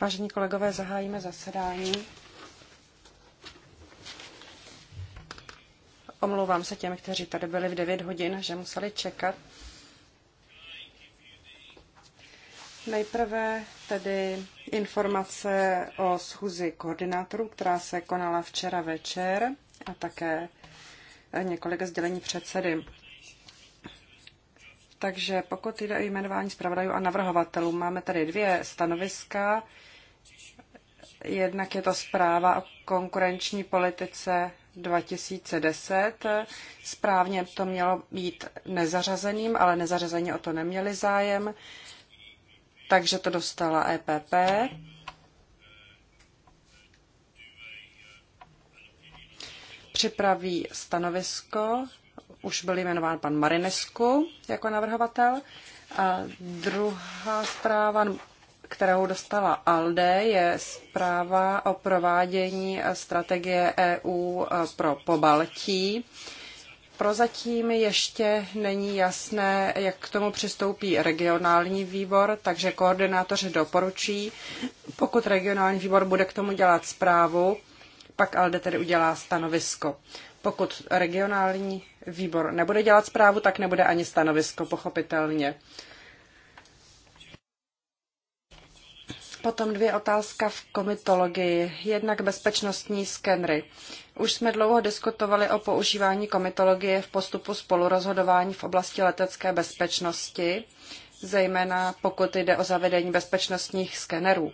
Vážení kolegové, zahájíme zasedání. Omlouvám se těm, kteří tady byli v 9 hodin, že museli čekat. Nejprve tedy informace o schůzi koordinátorů, která se konala včera večer a také několik sdělení předsedy. Takže pokud jde o jmenování zpravodajů a navrhovatelů, máme tady dvě stanoviska. Jednak je to zpráva o konkurenční politice 2010. Správně to mělo být nezařazeným, ale nezařazení o to neměli zájem, takže to dostala EPP. Připraví stanovisko už byl jmenován pan Marinescu jako navrhovatel. A druhá zpráva, kterou dostala ALDE, je zpráva o provádění strategie EU pro pobaltí. Prozatím ještě není jasné, jak k tomu přistoupí regionální výbor, takže koordinátoři doporučí, pokud regionální výbor bude k tomu dělat zprávu, pak ALDE tedy udělá stanovisko. Pokud regionální výbor nebude dělat zprávu, tak nebude ani stanovisko, pochopitelně. Potom dvě otázka v komitologii. Jednak bezpečnostní skenry. Už jsme dlouho diskutovali o používání komitologie v postupu spolurozhodování v oblasti letecké bezpečnosti, zejména pokud jde o zavedení bezpečnostních skenerů.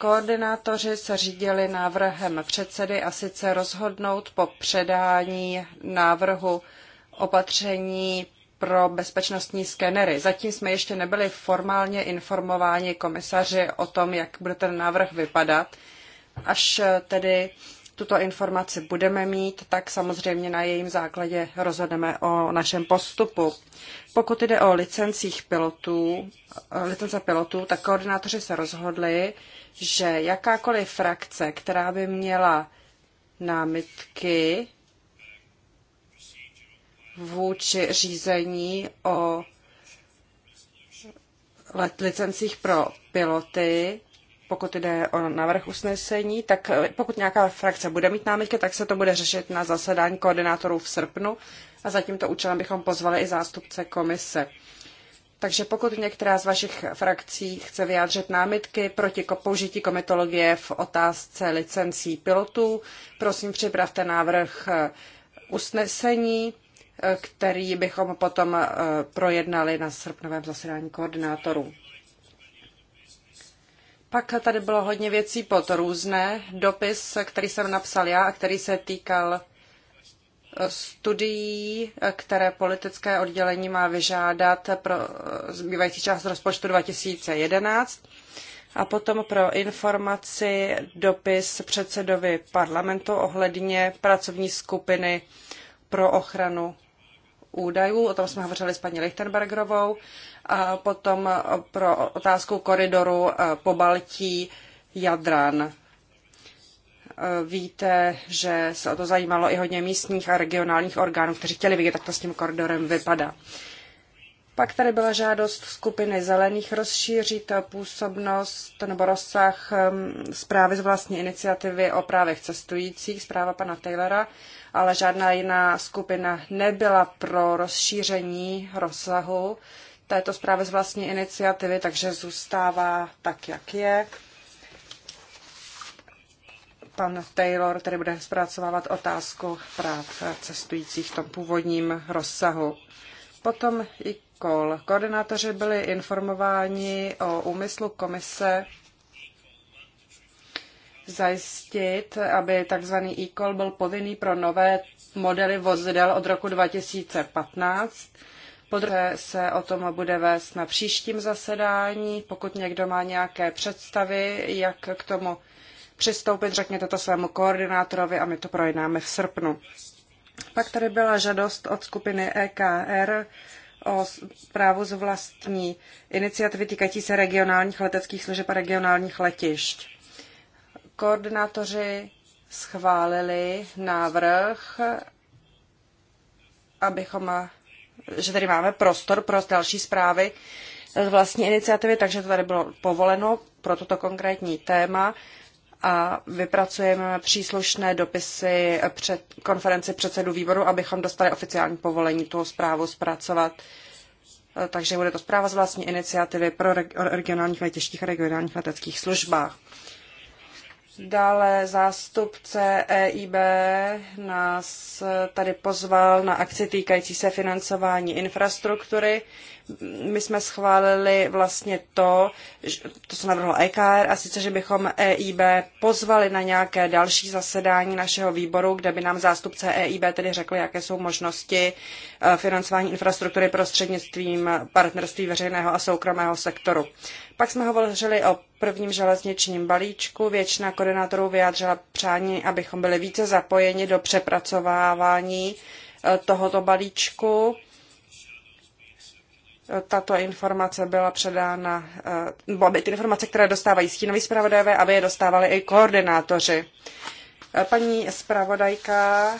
Koordinátoři se řídili návrhem předsedy a sice rozhodnout po předání návrhu opatření pro bezpečnostní skenery. Zatím jsme ještě nebyli formálně informováni komisaři o tom, jak bude ten návrh vypadat. Až tedy tuto informaci budeme mít, tak samozřejmě na jejím základě rozhodneme o našem postupu. Pokud jde o licencích pilotů, licence pilotů, tak koordinátoři se rozhodli, že jakákoliv frakce, která by měla námitky vůči řízení o licencích pro piloty, pokud jde o návrh usnesení, tak eh, pokud nějaká frakce bude mít námitky, tak se to bude řešit na zasedání koordinátorů v srpnu a za tímto účelem bychom pozvali i zástupce komise. Takže pokud některá z vašich frakcí chce vyjádřit námitky proti použití komitologie v otázce licencí pilotů, prosím připravte návrh eh, usnesení, eh, který bychom potom eh, projednali na srpnovém zasedání koordinátorů. Pak tady bylo hodně věcí pod různé. Dopis, který jsem napsal já a který se týkal studií, které politické oddělení má vyžádat pro zbývající část rozpočtu 2011 a potom pro informaci dopis předsedovi parlamentu ohledně pracovní skupiny pro ochranu údajů, o tom jsme hovořili s paní Lichtenbergerovou, a potom pro otázku koridoru eh, po Baltí Jadran. Eh, víte, že se o to zajímalo i hodně místních a regionálních orgánů, kteří chtěli vědět, jak to s tím koridorem vypadá. Pak tady byla žádost skupiny zelených rozšířit působnost nebo rozsah ehm, zprávy z vlastní iniciativy o právech cestujících, zpráva pana Taylora, ale žádná jiná skupina nebyla pro rozšíření rozsahu této zprávy z vlastní iniciativy, takže zůstává tak, jak je pan Taylor, který bude zpracovávat otázku práv cestujících v tom původním rozsahu. Potom i kol. Koordinátoři byli informováni o úmyslu komise zajistit, aby tzv. e-call byl povinný pro nové modely vozidel od roku 2015. Podruhé se o tom bude vést na příštím zasedání. Pokud někdo má nějaké představy, jak k tomu přistoupit, řekněte to svému koordinátorovi a my to projednáme v srpnu. Pak tady byla žádost od skupiny EKR o právu z vlastní iniciativy týkající se regionálních leteckých služeb a regionálních letišť. Koordinátoři schválili návrh, abychom, že tady máme prostor pro další zprávy z vlastní iniciativy, takže to tady bylo povoleno pro toto konkrétní téma a vypracujeme příslušné dopisy před konferenci předsedů výboru, abychom dostali oficiální povolení tu zprávu zpracovat. E, takže bude to zpráva z vlastní iniciativy pro regionálních letištích a regionálních leteckých službách. Dále zástupce EIB nás tady pozval na akci týkající se financování infrastruktury. My jsme schválili vlastně to, to se navrhlo EKR, a sice, že bychom EIB pozvali na nějaké další zasedání našeho výboru, kde by nám zástupce EIB tedy řekl, jaké jsou možnosti eh, financování infrastruktury prostřednictvím partnerství veřejného a soukromého sektoru. Pak jsme hovořili o prvním železničním balíčku většina koordinátorů vyjádřila přání, abychom byli více zapojeni do přepracovávání eh, tohoto balíčku. Tato informace byla předána, eh, nebo aby ty informace, které dostávají stínoví zpravodajové, aby je dostávali i koordinátoři. Eh, paní zpravodajka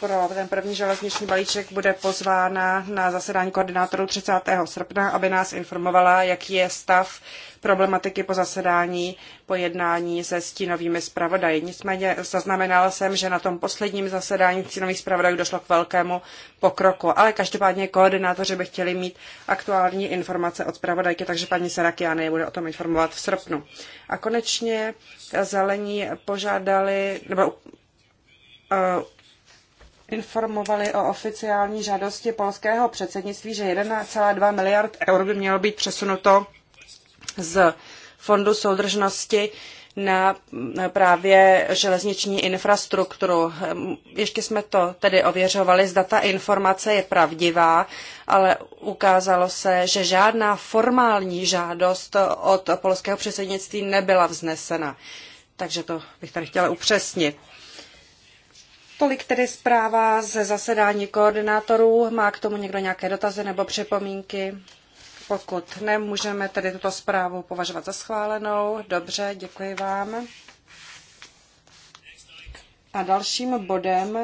pro ten první železniční balíček bude pozvána na zasedání koordinátorů 30. srpna, aby nás informovala, jaký je stav problematiky po zasedání, po jednání se stínovými zpravodaji. Nicméně zaznamenala jsem, že na tom posledním zasedání stínových zpravodajů došlo k velkému pokroku, ale každopádně koordinátoři by chtěli mít aktuální informace od zpravodajky, takže paní Serakiany bude o tom informovat v srpnu. A konečně zelení požádali, nebo uh, informovali o oficiální žádosti polského předsednictví, že 1,2 miliard eur by mělo být přesunuto z fondu soudržnosti na právě železniční infrastrukturu. Ještě jsme to tedy ověřovali, zda ta informace je pravdivá, ale ukázalo se, že žádná formální žádost od polského předsednictví nebyla vznesena. Takže to bych tady chtěla upřesnit. Tolik tedy zpráva ze zasedání koordinátorů. Má k tomu někdo nějaké dotazy nebo připomínky? Pokud ne, můžeme tedy tuto zprávu považovat za schválenou. Dobře, děkuji vám. A dalším bodem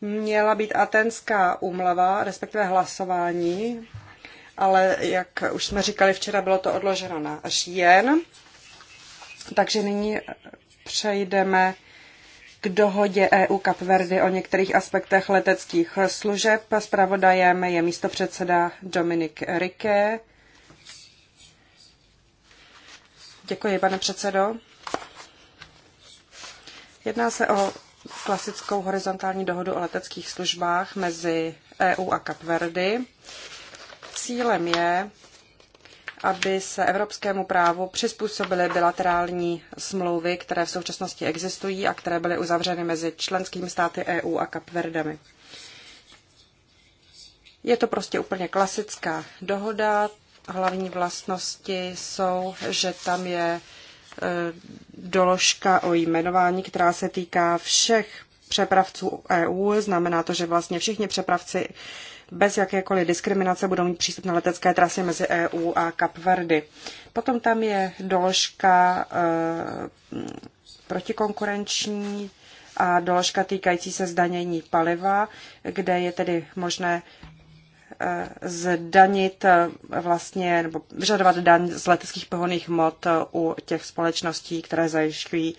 měla být atenská úmlava, respektive hlasování, ale jak už jsme říkali včera, bylo to odloženo na říjen. Takže nyní přejdeme dohodě EU Kapverdy o některých aspektech leteckých služeb. Spravodajem je místopředseda Dominik Rike. Děkuji, pane předsedo. Jedná se o klasickou horizontální dohodu o leteckých službách mezi EU a Kapverdy. Cílem je aby se evropskému právu přizpůsobily bilaterální smlouvy, které v současnosti existují a které byly uzavřeny mezi členskými státy EU a Kapverdami. Je to prostě úplně klasická dohoda. Hlavní vlastnosti jsou, že tam je e, doložka o jmenování, která se týká všech přepravců EU. Znamená to, že vlastně všichni přepravci bez jakékoliv diskriminace budou mít přístup na letecké trasy mezi EU a Kapverdy. Potom tam je doložka eh, protikonkurenční a doložka týkající se zdanění paliva, kde je tedy možné eh, zdanit eh, vlastně, nebo vyžadovat daň z leteckých pohonných mod u těch společností, které zajišťují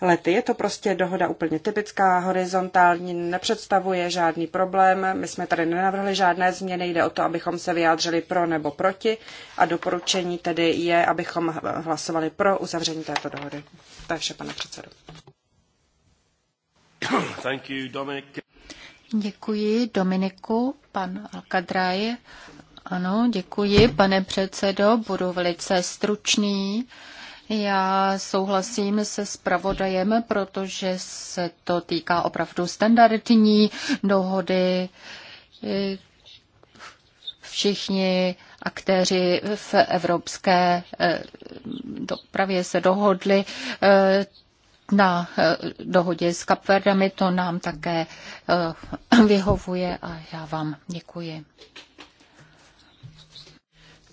lety. Je to prostě dohoda úplně typická, horizontální, nepředstavuje žádný problém. My jsme tady nenavrhli žádné změny, jde o to, abychom se vyjádřili pro nebo proti a doporučení tedy je, abychom hlasovali pro uzavření této dohody. To je vše, pane předsedo. Thank you, Dominic. Děkuji Dominiku, pan Alkadraj. Ano, děkuji, pane předsedo, budu velice stručný. Já souhlasím se zpravodajem, protože se to týká opravdu standardní dohody. Všichni aktéři v evropské eh, dopravě se dohodli eh, na eh, dohodě s Kapverdami. To nám také vyhovuje a já vám děkuji.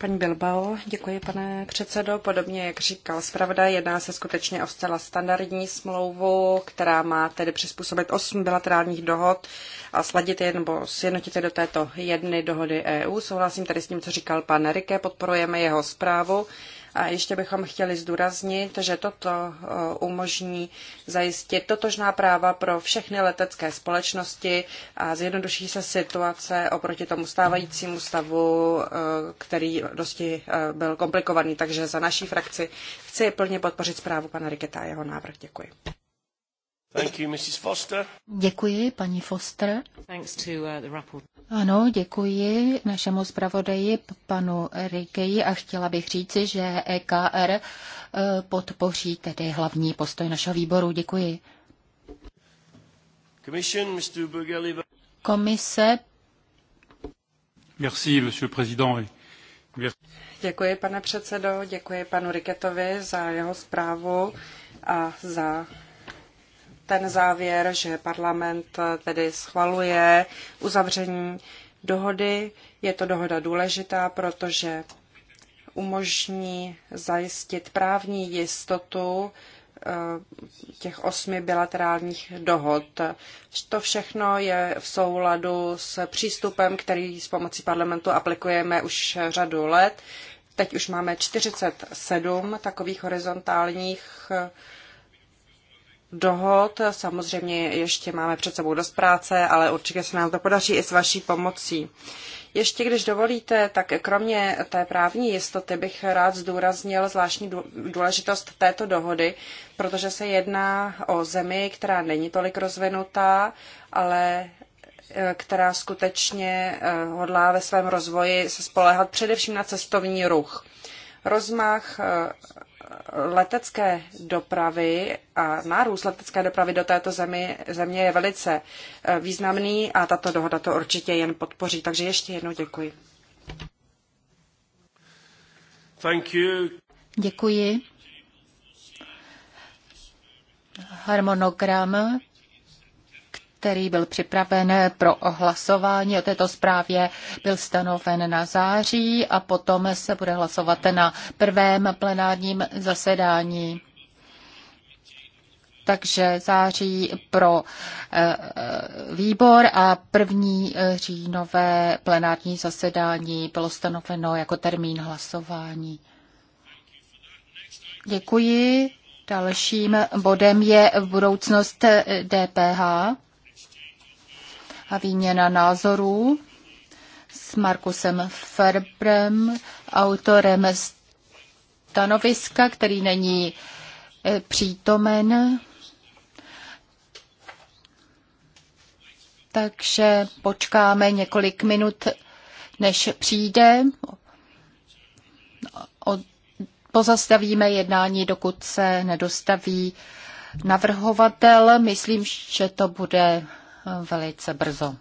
Paní Bilbao, děkuji, pane předsedo. Podobně, jak říkal zpravodaj, jedná se skutečně o zcela standardní smlouvu, která má tedy přizpůsobit osm bilaterálních dohod a sladit je nebo sjednotit je do této jedny dohody EU. Souhlasím tedy s tím, co říkal pan Rike, podporujeme jeho zprávu. A ještě bychom chtěli zdůraznit, že toto eh, umožní zajistit totožná práva pro všechny letecké společnosti a zjednoduší se situace oproti tomu stávajícímu stavu, eh, který dosti eh, byl komplikovaný. Takže za naší frakci chci plně podpořit zprávu pana Riketa a jeho návrh. Děkuji. Thank you, Mrs. Foster. Děkuji, paní Foster. Thanks to, uh, the rapport. Ano, děkuji našemu zpravodaji panu Rikeji a chtěla bych říci, že EKR uh, podpoří tedy hlavní postoj našeho výboru. Děkuji. Commission, Mr. Komise. Merci, monsieur président. Děkuji, pane předsedo, děkuji panu Riketovi za jeho zprávu a za ten závěr, že parlament eh, tedy schvaluje uzavření dohody. Je to dohoda důležitá, protože umožní zajistit právní jistotu eh, těch osmi bilaterálních dohod. To všechno je v souladu s přístupem, který s pomocí parlamentu aplikujeme už řadu let. Teď už máme 47 takových horizontálních eh, dohod. Samozřejmě ještě máme před sebou dost práce, ale určitě se nám to podaří i s vaší pomocí. Ještě když dovolíte, tak kromě té právní jistoty bych rád zdůraznil zvláštní důležitost této dohody, protože se jedná o zemi, která není tolik rozvinutá, ale eh, která skutečně eh, hodlá ve svém rozvoji se spoléhat především na cestovní ruch rozmach eh, letecké dopravy a nárůst letecké dopravy do této zemi, země je velice eh, významný a tato dohoda to určitě jen podpoří. Takže ještě jednou děkuji. Thank you. Děkuji. Harmonogram který byl připraven pro hlasování o této zprávě, byl stanoven na září a potom se bude hlasovat na prvém plenárním zasedání. Takže září pro eh, eh, výbor a první eh, říjnové plenární zasedání bylo stanoveno jako termín hlasování. Děkuji. Dalším bodem je budoucnost DPH a výměna názorů s Markusem Ferbrem, autorem stanoviska, který není eh, přítomen. Takže počkáme několik minut, než přijde. Pozastavíme jednání, dokud se nedostaví navrhovatel. Myslím, že to bude velice brzo.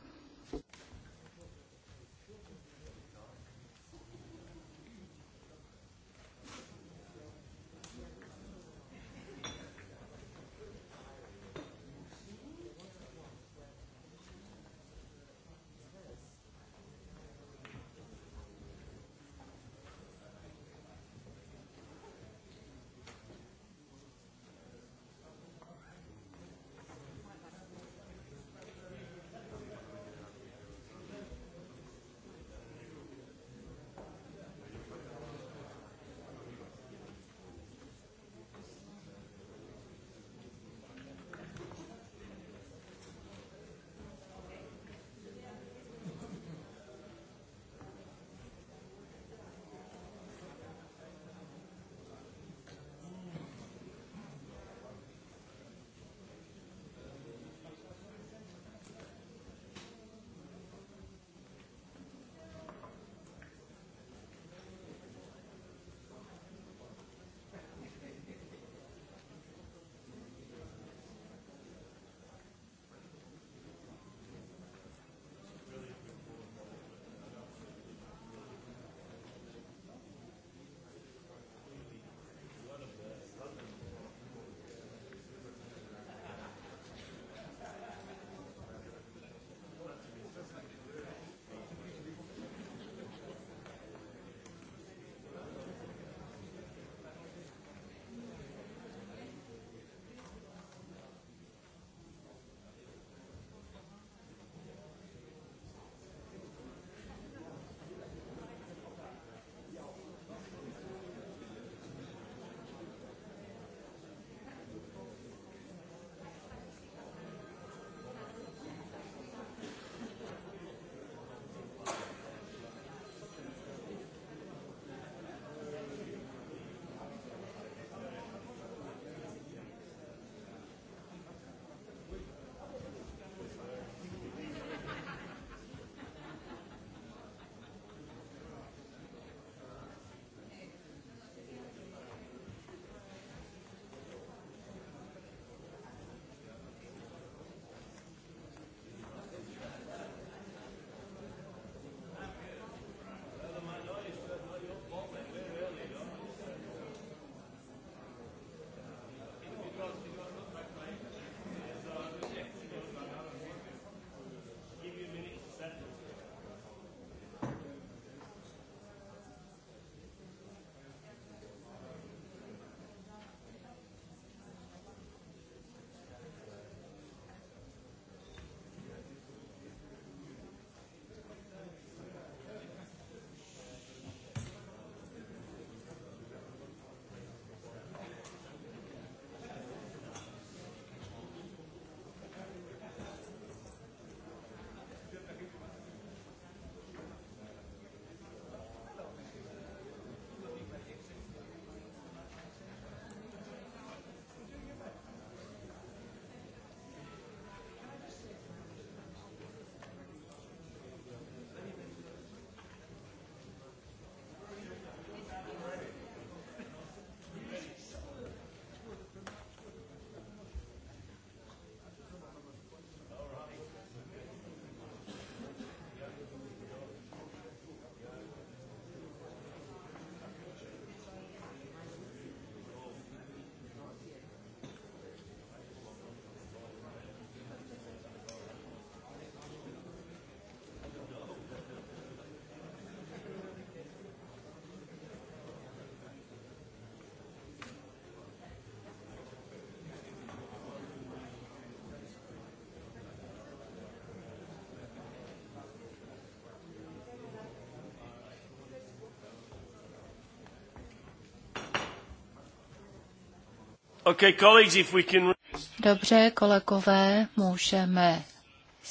Dobře, kolegové, můžeme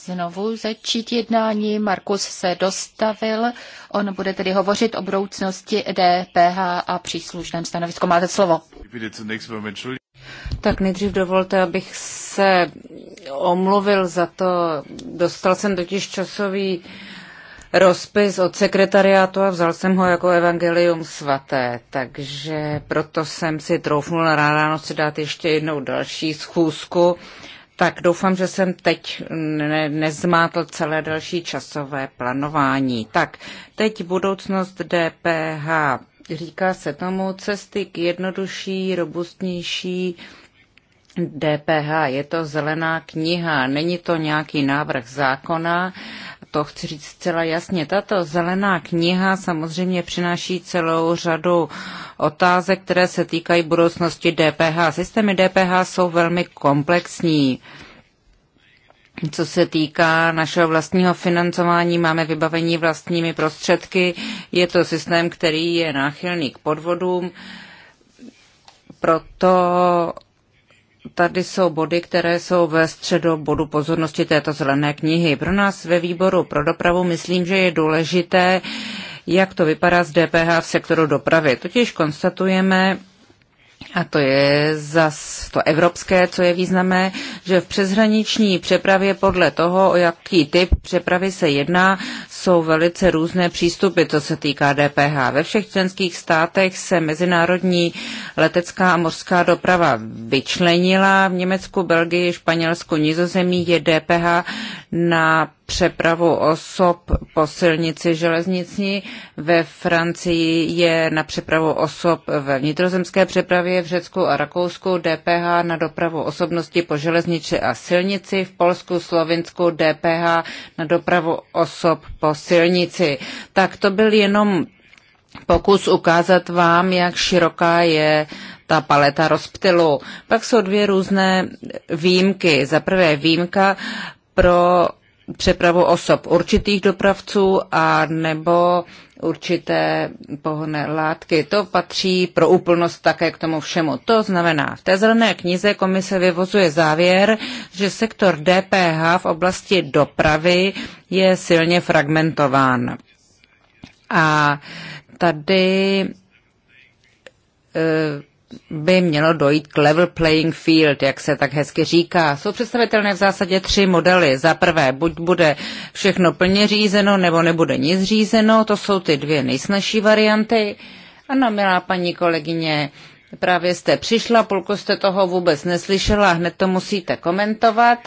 znovu začít jednání. Markus se dostavil. On bude tedy hovořit o budoucnosti DPH a příslušném stanovisku. Máte slovo. Tak nejdřív dovolte, abych se omluvil za to. Dostal jsem totiž časový uh, rozpis od sekretariátu a vzal jsem ho jako evangelium svaté, takže proto jsem si troufnul na ráno si dát ještě jednou další schůzku. Tak doufám, že jsem teď ne- nezmátl celé další časové plánování. Tak, teď budoucnost DPH. Říká se tomu cesty k jednodušší, robustnější DPH. Je to zelená kniha, není to nějaký návrh zákona, to chci říct zcela jasně. Tato zelená kniha samozřejmě přináší celou řadu otázek, které se týkají budoucnosti DPH. Systémy DPH jsou velmi komplexní. Co se týká našeho vlastního financování, máme vybavení vlastními prostředky. Je to systém, který je náchylný k podvodům. Proto Tady jsou body, které jsou ve středu bodu pozornosti této zelené knihy. Pro nás ve výboru pro dopravu myslím, že je důležité, jak to vypadá z DPH v sektoru dopravy. Totiž konstatujeme, a to je zas to evropské, co je významné, že v přeshraniční přepravě podle toho, o jaký typ přepravy se jedná, jsou velice různé přístupy, co se týká DPH. Ve všech členských státech se mezinárodní letecká a mořská doprava vyčlenila. V Německu, Belgii, Španělsku, Nizozemí je DPH na přepravu osob po silnici železniční. Ve Francii je na přepravu osob ve vnitrozemské přepravě, v Řecku a Rakousku DPH na dopravu osobnosti po železnici a silnici, v Polsku, Slovinsku DPH na dopravu osob po silnici. Tak to byl jenom pokus ukázat vám, jak široká je ta paleta rozptylu. Pak jsou dvě různé výjimky. Za prvé výjimka pro přepravu osob určitých dopravců a nebo určité pohonné látky. To patří pro úplnost také k tomu všemu. To znamená, v té zelené knize komise vyvozuje závěr, že sektor DPH v oblasti dopravy je silně fragmentován. A tady e, by mělo dojít k level playing field, jak se tak hezky říká. Jsou představitelné v zásadě tři modely. Za prvé, buď bude všechno plně řízeno, nebo nebude nic řízeno, to jsou ty dvě nejsnažší varianty. Ano, milá paní kolegyně, právě jste přišla, půlku jste toho vůbec neslyšela, hned to musíte komentovat.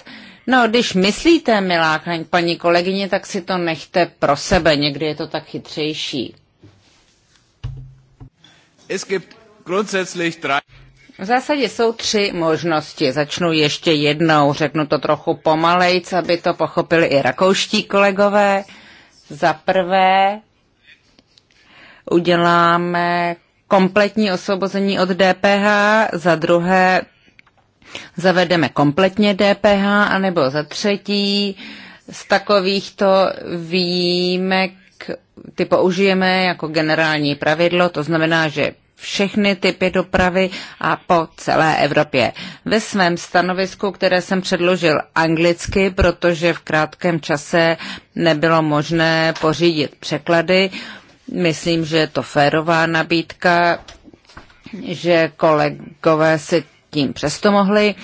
No, když myslíte, milá paní kolegyně, tak si to nechte pro sebe, někdy je to tak chytřejší. Es gibt v zásadě jsou tři možnosti. Začnu ještě jednou, řeknu to trochu pomalejc, aby to pochopili i rakouští kolegové. Za prvé uděláme kompletní osvobození od DPH, za druhé zavedeme kompletně DPH, anebo za třetí z takovýchto výjimek ty použijeme jako generální pravidlo, to znamená, že všechny typy dopravy a po celé Evropě. Ve svém stanovisku, které jsem předložil anglicky, protože v krátkém čase nebylo možné pořídit překlady, myslím, že je to férová nabídka, že kolegové si tím přesto mohli uh,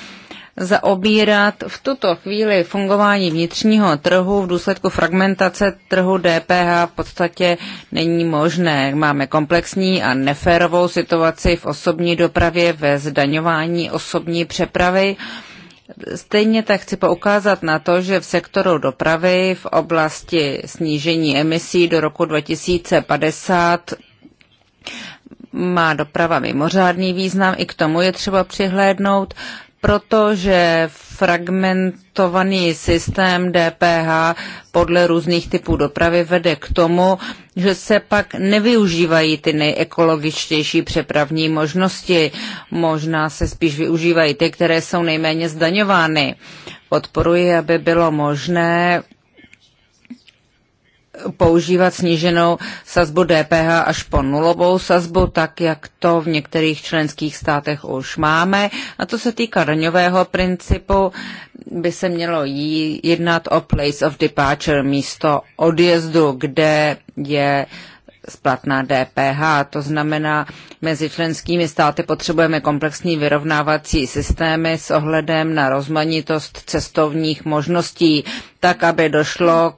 zaobírat v tuto chvíli fungování vnitřního trhu v důsledku fragmentace trhu DPH v podstatě není možné. Máme komplexní a neférovou situaci v osobní dopravě ve zdaňování osobní přepravy. Stejně tak chci poukázat na to, že v sektoru dopravy v oblasti snížení emisí do roku 2050 má doprava mimořádný význam, i k tomu je třeba přihlédnout protože fragmentovaný systém DPH podle různých typů dopravy vede k tomu, že se pak nevyužívají ty nejekologičtější přepravní možnosti. Možná se spíš využívají ty, které jsou nejméně zdaňovány. Podporuji, aby bylo možné používat sníženou sazbu DPH až po nulovou sazbu, tak jak to v některých členských státech už máme. A to se týká daňového principu, by se mělo jednat o place of departure, místo odjezdu, kde je splatná DPH. To znamená, mezi členskými státy potřebujeme komplexní vyrovnávací systémy s ohledem na rozmanitost cestovních možností, tak aby došlo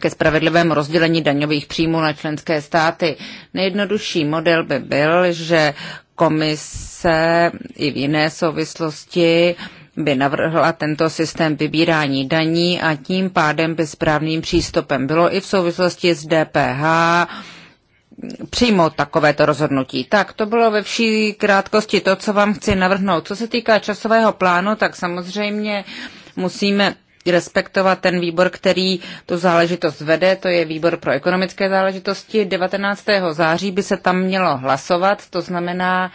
ke spravedlivému rozdělení daňových příjmů na členské státy. Nejjednodušší model by byl, že komise i v jiné souvislosti by navrhla tento systém vybírání daní a tím pádem by správným přístupem bylo i v souvislosti s DPH přijmout takovéto rozhodnutí. Tak, to bylo ve vší krátkosti to, co vám chci navrhnout. Co se týká časového plánu, tak samozřejmě musíme respektovat ten výbor, který tu záležitost vede, to je výbor pro ekonomické záležitosti. 19. září by se tam mělo hlasovat, to znamená,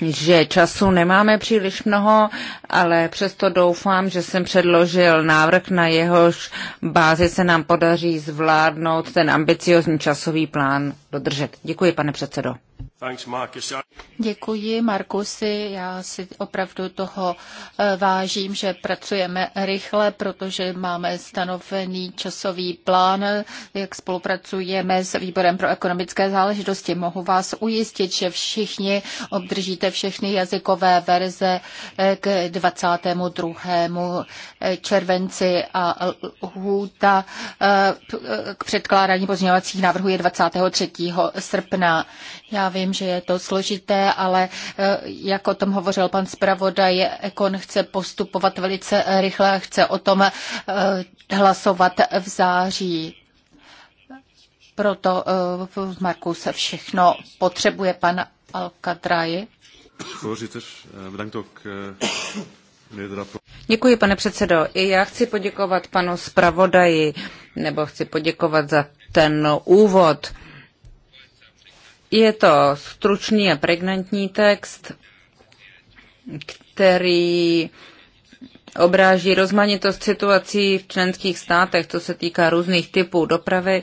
že času nemáme příliš mnoho, ale přesto doufám, že jsem předložil návrh, na jehož bázi se nám podaří zvládnout ten ambiciozní časový plán dodržet. Děkuji, pane předsedo. Děkuji, Markusi. Já si opravdu toho eh, vážím, že pracujeme rychle, protože máme stanovený časový plán, jak spolupracujeme s Výborem pro ekonomické záležitosti. Mohu vás ujistit, že všichni obdržíte všechny jazykové verze eh, k 22. Eh, červenci a hůta k předkládání pozměňovacích návrhů je 23 srpna. Já vím, že je to složité, ale e, jak o tom hovořil pan zpravodaj, Ekon chce postupovat velice rychle, chce o tom e, hlasovat v září. Proto, e, Marku, se všechno potřebuje pan Alcatraje. Eh, eh, Děkuji, pane předsedo. I já chci poděkovat panu zpravodaji, nebo chci poděkovat za ten úvod. Je to stručný a pregnantní text, který obráží rozmanitost situací v členských státech, co se týká různých typů dopravy.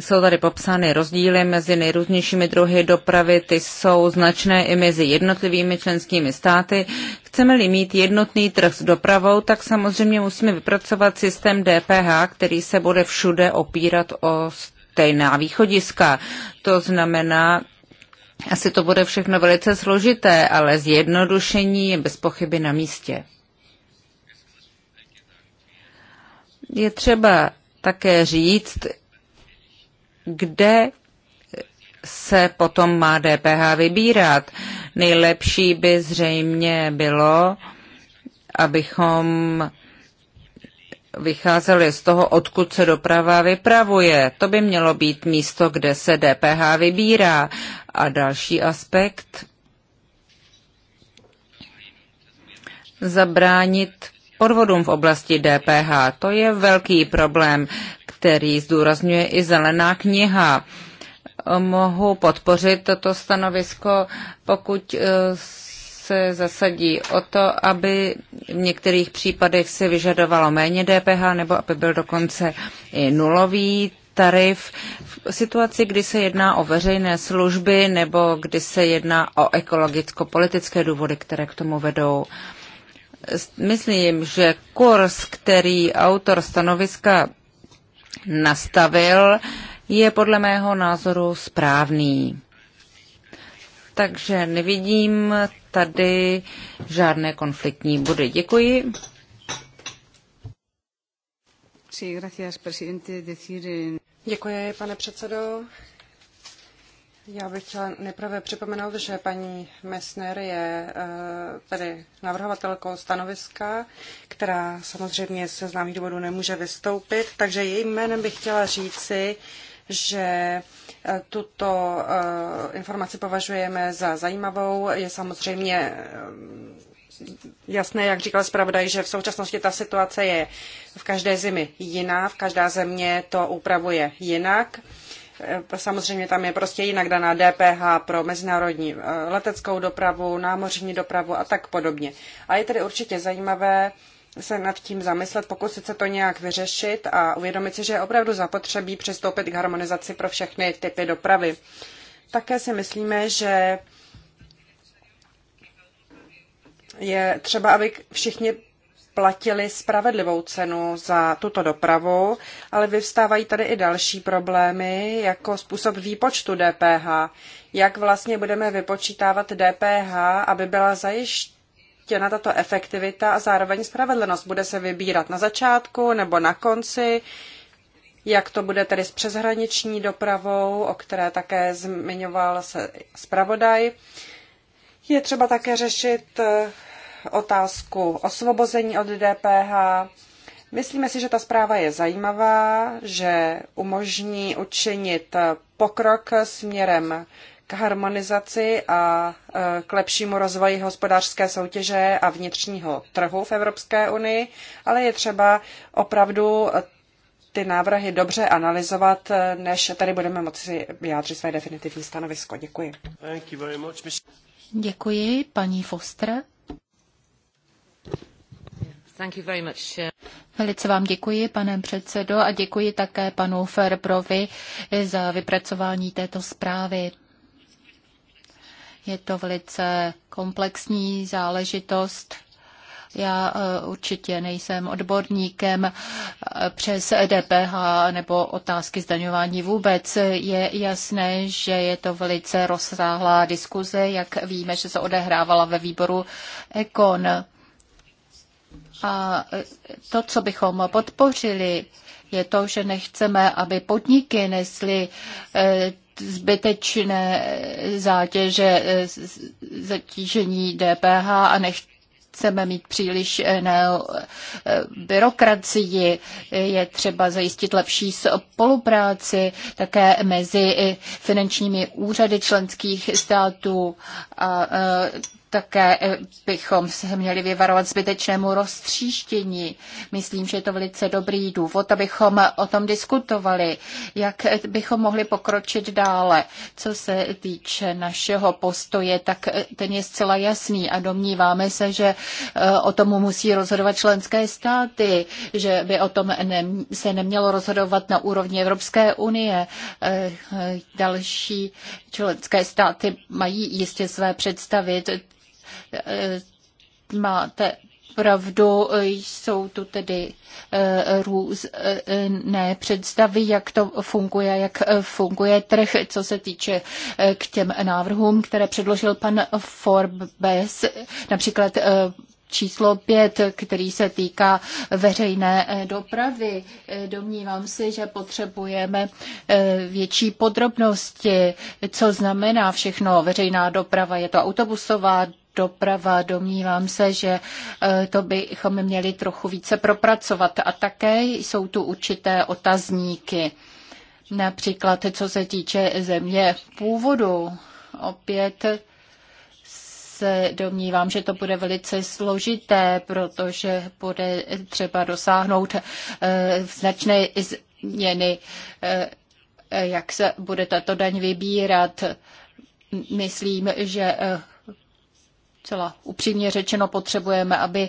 Jsou tady popsány rozdíly mezi nejrůznějšími druhy dopravy, ty jsou značné i mezi jednotlivými členskými státy. Chceme-li mít jednotný trh s dopravou, tak samozřejmě musíme vypracovat systém DPH, který se bude všude opírat o stejná východiska. To znamená, asi to bude všechno velice složité, ale zjednodušení je bez pochyby na místě. Je třeba také říct, kde se potom má DPH vybírat. Nejlepší by zřejmě bylo, abychom vycházeli z toho, odkud se doprava vypravuje. To by mělo být místo, kde se DPH vybírá. A další aspekt zabránit podvodům v oblasti DPH. To je velký problém, který zdůrazňuje i zelená kniha. Mohu podpořit toto stanovisko, pokud eh, se zasadí o to, aby v některých případech se vyžadovalo méně DPH nebo aby byl dokonce i nulový tarif. V situaci, kdy se jedná o veřejné služby nebo kdy se jedná o ekologicko-politické důvody, které k tomu vedou. Myslím, že kurz, který autor stanoviska nastavil, je podle mého názoru správný. Takže nevidím tady žádné konfliktní body. Děkuji. Eh, Děkuji, pane předsedo. Já bych chtěla nejprve připomenout, že paní Messner je eh, tedy navrhovatelkou stanoviska, která samozřejmě se známých důvodů nemůže vystoupit, takže jejím jménem bych chtěla říci, že tuto eh, informaci považujeme za zajímavou. Je samozřejmě eh, jasné, jak říkal zpravodaj, že v současnosti ta situace je v každé zemi jiná, v každá země to upravuje jinak. Eh, samozřejmě tam je prostě jinak daná DPH pro mezinárodní leteckou dopravu, námořní dopravu a tak podobně. A je tedy určitě zajímavé se nad tím zamyslet, pokusit se to nějak vyřešit a uvědomit si, že je opravdu zapotřebí přistoupit k harmonizaci pro všechny typy dopravy. Také si myslíme, že je třeba, aby všichni platili spravedlivou cenu za tuto dopravu, ale vyvstávají tady i další problémy, jako způsob výpočtu DPH. Jak vlastně budeme vypočítávat DPH, aby byla zajištěna chtěna tato efektivita a zároveň spravedlnost? Bude se vybírat na začátku nebo na konci? Jak to bude tedy s přeshraniční dopravou, o které také zmiňoval se zpravodaj? Je třeba také řešit eh, otázku osvobození od DPH. Myslíme si, že ta zpráva je zajímavá, že umožní učinit pokrok směrem k harmonizaci a e, k lepšímu rozvoji hospodářské soutěže a vnitřního trhu v Evropské unii, ale je třeba opravdu ty návrhy dobře analyzovat, e, než tady budeme moci vyjádřit své definitivní stanovisko. Děkuji. Děkuji, paní Foster. Velice vám děkuji, pane předsedo, a děkuji také panu Ferprovi za vypracování této zprávy. Je to velice komplexní záležitost. Já e, určitě nejsem odborníkem e, přes DPH nebo otázky zdaňování vůbec. Je jasné, že je to velice rozsáhlá diskuze, jak víme, že se odehrávala ve výboru Ekon. A e, to, co bychom podpořili, je to, že nechceme, aby podniky nesly zbytečné zátěže, eh, zatížení DPH a nechceme mít příliš eh, eh, byrokracii. Je třeba zajistit lepší spolupráci také mezi finančními úřady členských států a také eh, bychom se měli vyvarovat zbytečnému roztříštění. Myslím, že je to velice dobrý důvod, abychom o tom diskutovali, jak bychom mohli pokročit dále. Co se týče našeho postoje, tak eh, ten je zcela jasný a domníváme se, že eh, o tom musí rozhodovat členské státy, že by o tom se nemělo rozhodovat na úrovni Evropské unie. Další členské státy mají jistě své představy, Eh, máte pravdu, jsou tu tedy eh, různé představy, jak to funguje, jak eh, funguje trh, co se týče k těm návrhům, které předložil pan Forbes, například číslo pět, který se týká veřejné dopravy. Domnívám se, že potřebujeme větší podrobnosti, co znamená všechno veřejná doprava. Je to autobusová doprava. Domnívám se, že e, to bychom měli trochu více propracovat. A také jsou tu určité otazníky. Například, co se týče země původu. Opět se domnívám, že to bude velice složité, protože bude třeba dosáhnout e, značné změny, e, jak se bude tato daň vybírat. Myslím, že celá upřímně řečeno potřebujeme, aby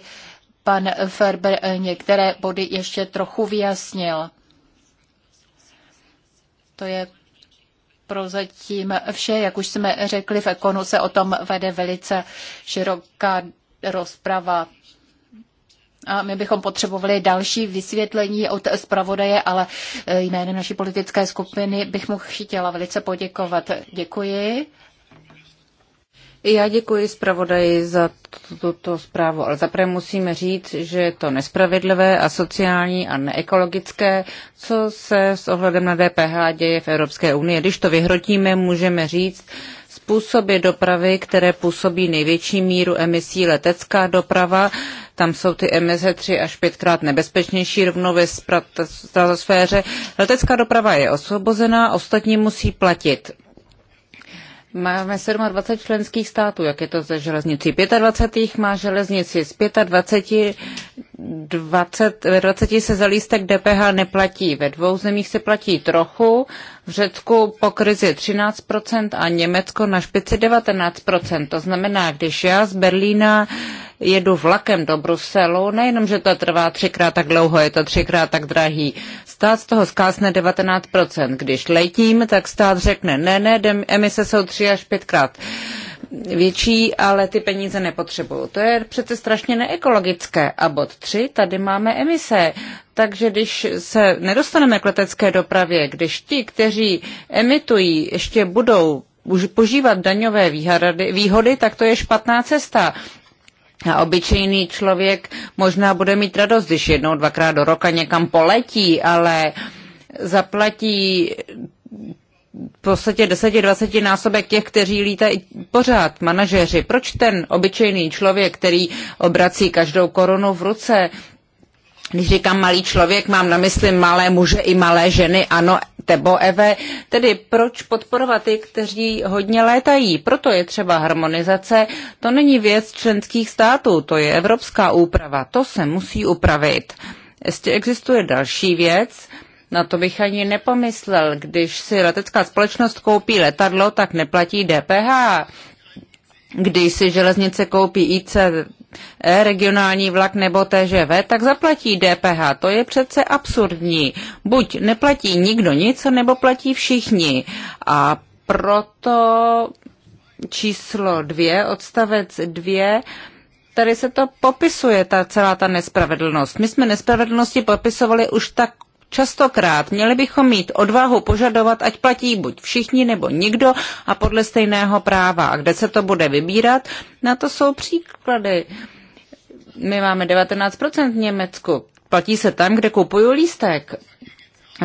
pan Ferber některé body ještě trochu vyjasnil. To je prozatím vše. Jak už jsme řekli, v Ekonu se o tom vede velice široká rozprava. A my bychom potřebovali další vysvětlení od zpravodaje, ale jménem naší politické skupiny bych mu chtěla velice poděkovat. Děkuji. Já děkuji zpravodaji za tuto zprávu, ale zaprvé musíme říct, že je to nespravedlivé a sociální a neekologické, co se s ohledem na DPH děje v Evropské unii. Když to vyhrotíme, můžeme říct, způsoby dopravy, které působí největší míru emisí letecká doprava, tam jsou ty emise tři až pětkrát nebezpečnější rovnou ve stratosféře. Letecká doprava je osvobozená, ostatní musí platit. Máme 27 členských států, jak je to ze železnicí. 25 má železnici, z 25 20, ve 20 se za lístek DPH neplatí, ve dvou zemích se platí trochu v Řecku po krizi 13% a Německo na špici 19%. To znamená, když já z Berlína jedu vlakem do Bruselu, nejenom, že to trvá třikrát tak dlouho, je to třikrát tak drahý, stát z toho zkásne 19%. Když letím, tak stát řekne, ne, ne, emise jsou tři až pětkrát větší, ale ty peníze nepotřebuju. To je přece strašně neekologické. A bod 3, tady máme emise. Takže když se nedostaneme k letecké dopravě, když ti, kteří emitují, ještě budou už požívat daňové výhody, výhody, tak to je špatná cesta. A obyčejný člověk možná bude mít radost, když jednou, dvakrát do roka někam poletí, ale zaplatí v podstatě 10-20 násobek těch, kteří lítají pořád, manažeři. Proč ten obyčejný člověk, který obrací každou korunu v ruce, když říkám malý člověk, mám na mysli malé muže i malé ženy, ano, tebo Eve. Tedy proč podporovat ty, kteří hodně létají? Proto je třeba harmonizace. To není věc členských států, to je evropská úprava. To se musí upravit. Ještě existuje další věc, na to bych ani nepomyslel. Když si letecká společnost koupí letadlo, tak neplatí DPH. Když si železnice koupí IC, e, regionální vlak nebo TŽV, tak zaplatí DPH. To je přece absurdní. Buď neplatí nikdo nic, nebo platí všichni. A proto číslo dvě, odstavec dvě, tady se to popisuje, ta celá ta nespravedlnost. My jsme nespravedlnosti popisovali už tak častokrát. Měli bychom mít odvahu požadovat, ať platí buď všichni nebo nikdo a podle stejného práva. A kde se to bude vybírat? Na to jsou příklady. My máme 19% v Německu. Platí se tam, kde kupuju lístek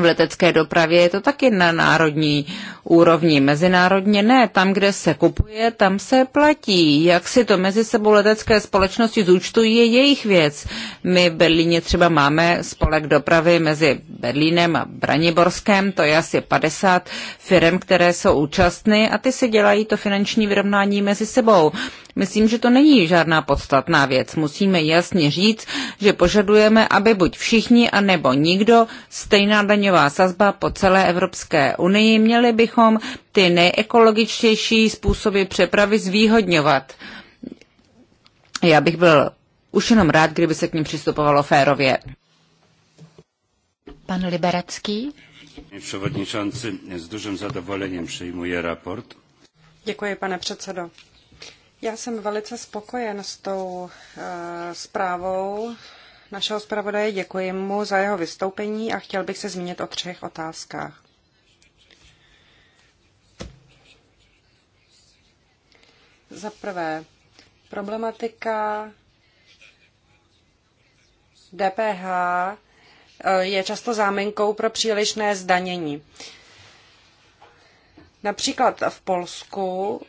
v letecké dopravě je to taky na národní úrovni. Mezinárodně ne, tam, kde se kupuje, tam se platí. Jak si to mezi sebou letecké společnosti zúčtují, je jejich věc. My v Berlíně třeba máme spolek dopravy mezi Berlínem a Braniborskem, to je asi 50 firm, které jsou účastny a ty si dělají to finanční vyrovnání mezi sebou. Myslím, že to není žádná podstatná věc. Musíme jasně říct, že požadujeme, aby buď všichni, a nebo nikdo, stejná daňová sazba po celé Evropské unii. Měli bychom ty nejekologičtější způsoby přepravy zvýhodňovat. Já bych byl už jenom rád, kdyby se k ním přistupovalo férově. Pan Liberecký. předsedající, s dužím zadovolením přijmuje raport. Děkuji, pane předsedo. Já jsem velice spokojen s tou e, zprávou našeho zpravodaje. Děkuji mu za jeho vystoupení a chtěl bych se zmínit o třech otázkách. Za prvé, problematika DPH eh, je často záminkou pro přílišné zdanění. Například v Polsku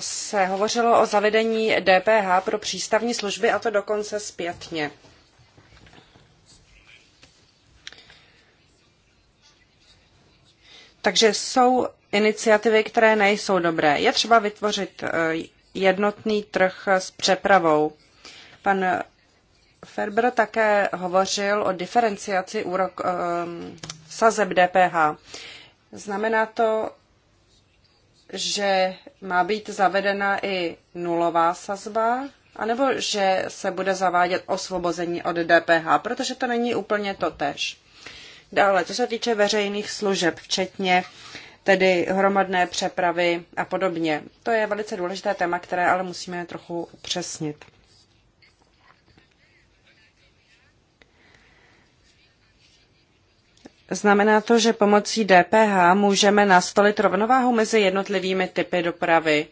se hovořilo o zavedení DPH pro přístavní služby a to dokonce zpětně. Takže jsou iniciativy, které nejsou dobré. Je třeba vytvořit eh, jednotný trh s přepravou. Pan Ferber také hovořil o diferenciaci úrok, eh, sazeb DPH. Znamená to, že má být zavedena i nulová sazba, anebo že se bude zavádět osvobození od DPH, protože to není úplně to tež. Dále, co se týče veřejných služeb, včetně tedy hromadné přepravy a podobně. To je velice důležité téma, které ale musíme trochu upřesnit. Znamená to, že pomocí DPH můžeme nastolit rovnováhu mezi jednotlivými typy dopravy.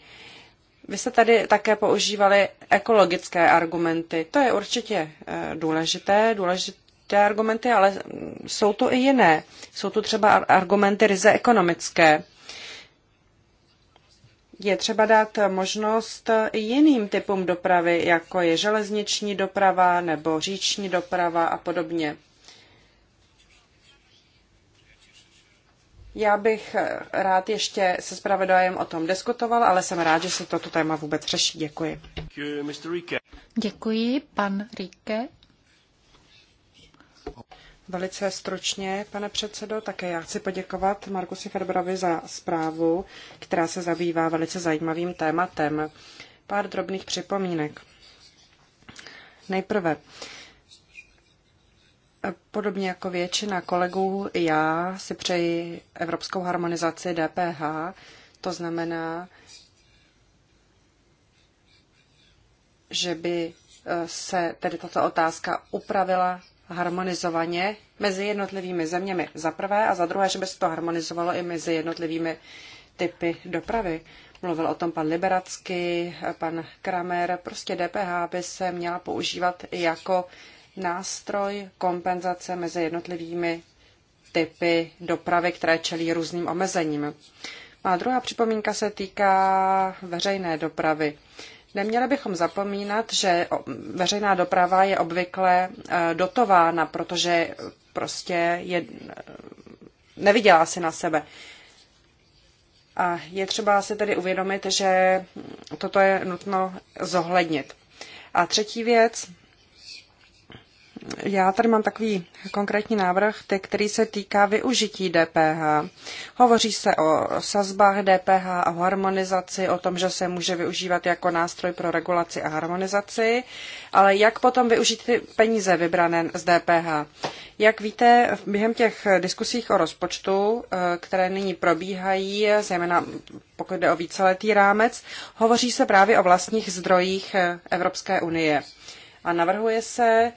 Vy jste tady také používali ekologické argumenty. To je určitě eh, důležité, důležité argumenty, ale jsou tu i jiné. Jsou tu třeba argumenty ryze ekonomické. Je třeba dát možnost eh, jiným typům dopravy, jako je železniční doprava nebo říční doprava a podobně. Já bych rád ještě se zpravodajem o tom diskutoval, ale jsem rád, že se toto téma vůbec řeší. Děkuji. Děkuji, pan Ríke. Velice stručně, pane předsedo, také já chci poděkovat Markusi Ferberovi za zprávu, která se zabývá velice zajímavým tématem. Pár drobných připomínek. Nejprve, Podobně jako většina kolegů, já si přeji evropskou harmonizaci DPH, to znamená, že by eh, se tedy tato otázka upravila harmonizovaně mezi jednotlivými zeměmi za prvé a za druhé, že by se to harmonizovalo i mezi jednotlivými typy dopravy. Mluvil o tom pan Liberacky, eh, pan Kramer. Prostě DPH by se měla používat jako nástroj kompenzace mezi jednotlivými typy dopravy, které čelí různým omezením. Má druhá připomínka se týká veřejné dopravy. Neměli bychom zapomínat, že veřejná doprava je obvykle e, dotována, protože prostě je, e, nevydělá si na sebe. A je třeba si tedy uvědomit, že toto je nutno zohlednit. A třetí věc, já tady mám takový konkrétní návrh, který se týká využití DPH. Hovoří se o sazbách DPH, a harmonizaci, o tom, že se může využívat jako nástroj pro regulaci a harmonizaci, ale jak potom využít ty peníze vybrané z DPH? Jak víte, během těch diskusích o rozpočtu, eh, které nyní probíhají, zejména pokud jde o víceletý rámec, hovoří se právě o vlastních zdrojích eh, Evropské unie. A navrhuje se,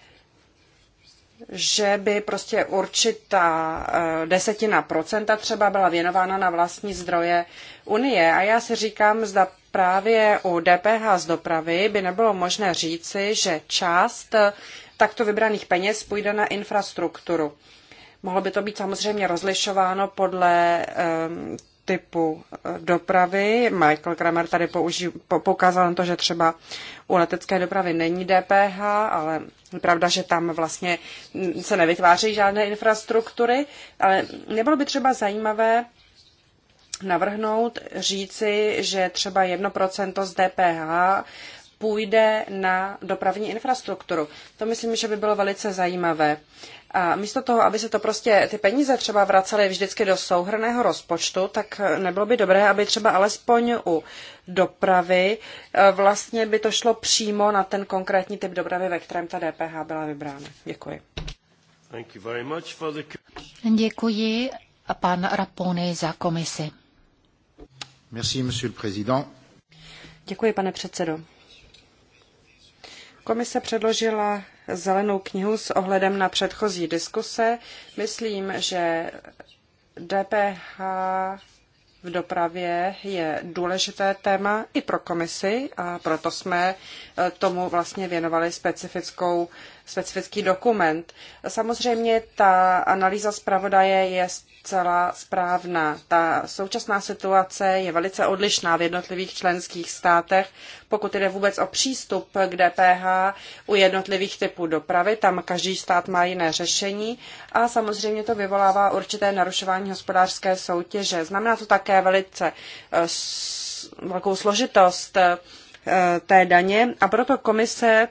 že by prostě určitá eh, desetina procenta třeba byla věnována na vlastní zdroje Unie. A já si říkám, zda právě u DPH z dopravy by nebylo možné říci, že část eh, takto vybraných peněz půjde na infrastrukturu. Mohlo by to být samozřejmě rozlišováno podle eh, typu eh, dopravy. Michael Kramer tady použi, poukázal na to, že třeba u letecké dopravy není DPH, ale je pravda, že tam vlastně se nevytváří žádné infrastruktury, ale nebylo by třeba zajímavé navrhnout, říci, že třeba 1% z DPH půjde na dopravní infrastrukturu. To myslím, že by bylo velice zajímavé. A místo toho, aby se to prostě ty peníze třeba vracely vždycky do souhrného rozpočtu, tak nebylo by dobré, aby třeba alespoň u dopravy e, vlastně by to šlo přímo na ten konkrétní typ dopravy, ve kterém ta DPH byla vybrána. Děkuji. Děkuji a pan Rapone za komisi. Merci, Děkuji, pane předsedo. Komise předložila zelenou knihu s ohledem na předchozí diskuse. Myslím, že DPH v dopravě je důležité téma i pro komisi a proto jsme tomu vlastně věnovali specifickou specifický dokument. Samozřejmě ta analýza zpravodaje je zcela správná. Ta současná situace je velice odlišná v jednotlivých členských státech, pokud jde vůbec o přístup k DPH u jednotlivých typů dopravy. Tam každý stát má jiné řešení a samozřejmě to vyvolává určité narušování hospodářské soutěže. Znamená to také velice eh, velkou složitost eh, té daně a proto komise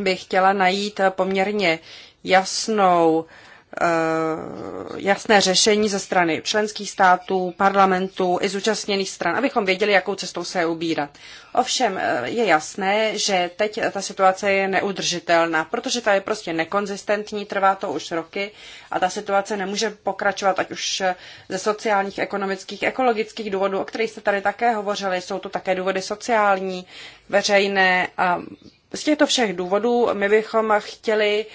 bych chtěla najít poměrně jasnou eh, jasné řešení ze strany členských států, parlamentů i zúčastněných stran, abychom věděli, jakou cestou se ubírat. Ovšem eh, je jasné, že teď ta situace je neudržitelná, protože ta je prostě nekonzistentní, trvá to už roky a ta situace nemůže pokračovat, ať už ze sociálních, ekonomických, ekologických důvodů, o kterých jste tady také hovořili, jsou to také důvody sociální, veřejné a z těchto všech důvodů my bychom chtěli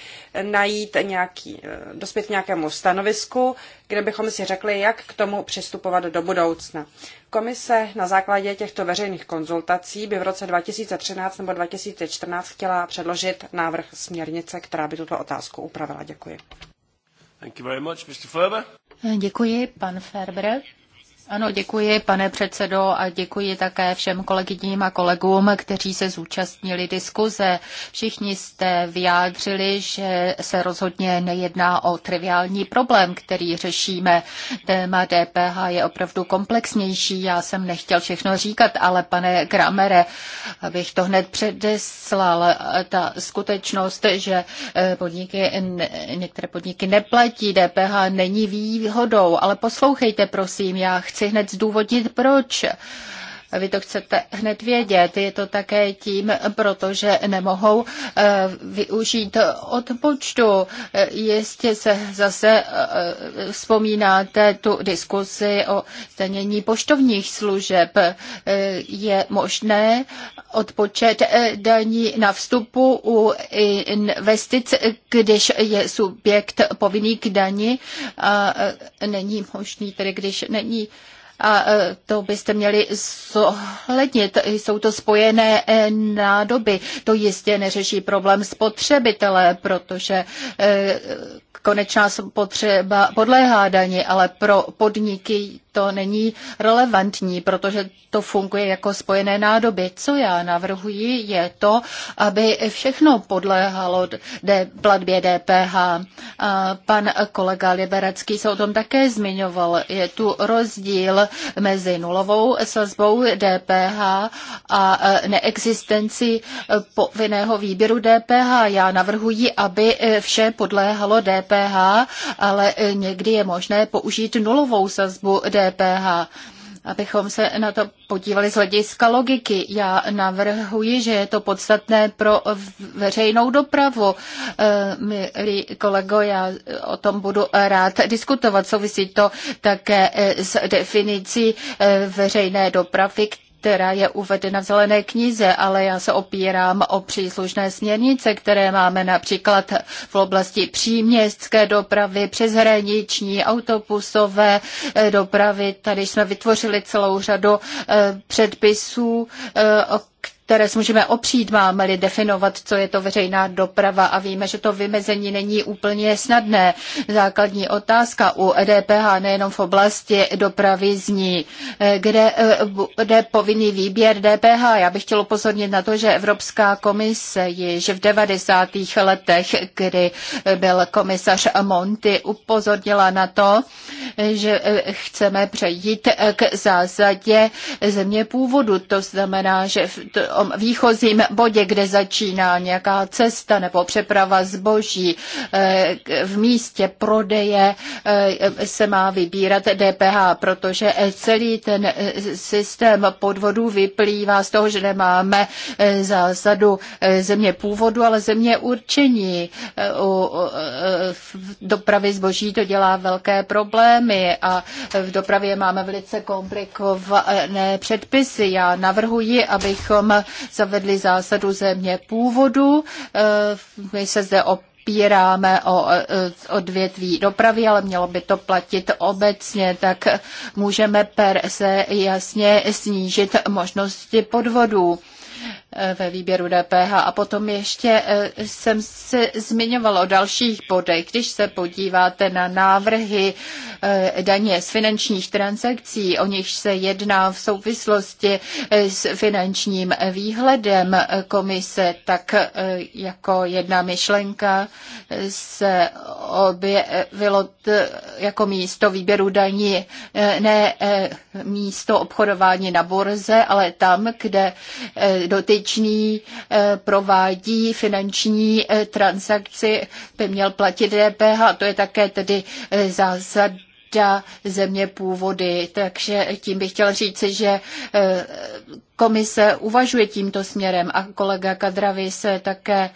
najít nějaký, eh, dospět nějakému stanovisku, kde bychom si řekli, jak k tomu přistupovat do budoucna. Komise na základě těchto veřejných konzultací by v roce 2013 nebo 2014 chtěla předložit návrh směrnice, která by tuto otázku upravila. Děkuji. Thank you very much, Mr. Ferber. Děkuji, pan Ferber. Ano, děkuji, pane předsedo, a děkuji také všem kolegyním a kolegům, kteří se zúčastnili diskuze. Všichni jste vyjádřili, že se rozhodně nejedná o triviální problém, který řešíme. Téma DPH je opravdu komplexnější. Já jsem nechtěl všechno říkat, ale pane Gramere, abych to hned předeslal, ta skutečnost, že eh, podniky, některé podniky neplatí DPH, není výhodou, ale poslouchejte, prosím, já chci chci hned zdůvodnit, proč. Vy to chcete hned vědět. Je to také tím, protože nemohou eh, využít odpočtu. Eh, jistě se zase eh, vzpomínáte tu diskusi o zdanění poštovních služeb. Je možné odpočet daní na vstupu u investic, když je subjekt povinný k dani a není možný, tedy když není a e, to byste měli zohlednit. Jsou to spojené e, nádoby. To jistě neřeší problém spotřebitele, protože e, konečná spotřeba podléhá dani, ale pro podniky to není relevantní, protože to funguje jako spojené nádoby. Co já navrhuji, je to, aby všechno podléhalo platbě DPH. Pan kolega Liberecký se o tom také zmiňoval. Je tu rozdíl mezi nulovou sazbou DPH a e, neexistenci povinného výběru DPH. Já navrhuji, aby e, vše podléhalo DPH, ale e, někdy je možné použít nulovou sazbu DPH DPH abychom se na to podívali z hlediska logiky. Já navrhuji, že je to podstatné pro veřejnou dopravu. Eh, milí kolego, já o tom budu rád diskutovat. Souvisí to také eh, s definicí eh, veřejné dopravy, která je uvedena v zelené knize, ale já se opírám o příslušné směrnice, které máme například v oblasti příměstské dopravy, přeshraniční, autobusové eh, dopravy. Tady jsme vytvořili celou řadu eh, předpisů, eh, které můžeme opřít, máme-li definovat, co je to veřejná doprava a víme, že to vymezení není úplně snadné. Základní otázka u e DPH nejenom v oblasti dopravy zní, eh, kde eh, bude povinný výběr DPH. Já bych chtěl upozornit na to, že Evropská komise již v 90. letech, kdy eh, byl komisař Monty, upozornila na to, že chceme přejít k zásadě země původu. To znamená, že tom výchozím bodě, kde začíná nějaká cesta nebo přeprava zboží. Eh, v místě prodeje eh, se má vybírat DPH, protože eh, celý ten systém podvodů vyplývá z toho, že nemáme zásadu země původu, ale země určení. U dopravy zboží to dělá velké problémy a v dopravě máme velice komplikované předpisy. Já navrhuji, abychom zavedli zásadu země původu. Eh, my se zde o píráme eh, o odvětví dopravy, ale mělo by to platit obecně, tak můžeme per se jasně snížit možnosti podvodů ve výběru DPH. A potom ještě eh, jsem se zmiňoval o dalších bodech. Když se podíváte na návrhy eh, daně z finančních transakcí, o nichž se jedná v souvislosti eh, s finančním výhledem komise, tak jako jedna myšlenka se objevilo jako místo výběru daní, ne místo obchodování na burze, ale tam, kde dotyčí dotyčný eh, provádí finanční eh, transakci, by měl platit DPH. To je také tedy eh, zásad země původy. Takže tím bych chtěl říct, že komise uvažuje tímto směrem a kolega Kadravy se také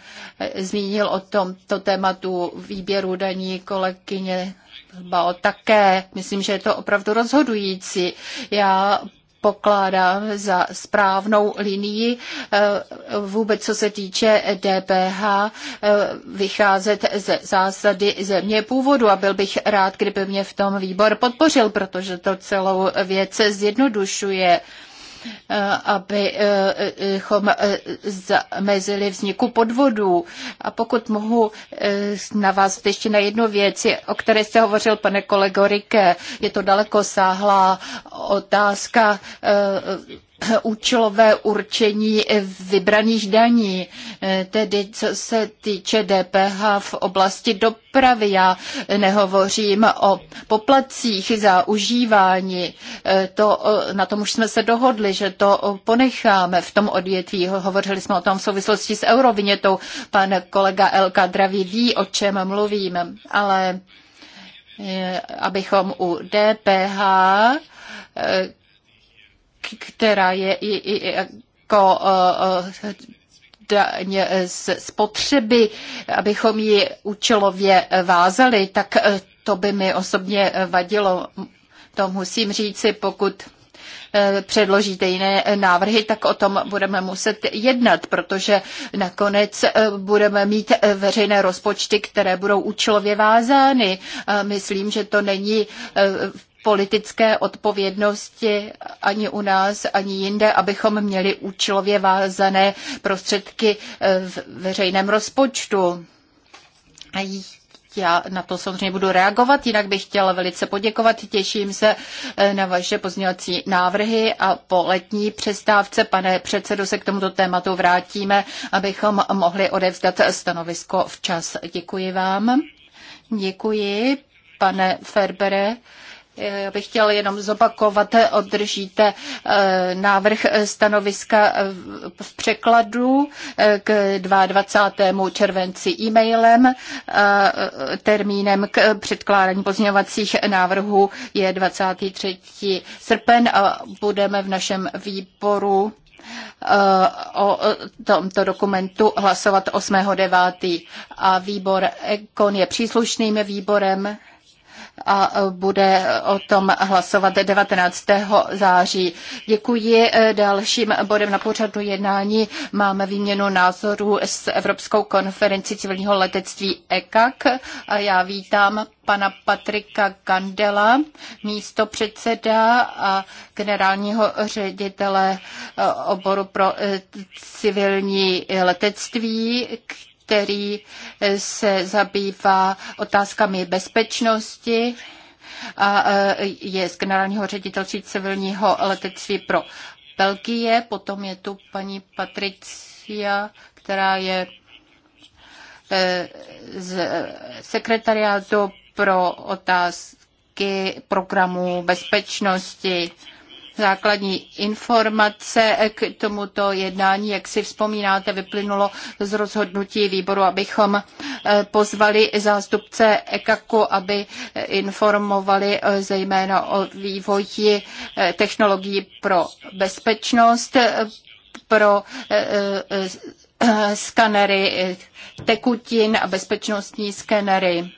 zmínil o tomto tématu výběru daní kolegyně Bao také. Myslím, že je to opravdu rozhodující. Já pokládá za správnou linii eh, vůbec co se týče DPH eh, vycházet ze zásady země původu a byl bych rád, kdyby mě v tom výbor podpořil, protože to celou věc zjednodušuje. Eh, abychom eh, zamezili vzniku podvodů. A pokud mohu eh, navázat ještě na jednu věc, o které jste hovořil, pane kolego Rike, je to daleko sáhlá otázka účelové určení vybraných daní, eh, tedy co se týče DPH v oblasti dopravy. Já nehovořím o poplacích za užívání. Eh, to, eh, na tom už jsme se dohodli, že to ponecháme v tom odvětví. Hovořili jsme o tom v souvislosti s eurovinětou. Pan kolega Elka Draví ví, o čem mluvím, ale abychom u DPH která je i, i jako eh, eh, daně z spotřeby, abychom ji účelově vázali, tak eh, to by mi osobně vadilo. To musím říci, pokud předložíte jiné návrhy, tak o tom budeme muset jednat, protože nakonec budeme mít veřejné rozpočty, které budou účelově vázány. Myslím, že to není politické odpovědnosti ani u nás, ani jinde, abychom měli účelově vázané prostředky eh, v veřejném rozpočtu. A já na to samozřejmě budu reagovat, jinak bych chtěla velice poděkovat. Těším se eh, na vaše pozměňovací návrhy a po letní přestávce, pane předsedo, se k tomuto tématu vrátíme, abychom mohli odevzdat stanovisko včas. Děkuji vám. Děkuji, pane Ferbere. Já bych chtěl jenom zopakovat, održíte eh, návrh stanoviska eh, v překladu eh, k 22. červenci e-mailem. Termínem k předkládání pozměňovacích návrhů je 23. srpen a budeme v našem výboru o tomto dokumentu hlasovat 8.9. a výbor EKON je příslušným výborem a bude o tom hlasovat 19. září. Děkuji. Dalším bodem na pořadu jednání máme výměnu názorů s Evropskou konferenci civilního letectví ECAC. A já vítám pana Patrika Kandela, místo předseda a generálního ředitele oboru pro civilní letectví, který eh, se zabývá otázkami bezpečnosti a eh, je z generálního ředitelství civilního letectví pro Belgie. Potom je tu paní Patricia, která je eh, z sekretariátu pro otázky programu bezpečnosti základní informace k tomuto jednání, jak si vzpomínáte, vyplynulo z rozhodnutí výboru, abychom eh, pozvali zástupce EKAKu, aby eh, informovali eh, zejména o vývoji technologií pro bezpečnost, pro skanery tekutin a bezpečnostní skanery.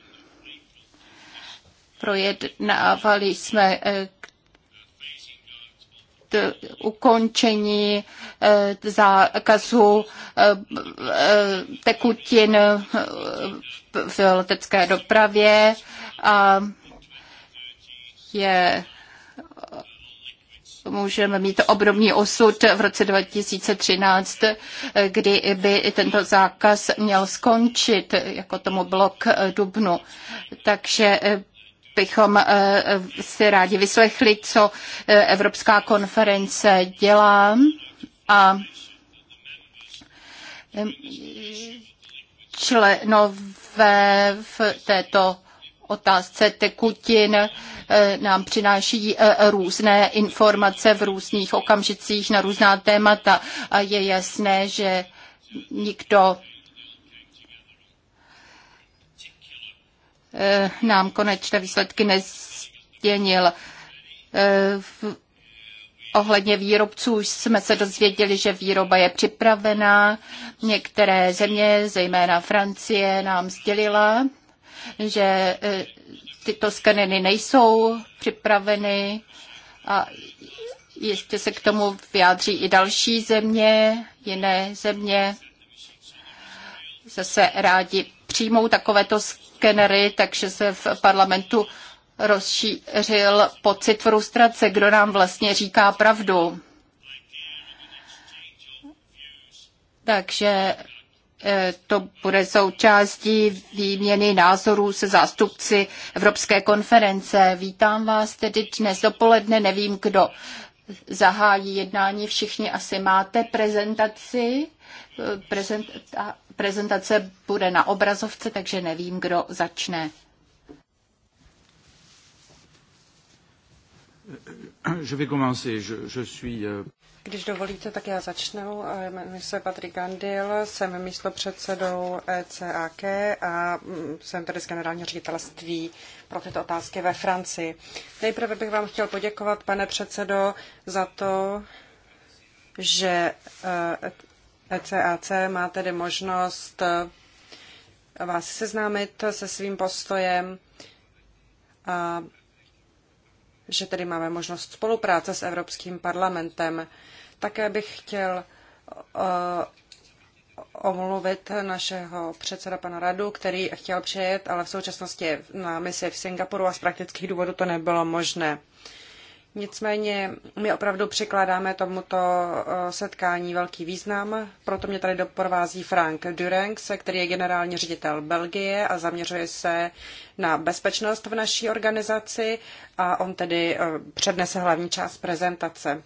Projednávali jsme ukončení eh, zákazu eh, eh, tekutin v letecké dopravě a je můžeme mít obrovný osud v roce 2013, kdy by tento zákaz měl skončit, jako tomu blok Dubnu. Takže bychom eh, si rádi vyslechli, co eh, Evropská konference dělá a členové v této otázce tekutin eh, nám přináší různé informace v různých okamžicích na různá témata a je jasné, že nikdo Eh, nám konečné výsledky nezděnil. Eh, ohledně výrobců jsme se dozvěděli, že výroba je připravená. Některé země, zejména Francie, nám sdělila, že eh, tyto skanery nejsou připraveny a ještě se k tomu vyjádří i další země, jiné země. Zase rádi přijmou takovéto skanery skenery, takže se v parlamentu rozšířil pocit frustrace, kdo nám vlastně říká pravdu. Takže eh, to bude součástí výměny názorů se zástupci Evropské konference. Vítám vás tedy dnes dopoledne, nevím, kdo zahájí jednání. Všichni asi máte prezentaci prezentace bude na obrazovce, takže nevím, kdo začne. Euh, Když dovolíte, tak já začnu. Jmenuji se Patrik Gandil, jsem místopředsedou ECAK a mm, jsem tady z generálního ředitelství pro tyto otázky ve Francii. Nejprve bych vám chtěl poděkovat, pane předsedo, za to, že eh, ECAC má tedy možnost eh, vás seznámit se svým postojem a že tedy máme možnost spolupráce s Evropským parlamentem. Také bych chtěl eh, omluvit našeho předseda pana Radu, který chtěl přijet, ale v současnosti je na misi v Singapuru a z praktických důvodů to nebylo možné. Nicméně my opravdu přikládáme tomuto eh, setkání velký význam, proto mě tady doprovází Frank Durenx, který je generální ředitel Belgie a zaměřuje se na bezpečnost v naší organizaci a on tedy eh, přednese hlavní část prezentace.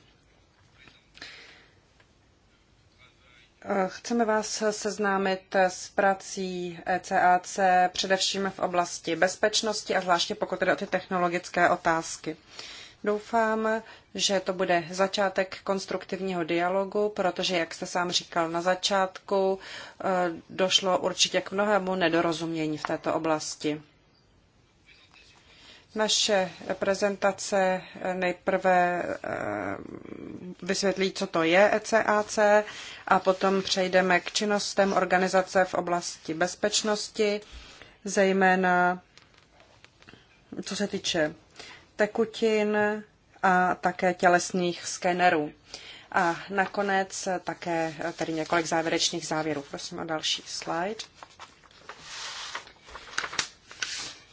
Eh, chceme vás seznámit s prací ECAC především v oblasti bezpečnosti a zvláště pokud jde o ty technologické otázky. Doufám, že to bude začátek konstruktivního dialogu, protože, jak jste sám říkal na začátku, eh, došlo určitě k mnohému nedorozumění v této oblasti. Naše prezentace nejprve eh, vysvětlí, co to je ECAC a potom přejdeme k činnostem organizace v oblasti bezpečnosti, zejména co se týče tekutin a také tělesných skenerů. A nakonec také tedy několik závěrečných závěrů. Prosím o další slide.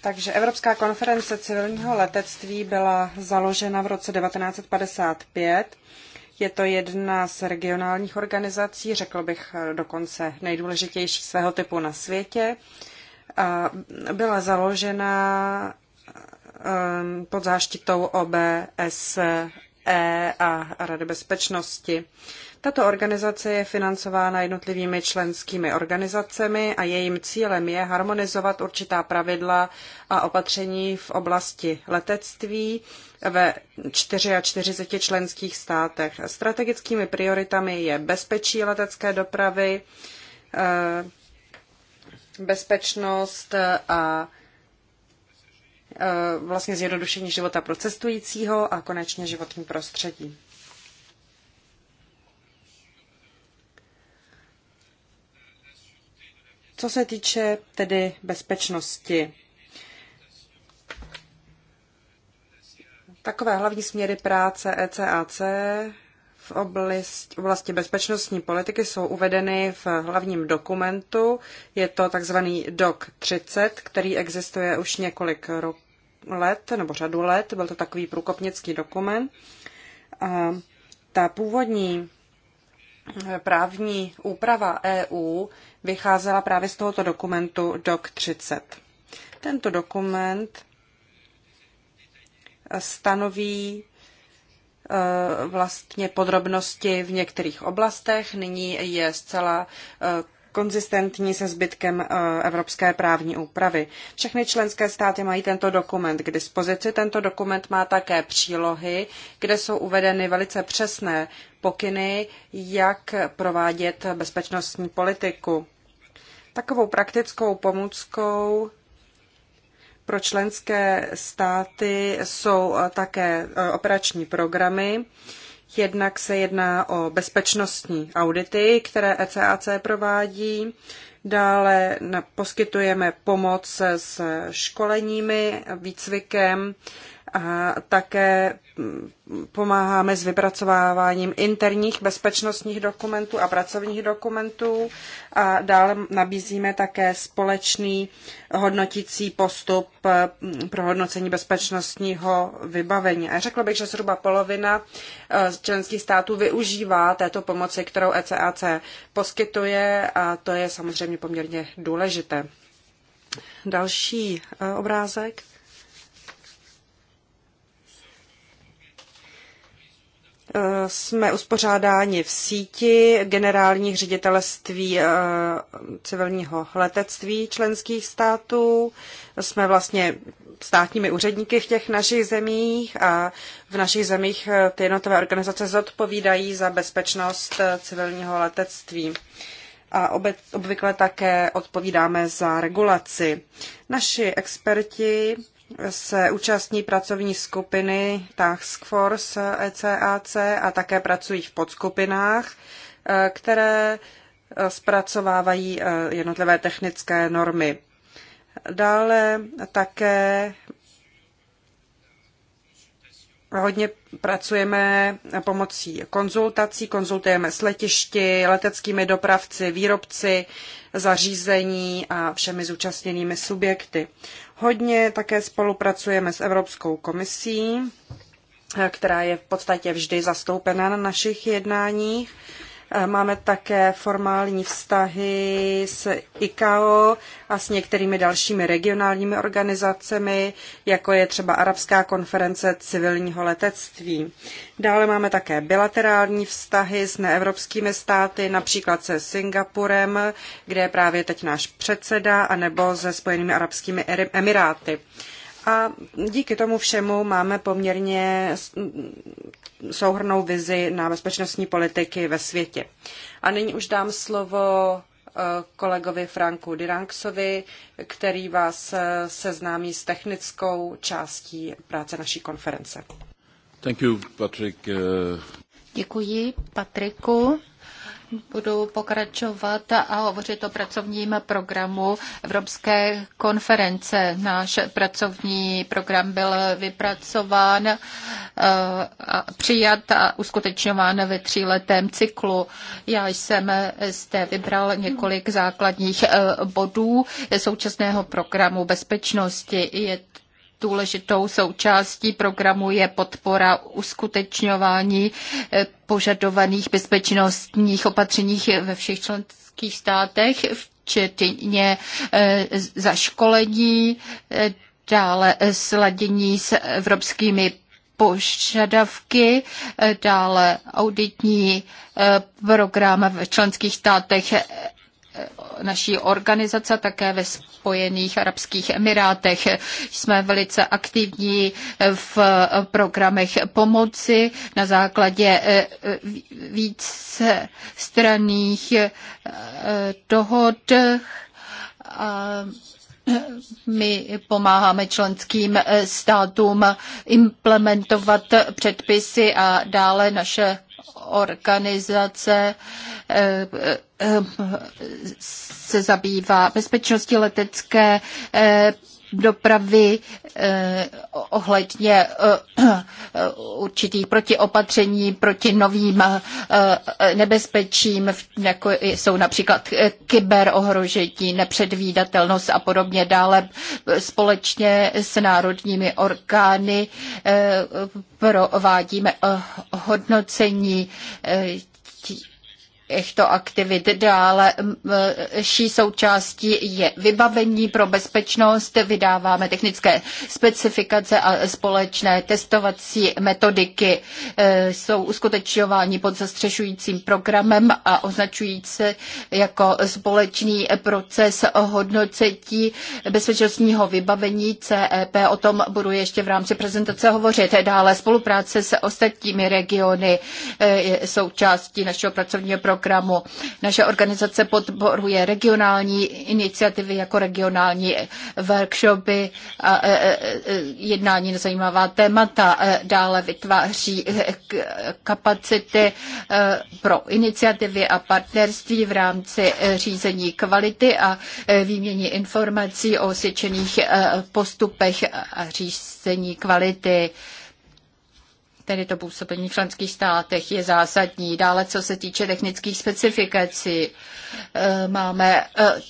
Takže Evropská konference civilního letectví byla založena v roce 1955. Je to jedna z regionálních organizací, řekl bych dokonce nejdůležitější svého typu na světě. Byla založena Um, pod záštitou OBSE a Rady bezpečnosti. Tato organizace je financována jednotlivými členskými organizacemi a jejím cílem je harmonizovat určitá pravidla a opatření v oblasti letectví ve 44 členských státech. Strategickými prioritami je bezpečí letecké dopravy, eh, bezpečnost a Eh, vlastně zjednodušení života pro cestujícího a konečně životní prostředí. Co se týče tedy bezpečnosti, takové hlavní směry práce ECAC v oblasti bezpečnostní politiky jsou uvedeny v hlavním dokumentu. Je to takzvaný DOC 30, který existuje už několik roků let, nebo řadu let, byl to takový průkopnický dokument. A ta původní eh, právní úprava EU vycházela právě z tohoto dokumentu DOC 30. Tento dokument eh, stanoví eh, vlastně podrobnosti v některých oblastech. Nyní je zcela konzistentní se zbytkem eh, evropské právní úpravy. Všechny členské státy mají tento dokument k dispozici. Tento dokument má také přílohy, kde jsou uvedeny velice přesné pokyny, jak provádět bezpečnostní politiku. Takovou praktickou pomůckou pro členské státy jsou eh, také eh, operační programy, Jednak se jedná o bezpečnostní audity, které ECAC provádí. Dále poskytujeme pomoc s školeními, výcvikem a také pomáháme s vypracováváním interních bezpečnostních dokumentů a pracovních dokumentů a dále nabízíme také společný hodnotící postup eh, pro hodnocení bezpečnostního vybavení. A řekla bych, že zhruba polovina eh, členských států využívá této pomoci, kterou ECAC poskytuje a to je samozřejmě poměrně důležité. Další eh, obrázek. jsme uspořádáni v síti generálních ředitelství eh, civilního letectví členských států. Jsme vlastně státními úředníky v těch našich zemích a v našich zemích eh, ty jednotlivé organizace zodpovídají za bezpečnost eh, civilního letectví a obvykle také odpovídáme za regulaci. Naši experti se účastní pracovní skupiny Task Force ECAC a také pracují v podskupinách, eh, které eh, zpracovávají eh, jednotlivé technické normy. Dále také hodně pracujeme pomocí konzultací, konzultujeme s letišti, leteckými dopravci, výrobci, zařízení a všemi zúčastněnými subjekty. Hodně také spolupracujeme s Evropskou komisí, která je v podstatě vždy zastoupena na našich jednáních Eh, máme také formální vztahy s ICAO a s některými dalšími regionálními organizacemi, jako je třeba Arabská konference civilního letectví. Dále máme také bilaterální vztahy s neevropskými státy, například se Singapurem, kde je právě teď náš předseda, anebo se Spojenými arabskými Emiráty. A díky tomu všemu máme poměrně souhrnou vizi na bezpečnostní politiky ve světě. A nyní už dám slovo eh, kolegovi Franku Diranksovi, který vás eh, seznámí s technickou částí práce naší konference. Thank you, Patrick. Eh, Děkuji, Patriku budu pokračovat a hovořit o pracovním programu Evropské konference. Náš pracovní program byl vypracován, eh, přijat a uskutečňován ve tříletém cyklu. Já jsem zde vybral několik základních eh, bodů současného programu bezpečnosti. Je důležitou součástí programu je podpora uskutečňování eh, požadovaných bezpečnostních opatřeních ve všech členských státech, včetně eh, zaškolení, eh, dále sladění s evropskými požadavky, dále auditní program v členských státech naší organizace, také ve Spojených Arabských Emirátech. Jsme velice aktivní v programech pomoci na základě eh, více straných eh, dohod. A my pomáháme členským eh, státům implementovat předpisy a dále naše organizace eh, eh, eh, se zabývá bezpečností letecké dopravy eh, ohledně eh, určitých protiopatření proti novým eh, nebezpečím, jako jsou například kyberohrožení, nepředvídatelnost a podobně dále společně s národními orgány provádíme hodnocení těchto aktivit. Dále ší součástí je vybavení pro bezpečnost, vydáváme technické specifikace a společné testovací metodiky. E, jsou uskutečňováni pod zastřešujícím programem a označují se jako společný proces hodnocení bezpečnostního vybavení CEP. O tom budu ještě v rámci prezentace hovořit. Dále spolupráce s ostatními regiony e, je součástí našeho pracovního programu programu. Naše organizace podporuje regionální iniciativy jako regionální workshopy a e, e, e, jednání na zajímavá témata. Dále vytváří kapacity pro iniciativy a partnerství v rámci řízení kvality a výměny informací o osvědčených postupech a řízení kvality tedy to působení v členských státech je zásadní. Dále, co se týče technických specifikací, eh, máme eh,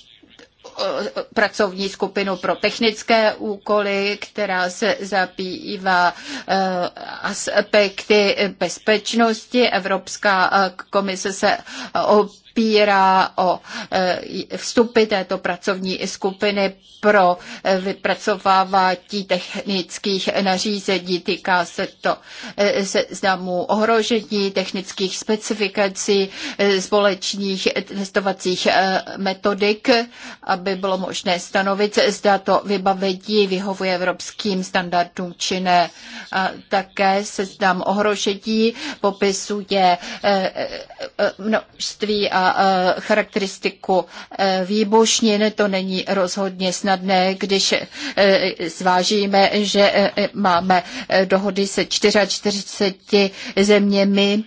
pracovní skupinu pro technické úkoly, která se zabývá eh, aspekty bezpečnosti. Evropská komise se opírá o e, vstupy této pracovní skupiny pro e, vypracovávání technických nařízení. Týká se to e, seznamu ohrožení, technických specifikací, společných testovacích metodik, aby bylo možné stanovit, zda to vybavení vyhovuje evropským standardům či ne. A také seznam ohrožení popisuje množství a Eh, charakteristiku eh, výbušnin. To není rozhodně snadné, když eh, zvážíme, že máme dohody se 44 zeměmi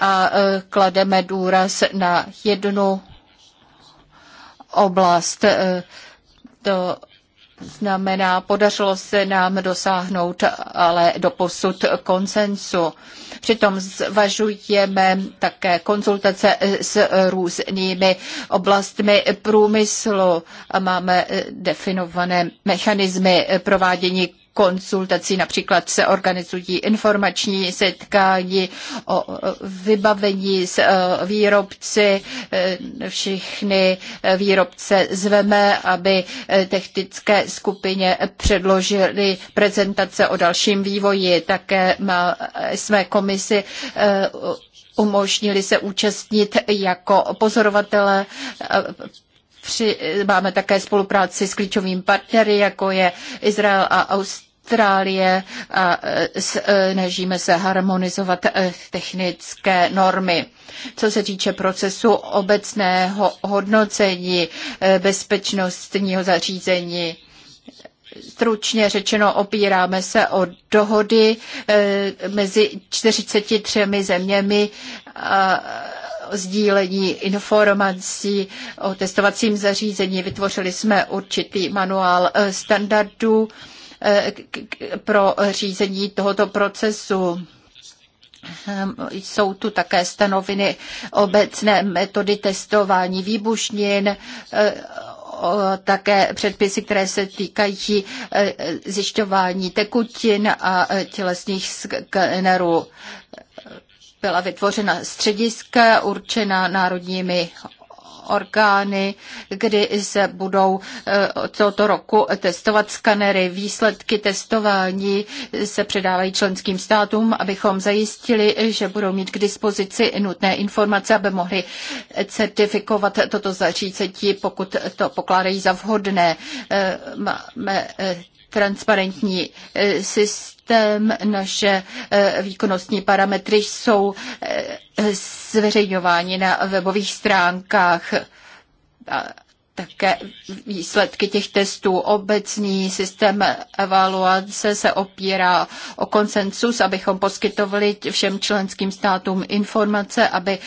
a klademe důraz na jednu oblast. To znamená, podařilo se nám dosáhnout ale doposud konsensu. Přitom zvažujeme také konzultace s různými oblastmi průmyslu a máme definované mechanismy provádění konsultací. Například se organizují informační setkání o vybavení s e, výrobci. E, všichni e, výrobce zveme, aby technické skupině předložili prezentace o dalším vývoji. Také má, jsme komisi umožnili se účastnit jako pozorovatele při, máme také spolupráci s klíčovými partnery, jako je Izrael a Aust, Austrálie a e, e, snažíme se harmonizovat e, technické normy. Co se týče procesu obecného hodnocení bezpečnostního zařízení, Stručně řečeno opíráme se o dohody mezi 43 zeměmi a sdílení informací o testovacím zařízení. Vytvořili jsme určitý manuál standardů Eh, pro řízení tohoto procesu. Ehm, jsou tu také stanoviny obecné metody testování výbušnin, eh, také předpisy, které se týkají eh, zjišťování tekutin a tělesných skenerů. Byla vytvořena střediska určená národními orgány, kdy se budou eh, od tohoto roku testovat skanery. Výsledky testování se předávají členským státům, abychom zajistili, že budou mít k dispozici nutné informace, aby mohli certifikovat toto zařízení, pokud to pokládají za vhodné. Eh, máme eh, transparentní eh, systém, naše eh, výkonnostní parametry jsou eh, zveřejňováni na webových stránkách také výsledky těch testů. Obecný systém evaluace se opírá o konsensus, abychom poskytovali všem členským státům informace, aby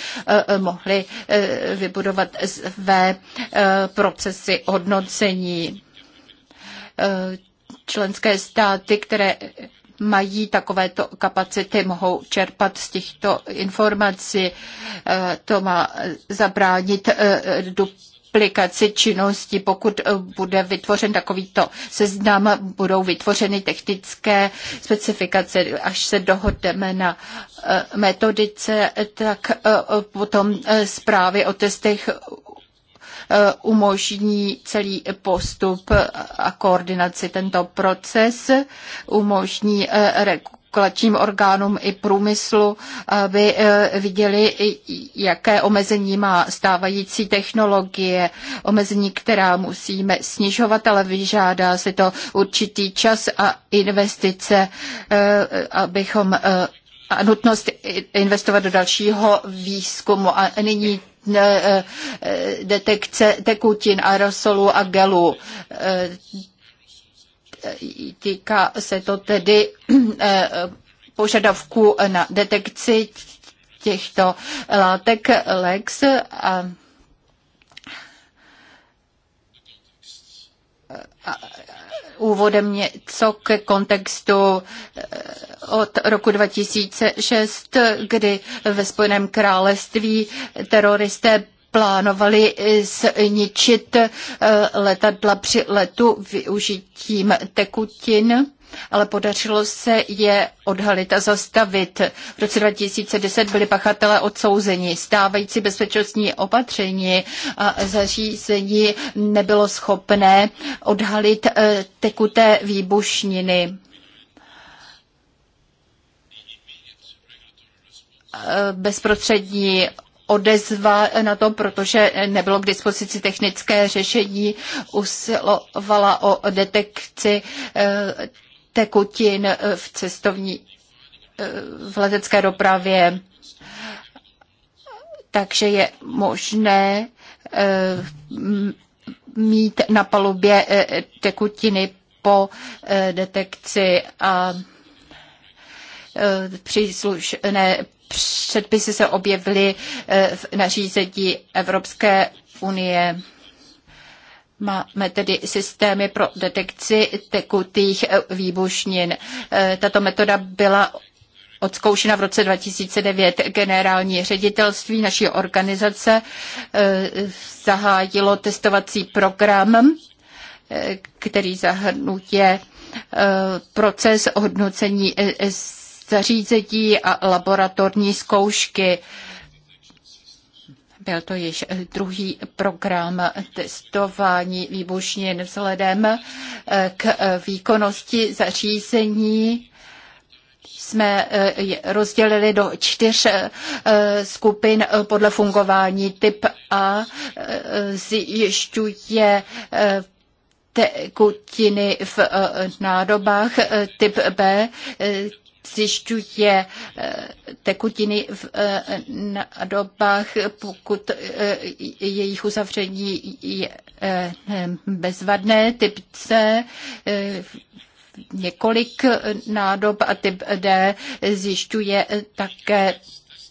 mohli vybudovat své procesy hodnocení členské státy, které mají takovéto kapacity, mohou čerpat z těchto informací. Eh, to má zabránit eh, duplikaci činnosti. Pokud eh, bude vytvořen takovýto seznam, budou vytvořeny technické specifikace. Až se dohodneme na metodice, tak potom zprávy o testech Eh, umožní celý postup a koordinaci tento proces, umožní eh, regulačním orgánům i průmyslu, aby eh, viděli, jaké omezení má stávající technologie, omezení, která musíme snižovat, ale vyžádá si to určitý čas a investice, abychom a nutnost investovat do dalšího výzkumu. A nyní Eh, eh, detekce tekutin, aerosolů a gelů. Eh, týká se to tedy požadavku na detekci těchto látek LEX a úvodem něco ke kontextu eh, od roku 2006, kdy ve Spojeném království teroristé plánovali zničit eh, letadla při letu využitím tekutin ale podařilo se je odhalit a zastavit. V roce 2010 byli pachatelé odsouzeni. Stávající bezpečnostní opatření a zařízení nebylo schopné odhalit eh, tekuté výbušniny. Eh, bezprostřední odezva na to, protože nebylo k dispozici technické řešení, usilovala o detekci eh, tekutin v cestovní v letecké dopravě. Takže je možné eh, mít na palubě eh, tekutiny po eh, detekci a příslušné předpisy se objevily v nařízení Evropské unie Máme tedy systémy pro detekci tekutých eh, výbušnin. Eh, tato metoda byla odzkoušena v roce 2009. Generální ředitelství naší organizace eh, zahájilo testovací program, který zahrnuje proces hodnocení zařízení a laboratorní zkoušky. Byl to již druhý program testování výbušnin vzhledem eh, k eh, výkonnosti zařízení jsme eh, rozdělili do čtyř skupin podle fungování typ A zjišťuje tekutiny v nádobách typ B zjišťuje eh, tekutiny v eh, nádobách, pokud eh, jejich uzavření je bezvadné, typ C, několik nádob a typ D zjišťuje také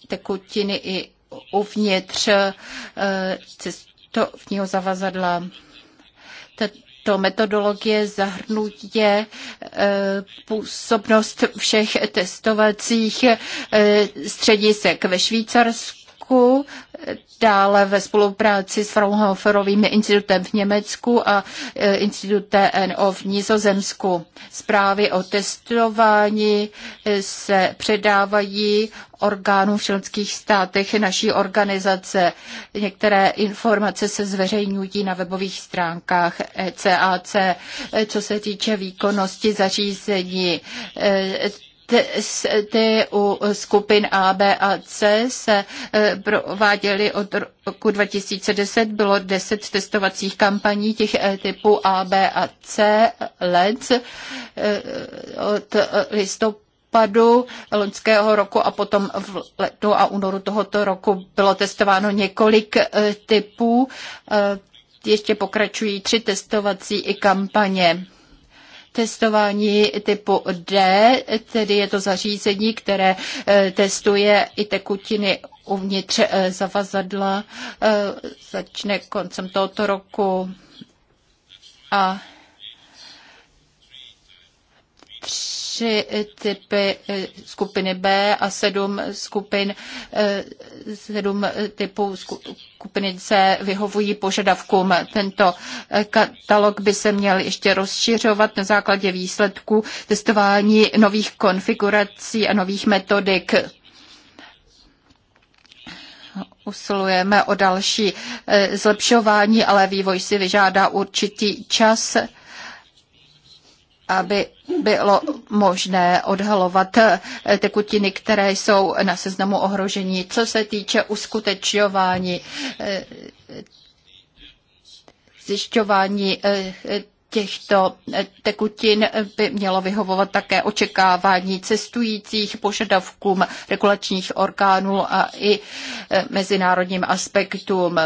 tekutiny i uvnitř cestovního zavazadla do metodologie zahrnutě e, působnost všech testovacích e, středisek ve Švýcarsku Německu, dále ve spolupráci s Fraunhoferovým institutem v Německu a e, institutem NO v Nizozemsku. Zprávy o testování e, se předávají orgánů v členských státech naší organizace. Některé informace se zveřejňují na webových stránkách ECAC, e, co se týče výkonnosti zařízení testy u skupin A, B a C se eh, prováděly od roku 2010. Bylo 10 testovacích kampaní těch eh, typů A, B a C LEDs eh, od listopadu padu loňského roku a potom v letu a únoru tohoto roku bylo testováno několik typů. Ještě pokračují tři testovací i kampaně testování typu D, tedy je to zařízení, které eh, testuje i tekutiny uvnitř eh, zavazadla, eh, začne koncem tohoto roku a tři typy eh, skupiny B a sedm skupin, eh, sedm typů skupiny C vyhovují požadavkům. Tento eh, katalog by se měl ještě rozšiřovat na základě výsledků testování nových konfigurací a nových metodik usilujeme o další zlepšování, ale vývoj si vyžádá určitý čas aby bylo možné odhalovat eh, tekutiny, které jsou na seznamu ohrožení. Co se týče uskutečňování, eh, zjišťování eh, těchto tekutin by mělo vyhovovat také očekávání cestujících požadavkům regulačních orgánů a i mezinárodním aspektům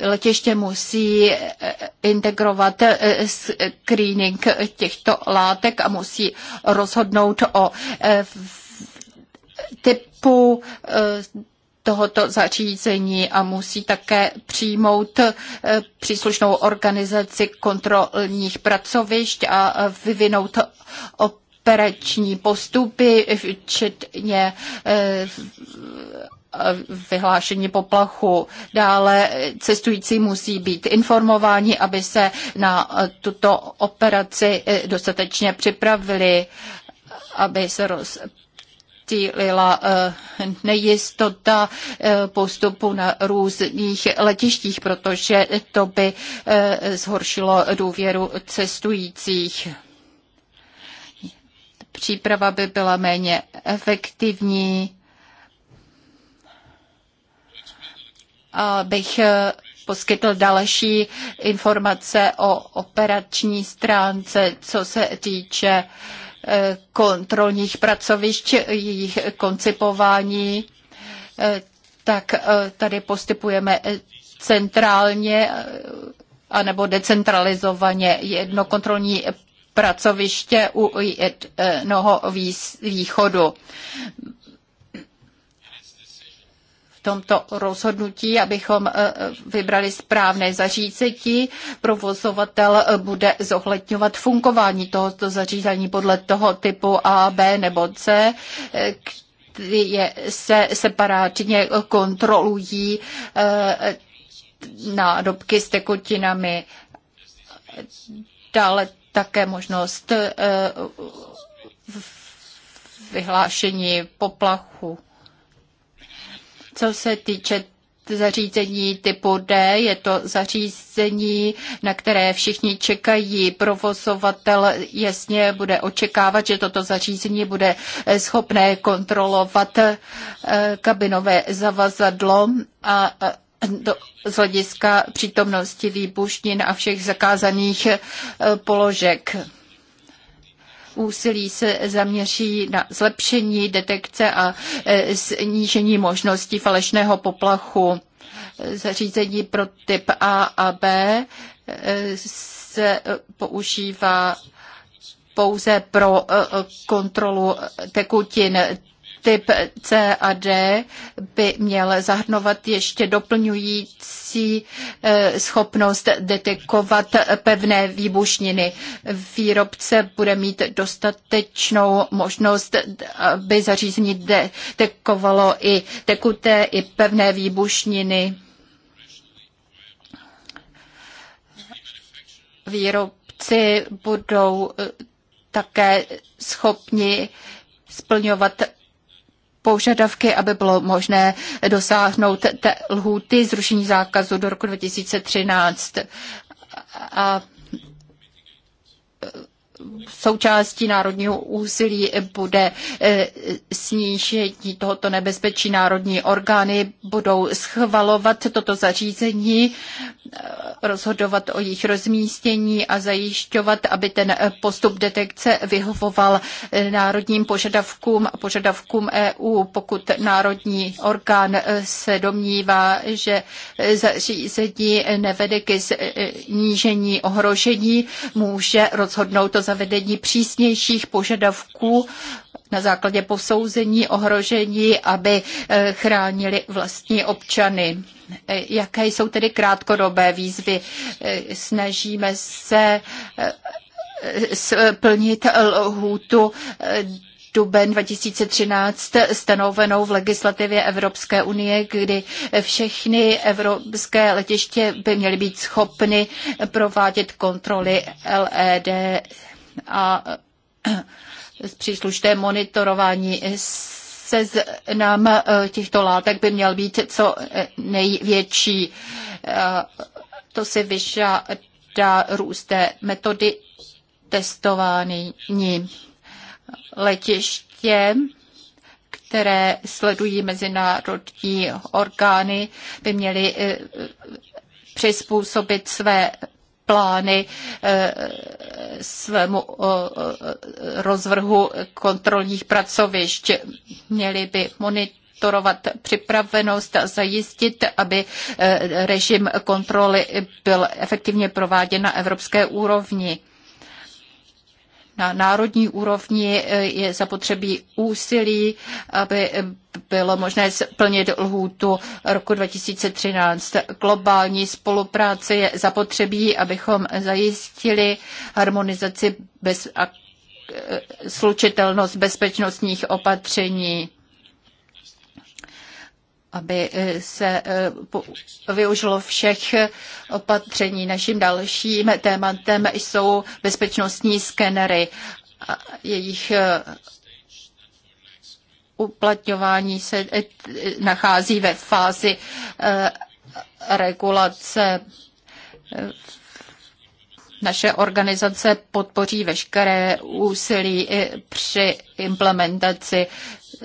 letiště musí eh, integrovat eh, screening těchto látek a musí rozhodnout o eh, typu tohoto zařízení a musí také přijmout příslušnou organizaci kontrolních pracovišť a vyvinout operační postupy, včetně vyhlášení poplachu. Dále cestující musí být informováni, aby se na tuto operaci eh, dostatečně připravili, aby se roz cílila eh, nejistota eh, postupu na různých letištích, protože to by zhoršilo důvěru cestujících. Příprava by byla méně efektivní abych eh, poskytl další informace o operační stránce, co se týče eh, kontrolních pracovišť, jejich koncipování, eh, tak tady postupujeme centrálně anebo decentralizovaně jedno kontrolní pracoviště u jednoho východu v tomto rozhodnutí, abychom e, vybrali správné zařízení. Provozovatel e, bude zohledňovat fungování tohoto zařízení podle toho typu A, B nebo C, e, je, se separátně kontrolují nádobky s tekutinami. Dále také možnost vyhlášení poplachu. Co se týče zařízení typu D, je to zařízení, na které všichni čekají. Provozovatel jasně bude očekávat, že toto zařízení bude schopné kontrolovat eh, kabinové zavazadlo a eh, do, z hlediska přítomnosti výbušnin a všech zakázaných eh, položek úsilí se zaměří na zlepšení detekce a e, snížení možností falešného poplachu. Zařízení pro typ A a B e, se používá pouze pro e, kontrolu tekutin Typ C a D by měl zahrnovat ještě doplňující eh, schopnost detekovat pevné výbušniny. Výrobce bude mít dostatečnou možnost, aby zařízení detekovalo i tekuté, i pevné výbušniny. Výrobci budou eh, také schopni splňovat požadavky, aby bylo možné dosáhnout té lhůty zrušení zákazu do roku 2013. A součástí národního úsilí bude e, snížení tohoto nebezpečí. Národní orgány budou schvalovat toto zařízení, e, rozhodovat o jejich rozmístění a zajišťovat, aby ten postup detekce vyhovoval e, národním požadavkům a požadavkům EU. Pokud národní orgán se domnívá, že zařízení nevede ke snížení ohrožení, může rozhodnout to zavedení přísnějších požadavků na základě posouzení ohrožení, aby eh, chránili vlastní občany. Eh, jaké jsou tedy krátkodobé výzvy? Eh, snažíme se splnit lhůtu duben 2013 stanovenou v legislativě Evropské unie, kdy všechny evropské letiště by měly být schopny provádět kontroly LED a z příslušné monitorování seznam e, těchto látek by měl být co e, největší. E, to si vyžádá různé metody testování letiště, které sledují mezinárodní orgány, by měly přizpůsobit své plány eh, svému rozvrhu kontrolních pracovišť. Měli by monitorovat monitorovat připravenost a zajistit, aby eh, režim kontroly byl efektivně prováděn na evropské úrovni na národní úrovni eh, je zapotřebí úsilí, aby eh, bylo možné splnit lhůtu roku 2013. Globální spolupráce je zapotřebí, abychom zajistili harmonizaci bez a eh, slučitelnost bezpečnostních opatření aby eh, se eh, využilo všech opatření. Naším dalším tématem jsou bezpečnostní skenery. Jejich eh, uplatňování se nachází ve fázi regulace. Naše organizace podpoří veškeré úsilí při implementaci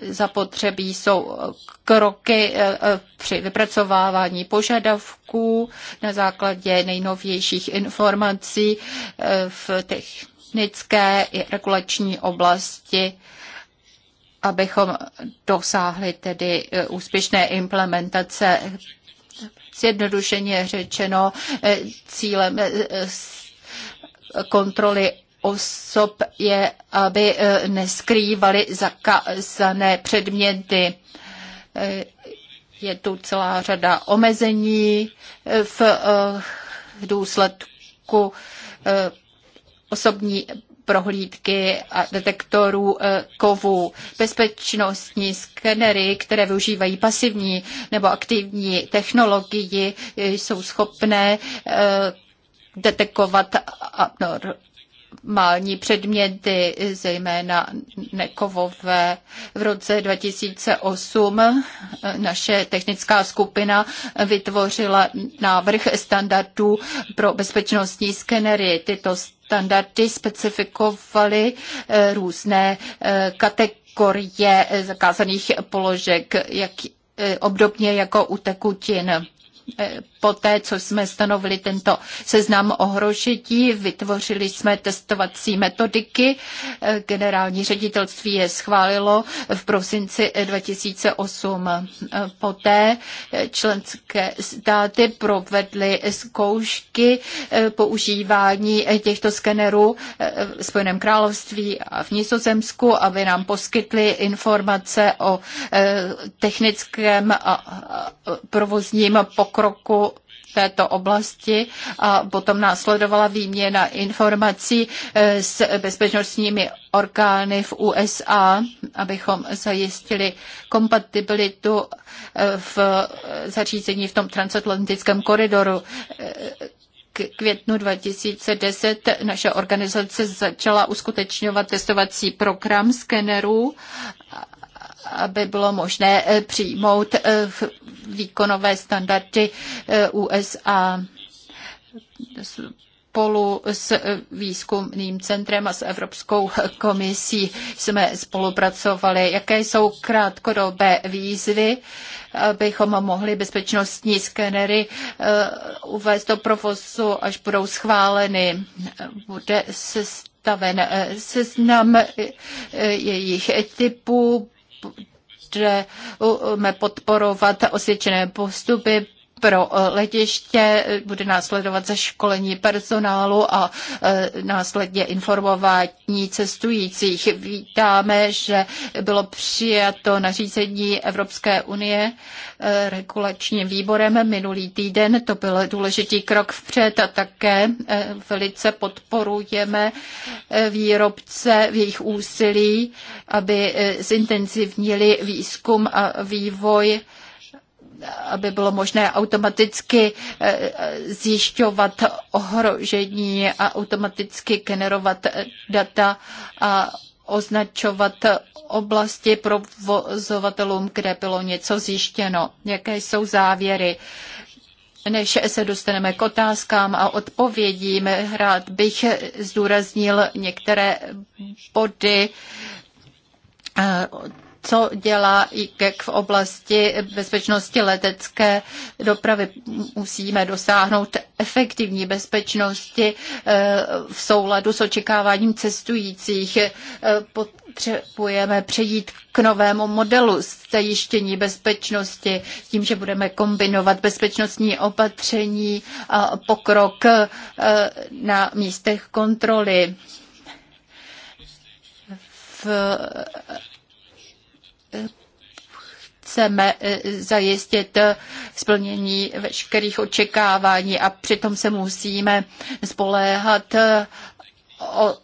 zapotřebí jsou kroky eh, eh, při vypracovávání požadavků na základě nejnovějších informací eh, v technické i regulační oblasti, abychom dosáhli tedy úspěšné implementace. Zjednodušeně řečeno, cílem kontroly osob je, aby e, neskrývali zakazané předměty. E, je tu celá řada omezení e, v důsledku osobní prohlídky a detektorů kovů, bezpečnostní skenery, které využívají pasivní nebo aktivní technologii, jsou schopné detekovat formální předměty, zejména nekovové. V roce 2008 eh, naše technická skupina vytvořila návrh standardů pro bezpečnostní skenery. Tyto standardy specifikovaly eh, různé eh, kategorie zakázaných položek, jak, obdobně jako u tekutin poté, co jsme stanovili tento seznam ohrožití, vytvořili jsme testovací metodiky. Generální ředitelství je schválilo v prosinci 2008. Poté členské státy provedly zkoušky používání těchto skenerů v Spojeném království a v Nizozemsku, aby nám poskytli informace o technickém a provozním pokroku této oblasti a potom následovala výměna informací eh, s bezpečnostními orgány v USA, abychom zajistili kompatibilitu eh, v eh, zařízení v tom transatlantickém koridoru k květnu 2010 naše organizace začala uskutečňovat testovací program skenerů aby bylo možné eh, přijmout eh, výkonové standardy eh, USA spolu s výzkumným centrem a s Evropskou komisí jsme spolupracovali. Jaké jsou krátkodobé výzvy, abychom mohli bezpečnostní skenery uvést do provozu, až budou schváleny? Bude se staven seznam jejich typů, budeme podporovat osvědčené postupy pro eh, letiště, bude následovat zaškolení personálu a eh, následně informování cestujících. Vítáme, že bylo přijato nařízení Evropské unie eh, regulačním výborem minulý týden. To byl důležitý krok vpřed a také velice podporujeme výrobce v jejich úsilí, aby zintenzivnili výzkum a vývoj aby bylo možné automaticky eh, eh, zjišťovat ohrožení a automaticky generovat eh, data a označovat oblasti provozovatelům, kde bylo něco zjištěno. Jaké jsou závěry? Než se dostaneme k otázkám a odpovědím, rád bych zdůraznil některé body co dělá IKEK e v oblasti bezpečnosti letecké dopravy. Musíme dosáhnout efektivní bezpečnosti eh, v souladu s očekáváním cestujících. Eh, potřebujeme přejít k novému modelu zajištění bezpečnosti, tím, že budeme kombinovat bezpečnostní opatření a pokrok eh, na místech kontroly v chceme eh, zajistit eh, splnění veškerých očekávání a přitom se musíme spoléhat eh, o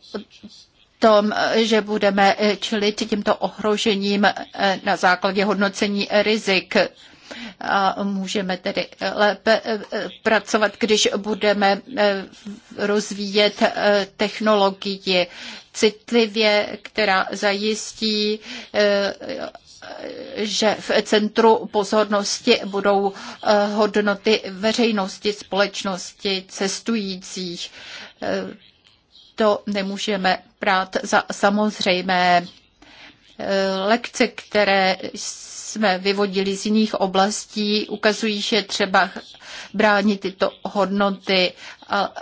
tom, že budeme čelit těmto ohrožením na základě hodnocení rizik a můžeme tedy eh, lépe eh, eh, pracovat, když budeme rozvíjet technologii citlivě, která zajistí že v centru pozornosti budou hodnoty veřejnosti, společnosti, cestujících. To nemůžeme brát za samozřejmé lekce, které jsme vyvodili z jiných oblastí, ukazují, že třeba bránit tyto hodnoty,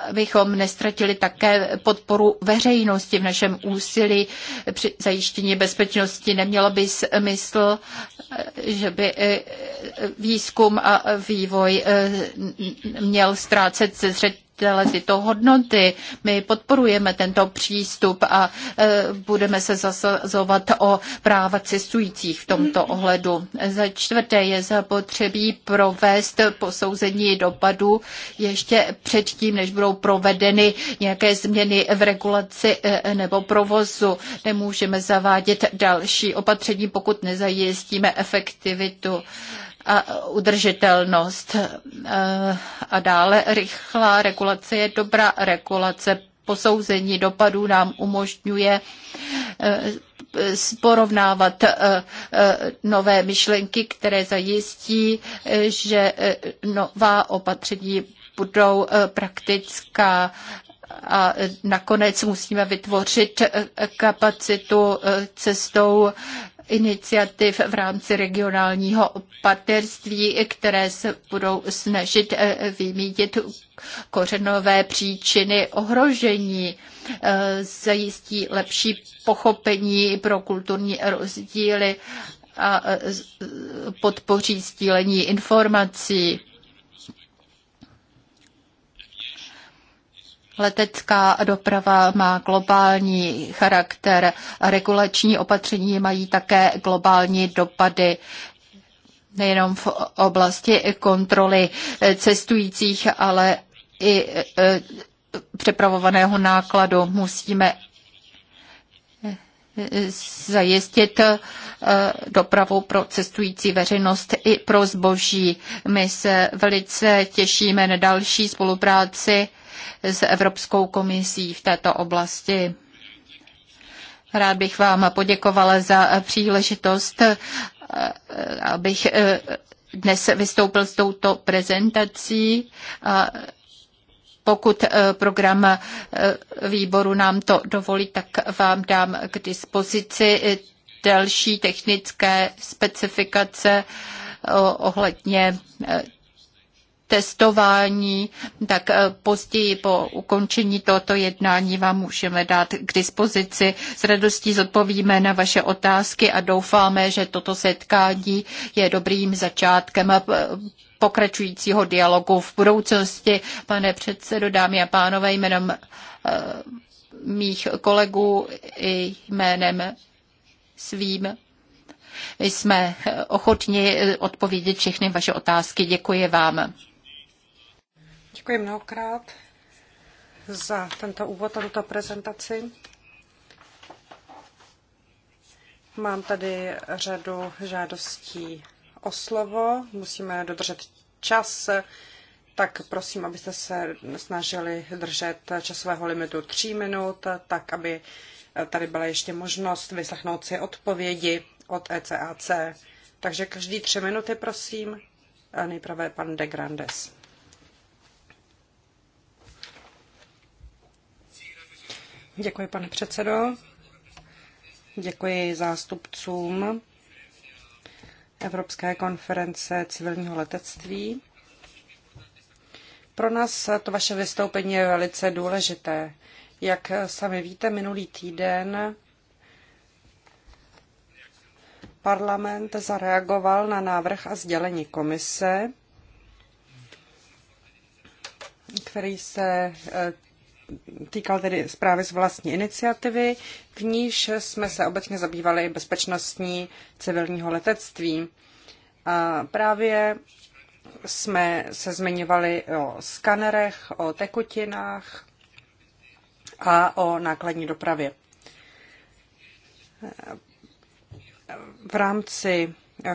abychom nestratili také podporu veřejnosti v našem úsilí při zajištění bezpečnosti. Nemělo by smysl, že by eh, výzkum a vývoj eh, měl ztrácet ze zřetele tyhle tyto hodnoty. My podporujeme tento přístup a e, budeme se zasazovat o práva cestujících v tomto ohledu. Za čtvrté je zapotřebí provést posouzení dopadu ještě předtím, než budou provedeny nějaké změny v regulaci e, nebo provozu. Nemůžeme zavádět další opatření, pokud nezajistíme efektivitu a udržitelnost. Eh, a dále rychlá regulace je dobrá regulace. Posouzení dopadů nám umožňuje eh, porovnávat eh, nové myšlenky, které zajistí, že nová opatření budou praktická a nakonec musíme vytvořit kapacitu cestou iniciativ v rámci regionálního partnerství, které se budou snažit eh, vymítit kořenové příčiny ohrožení, eh, zajistí lepší pochopení pro kulturní rozdíly a eh, podpoří sdílení informací. Letecká doprava má globální charakter, regulační opatření mají také globální dopady nejenom v oblasti kontroly cestujících, ale i eh, přepravovaného nákladu. Musíme eh, zajistit eh, dopravu pro cestující veřejnost i pro zboží. My se velice těšíme na další spolupráci s Evropskou komisí v této oblasti. Rád bych vám poděkovala za příležitost, eh, abych eh, dnes vystoupil s touto prezentací. A pokud eh, program výboru nám to dovolí, tak vám dám k dispozici další technické specifikace ohledně testování, tak eh, později po ukončení tohoto jednání vám můžeme dát k dispozici. S radostí zodpovíme na vaše otázky a doufáme, že toto setkání je dobrým začátkem eh, pokračujícího dialogu v budoucnosti. Pane předsedo, dámy a pánové, jménem eh, mých kolegů i jménem svým jsme ochotni odpovědět všechny vaše otázky. Děkuji vám. Děkuji mnohokrát za tento úvod a tuto prezentaci. Mám tady řadu žádostí o slovo. Musíme dodržet čas, tak prosím, abyste se snažili držet časového limitu tří minut, tak aby tady byla ještě možnost vyslechnout si odpovědi od ECAC. Takže každý tři minuty, prosím. A nejprve pan de Grandes. Děkuji, pane předsedo. Děkuji zástupcům Evropské konference civilního letectví. Pro nás to vaše vystoupení je velice důležité. Jak sami víte, minulý týden parlament zareagoval na návrh a sdělení komise, který se týkal tedy zprávy z vlastní iniciativy, v níž jsme se obecně zabývali bezpečnostní civilního letectví. A právě jsme se zmiňovali o skanerech, o tekutinách a o nákladní dopravě. V rámci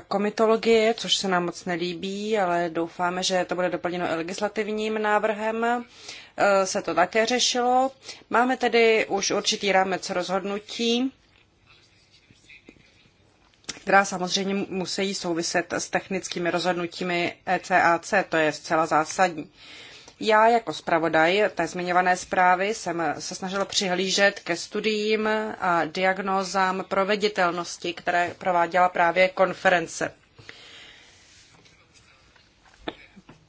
Komitologie, což se nám moc nelíbí, ale doufáme, že to bude doplněno i legislativním návrhem. E, se to také řešilo. Máme tedy už určitý rámec rozhodnutí, která samozřejmě musí souviset s technickými rozhodnutími ECAC, to je zcela zásadní. Já jako zpravodaj té zmiňované zprávy jsem se snažila přihlížet ke studiím a diagnózám proveditelnosti, které prováděla právě konference.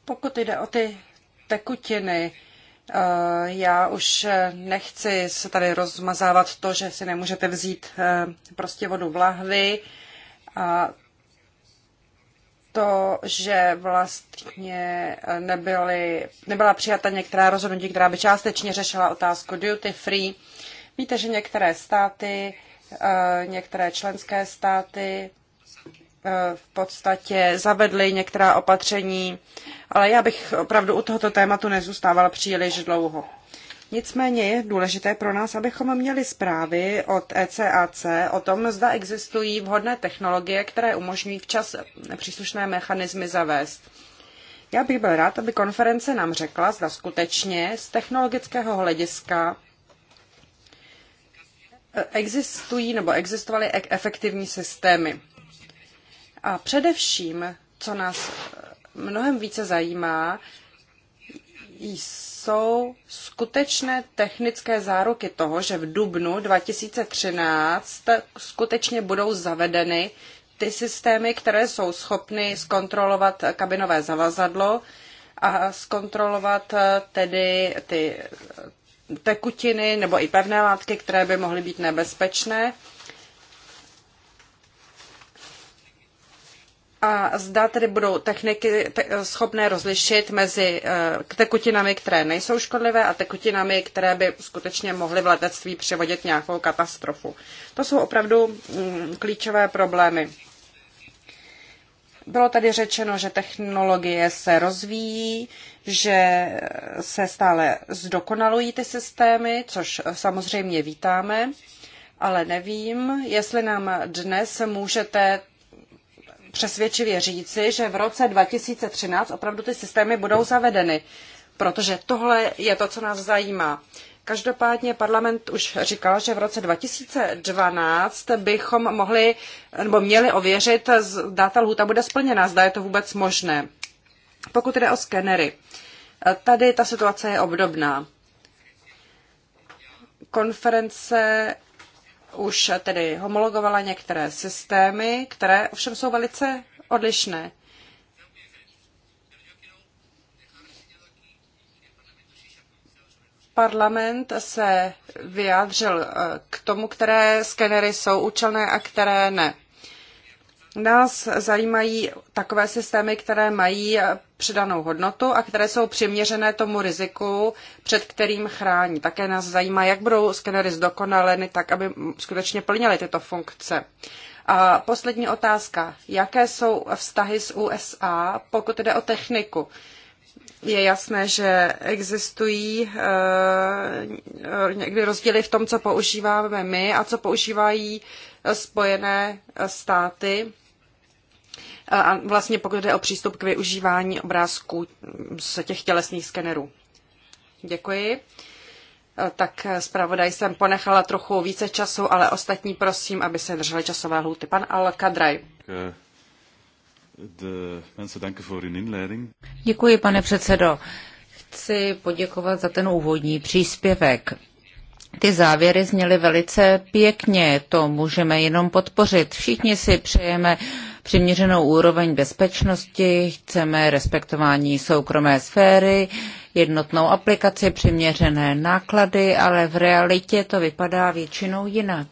Pokud jde o ty tekutiny, eh, já už nechci se tady rozmazávat to, že si nemůžete vzít eh, prostě vodu v lahvi a to, že vlastně eh, nebyly, nebyla přijata některá rozhodnutí, která by částečně řešila otázku duty free. Víte, že některé státy, eh, některé členské státy eh, v podstatě zavedly některá opatření, ale já bych opravdu u tohoto tématu nezůstávala příliš dlouho. Nicméně je důležité pro nás, abychom měli zprávy od ECAC o tom, zda existují vhodné technologie, které umožňují včas příslušné mechanismy zavést. Já bych byl rád, aby konference nám řekla, zda skutečně z technologického hlediska eh, existují nebo existovaly efektivní systémy. A především, co nás eh, mnohem více zajímá, jsou skutečné technické záruky toho, že v dubnu 2013 skutečně budou zavedeny ty systémy, které jsou schopny zkontrolovat kabinové zavazadlo a zkontrolovat eh, tedy ty tekutiny nebo i pevné látky, které by mohly být nebezpečné. a zda tedy budou techniky schopné rozlišit mezi eh, tekutinami, které nejsou škodlivé a tekutinami, které by skutečně mohly v letectví přivodit nějakou katastrofu. To jsou opravdu mm, klíčové problémy. Bylo tady řečeno, že technologie se rozvíjí, že se stále zdokonalují ty systémy, což samozřejmě vítáme, ale nevím, jestli nám dnes můžete přesvědčivě říci, že v roce 2013 opravdu ty systémy budou zavedeny, protože tohle je to, co nás zajímá. Každopádně parlament už říkal, že v roce 2012 bychom mohli nebo měli ověřit, zda ta lhůta bude splněna, zda je to vůbec možné. Pokud jde o skenery, tady ta situace je obdobná. Konference už tedy homologovala některé systémy, které ovšem jsou velice odlišné. Parlament se vyjádřil eh, k tomu, které skenery jsou účelné a které ne. Nás zajímají takové systémy, které mají přidanou hodnotu a které jsou přiměřené tomu riziku, před kterým chrání. Také nás zajímá, jak budou skenery zdokonaleny tak, aby skutečně plnily tyto funkce. A poslední otázka. Jaké jsou vztahy s USA, pokud jde o techniku? Je jasné, že existují e, někdy rozdíly v tom, co používáme my a co používají Spojené státy a vlastně pokud jde o přístup k využívání obrázků z těch tělesných skenerů. Děkuji. E, tak zpravodaj jsem ponechala trochu více času, ale ostatní prosím, aby se drželi časové hluty. Pan Al-Kadraj. Děkuji, pane předsedo. Chci poděkovat za ten úvodní příspěvek. Ty závěry zněly velice pěkně, to můžeme jenom podpořit. Všichni si přejeme uh, přiměřenou úroveň bezpečnosti, chceme respektování soukromé sféry, jednotnou aplikaci, přiměřené náklady, ale v realitě to vypadá většinou jinak.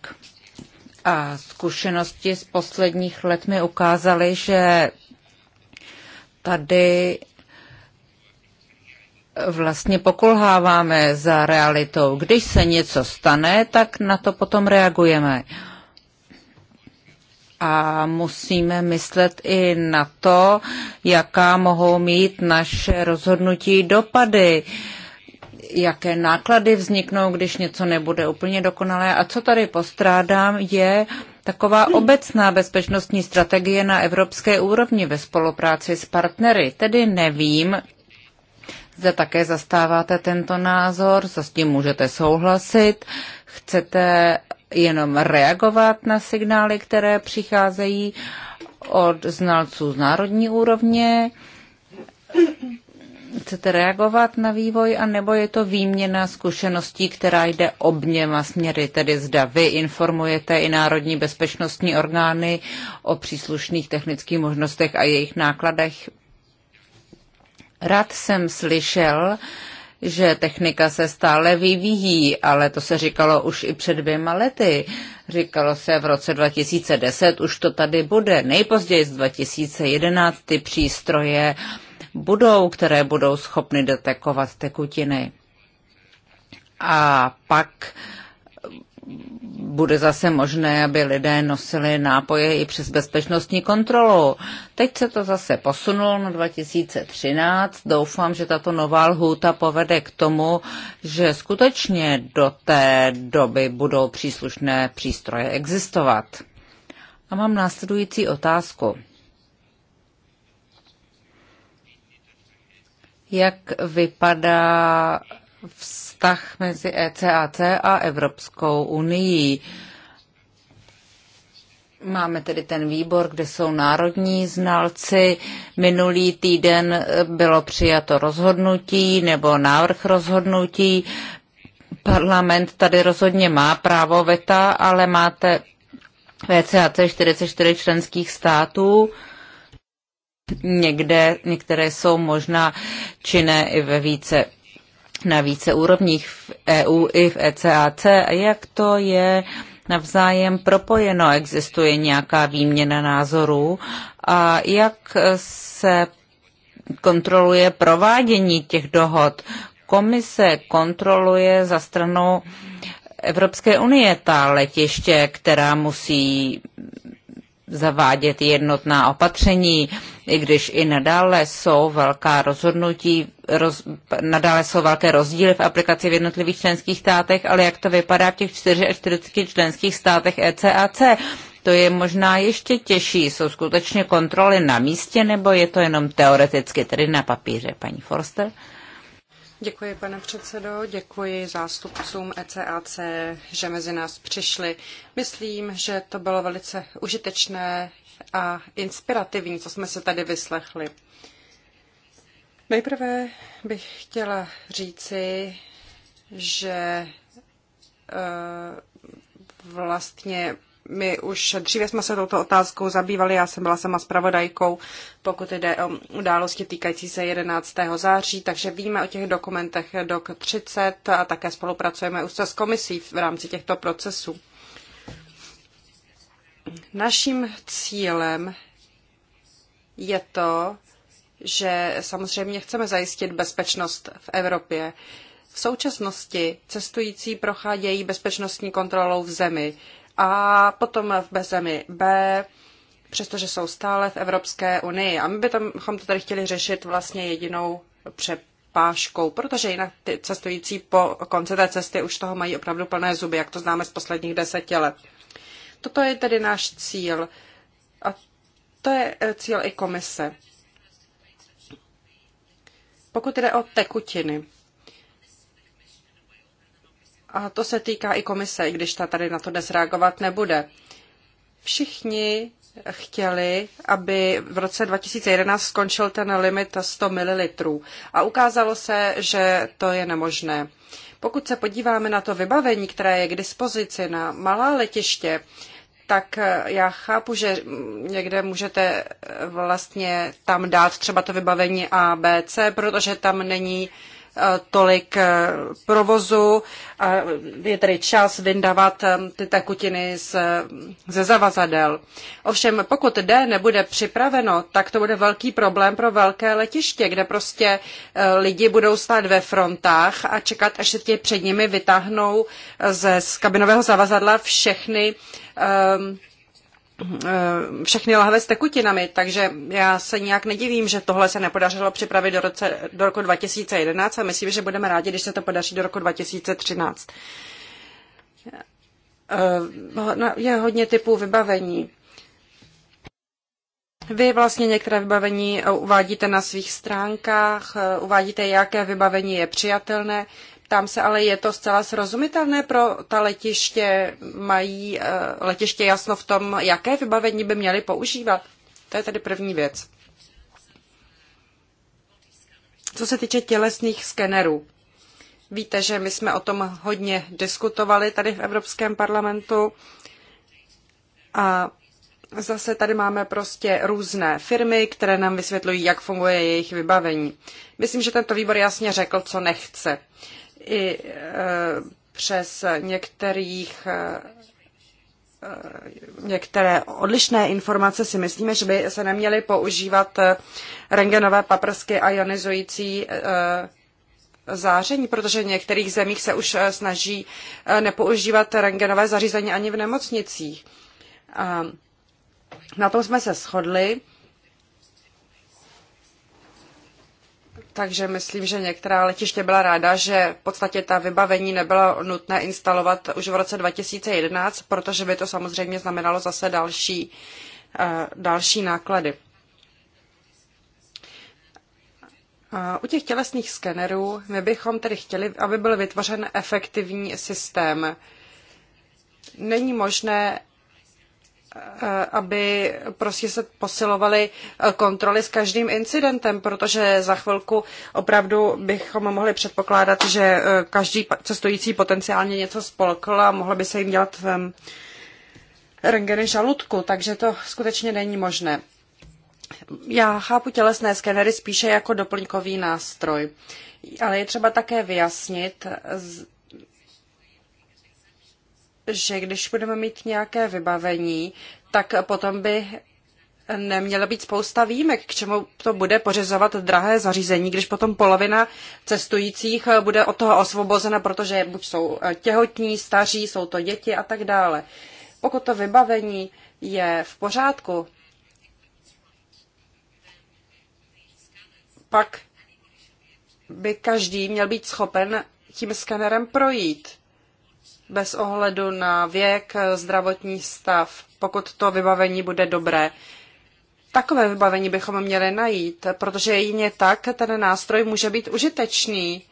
A zkušenosti z posledních let mi ukázaly, že tady vlastně pokulháváme za realitou. Když se něco stane, tak na to potom reagujeme. Uh, a musíme myslet i na to, jaká mohou mít naše rozhodnutí dopady, jaké náklady vzniknou, když něco nebude úplně dokonalé. A co tady postrádám, je taková obecná bezpečnostní strategie na evropské úrovni ve spolupráci s partnery. Tedy nevím, zda také zastáváte tento názor, zda s tím můžete souhlasit, chcete jenom reagovat na signály, které přicházejí od znalců z národní úrovně? Chcete reagovat na vývoj, anebo je to výměna zkušeností, která jde obněma směry, tedy zda vy informujete i národní bezpečnostní orgány o příslušných technických možnostech a jejich nákladech? Rád jsem slyšel, že technika se stále vyvíjí, ale to se říkalo už i před dvěma lety. Říkalo se v roce 2010, už to tady bude. Nejpozději z 2011 ty přístroje budou, které budou schopny detekovat tekutiny. A pak bude zase možné, aby lidé nosili nápoje i přes bezpečnostní kontrolu. Teď se to zase posunulo na 2013. Doufám, že tato nová lhůta povede k tomu, že skutečně do té doby budou příslušné přístroje existovat. A mám následující otázku. Jak vypadá v vztah mezi ECAC a Evropskou unii. Máme tedy ten výbor, kde jsou národní znalci. Minulý týden bylo přijato rozhodnutí nebo návrh rozhodnutí. Parlament tady rozhodně má právo veta, ale máte VCAC e 44 členských států. Někde, některé jsou možná činné i ve více na více úrovních v EU i v ECAC a jak to je navzájem propojeno, existuje nějaká výměna názorů a jak se kontroluje provádění těch dohod. Komise kontroluje za stranou Evropské unie ta letiště, která musí zavádět jednotná opatření, i když i nadále jsou velká rozhodnutí, roz, nadále jsou velké rozdíly v aplikaci v jednotlivých členských státech, ale jak to vypadá v těch 44 členských státech ECAC? To je možná ještě těžší. Jsou skutečně kontroly na místě, nebo je to jenom teoreticky, tedy na papíře, paní Forster? Uh, Děkuji, pane předsedo, děkuji zástupcům ECAC, že mezi nás přišli. Myslím, že to bylo velice užitečné a inspirativní, co jsme se tady vyslechli. Nejprve bych chtěla říci, že eh, vlastně my už dříve jsme se touto otázkou zabývali, já jsem byla sama zpravodajkou, pokud jde o události týkající se 11. září, takže víme o těch dokumentech dok 30 a také spolupracujeme už s komisí v rámci těchto procesů. Naším cílem je to, že samozřejmě chceme zajistit bezpečnost v Evropě. V současnosti cestující prochádějí bezpečnostní kontrolou v zemi a potom v bezemi B, přestože jsou stále v Evropské unii. A my bychom to tady chtěli řešit vlastně jedinou přepážkou, protože jinak ty cestující po konci té cesty už toho mají opravdu plné zuby, jak to známe z posledních deseti let. Toto je tedy náš cíl a to je e, cíl i komise. Pokud jde o tekutiny, a to se týká i komise, i když ta tady na to dnes reagovat nebude. Všichni chtěli, aby v roce 2011 skončil ten limit 100 ml. A ukázalo se, že to je nemožné. Pokud se podíváme na to vybavení, které je k dispozici na malá letiště, tak já chápu, že někde můžete vlastně tam dát třeba to vybavení A, B, C, protože tam není uh, Eh, tolik eh, provozu a je tedy čas vyndavat eh, ty tekutiny z, ze zavazadel. Ovšem, pokud D nebude připraveno, tak to bude velký problém pro velké letiště, kde prostě lidi budou stát ve frontách a čekat, až se ti před nimi vytáhnou ze, z kabinového zavazadla všechny um, Eh, všechny lahve s tekutinami, takže já se nijak nedivím, že tohle se nepodařilo připravit do, roce, do roku 2011 a myslím, že budeme rádi, když se to podaří do roku 2013. Eh, no, je hodně typů vybavení. Vy vlastně některé vybavení eh, uvádíte na svých stránkách, uvádíte, jaké vybavení je přijatelné. Tam se ale, je to zcela srozumitelné pro ta letiště? Mají eh, letiště jasno v tom, jaké vybavení by měly používat? To je tedy první věc. Co se týče tělesných skenerů, víte, že my jsme o tom hodně diskutovali tady v Evropském parlamentu a zase tady máme prostě různé firmy, které nám vysvětlují, jak funguje jejich vybavení. Myslím, že tento výbor jasně řekl, co nechce i e, přes některých e, e, některé odlišné informace si myslíme, že by se neměly používat rengenové paprsky a ionizující záření, protože v některých zemích se už snaží nepoužívat rengenové zařízení ani v nemocnicích. na tom jsme se shodli Takže myslím, že některá letiště byla ráda, že v podstatě ta vybavení nebylo nutné instalovat už v roce 2011, protože by to samozřejmě znamenalo zase další, eh, další náklady. Eh, u těch tělesných skenerů my bychom tedy chtěli, aby byl vytvořen efektivní systém. Není možné Eh, aby prostě se posilovaly eh, kontroly s každým incidentem, protože za chvilku opravdu bychom mohli předpokládat, že eh, každý cestující potenciálně něco spolkl a mohlo by se jim dělat rengeny žaludku, takže to skutečně není možné. Já chápu tělesné skenery spíše jako doplňkový nástroj, ale je třeba také vyjasnit, že když budeme mít nějaké vybavení, tak potom by neměla být spousta výjimek, k čemu to bude pořizovat drahé zařízení, když potom polovina cestujících bude od toho osvobozena, protože buď jsou těhotní, staří, jsou to děti a tak dále. Pokud to vybavení je v pořádku, pak by každý měl být schopen tím skanerem projít bez ohledu na věk, zdravotní stav, pokud to vybavení bude dobré. Takové vybavení bychom měli najít, protože jině tak ten nástroj může být užitečný.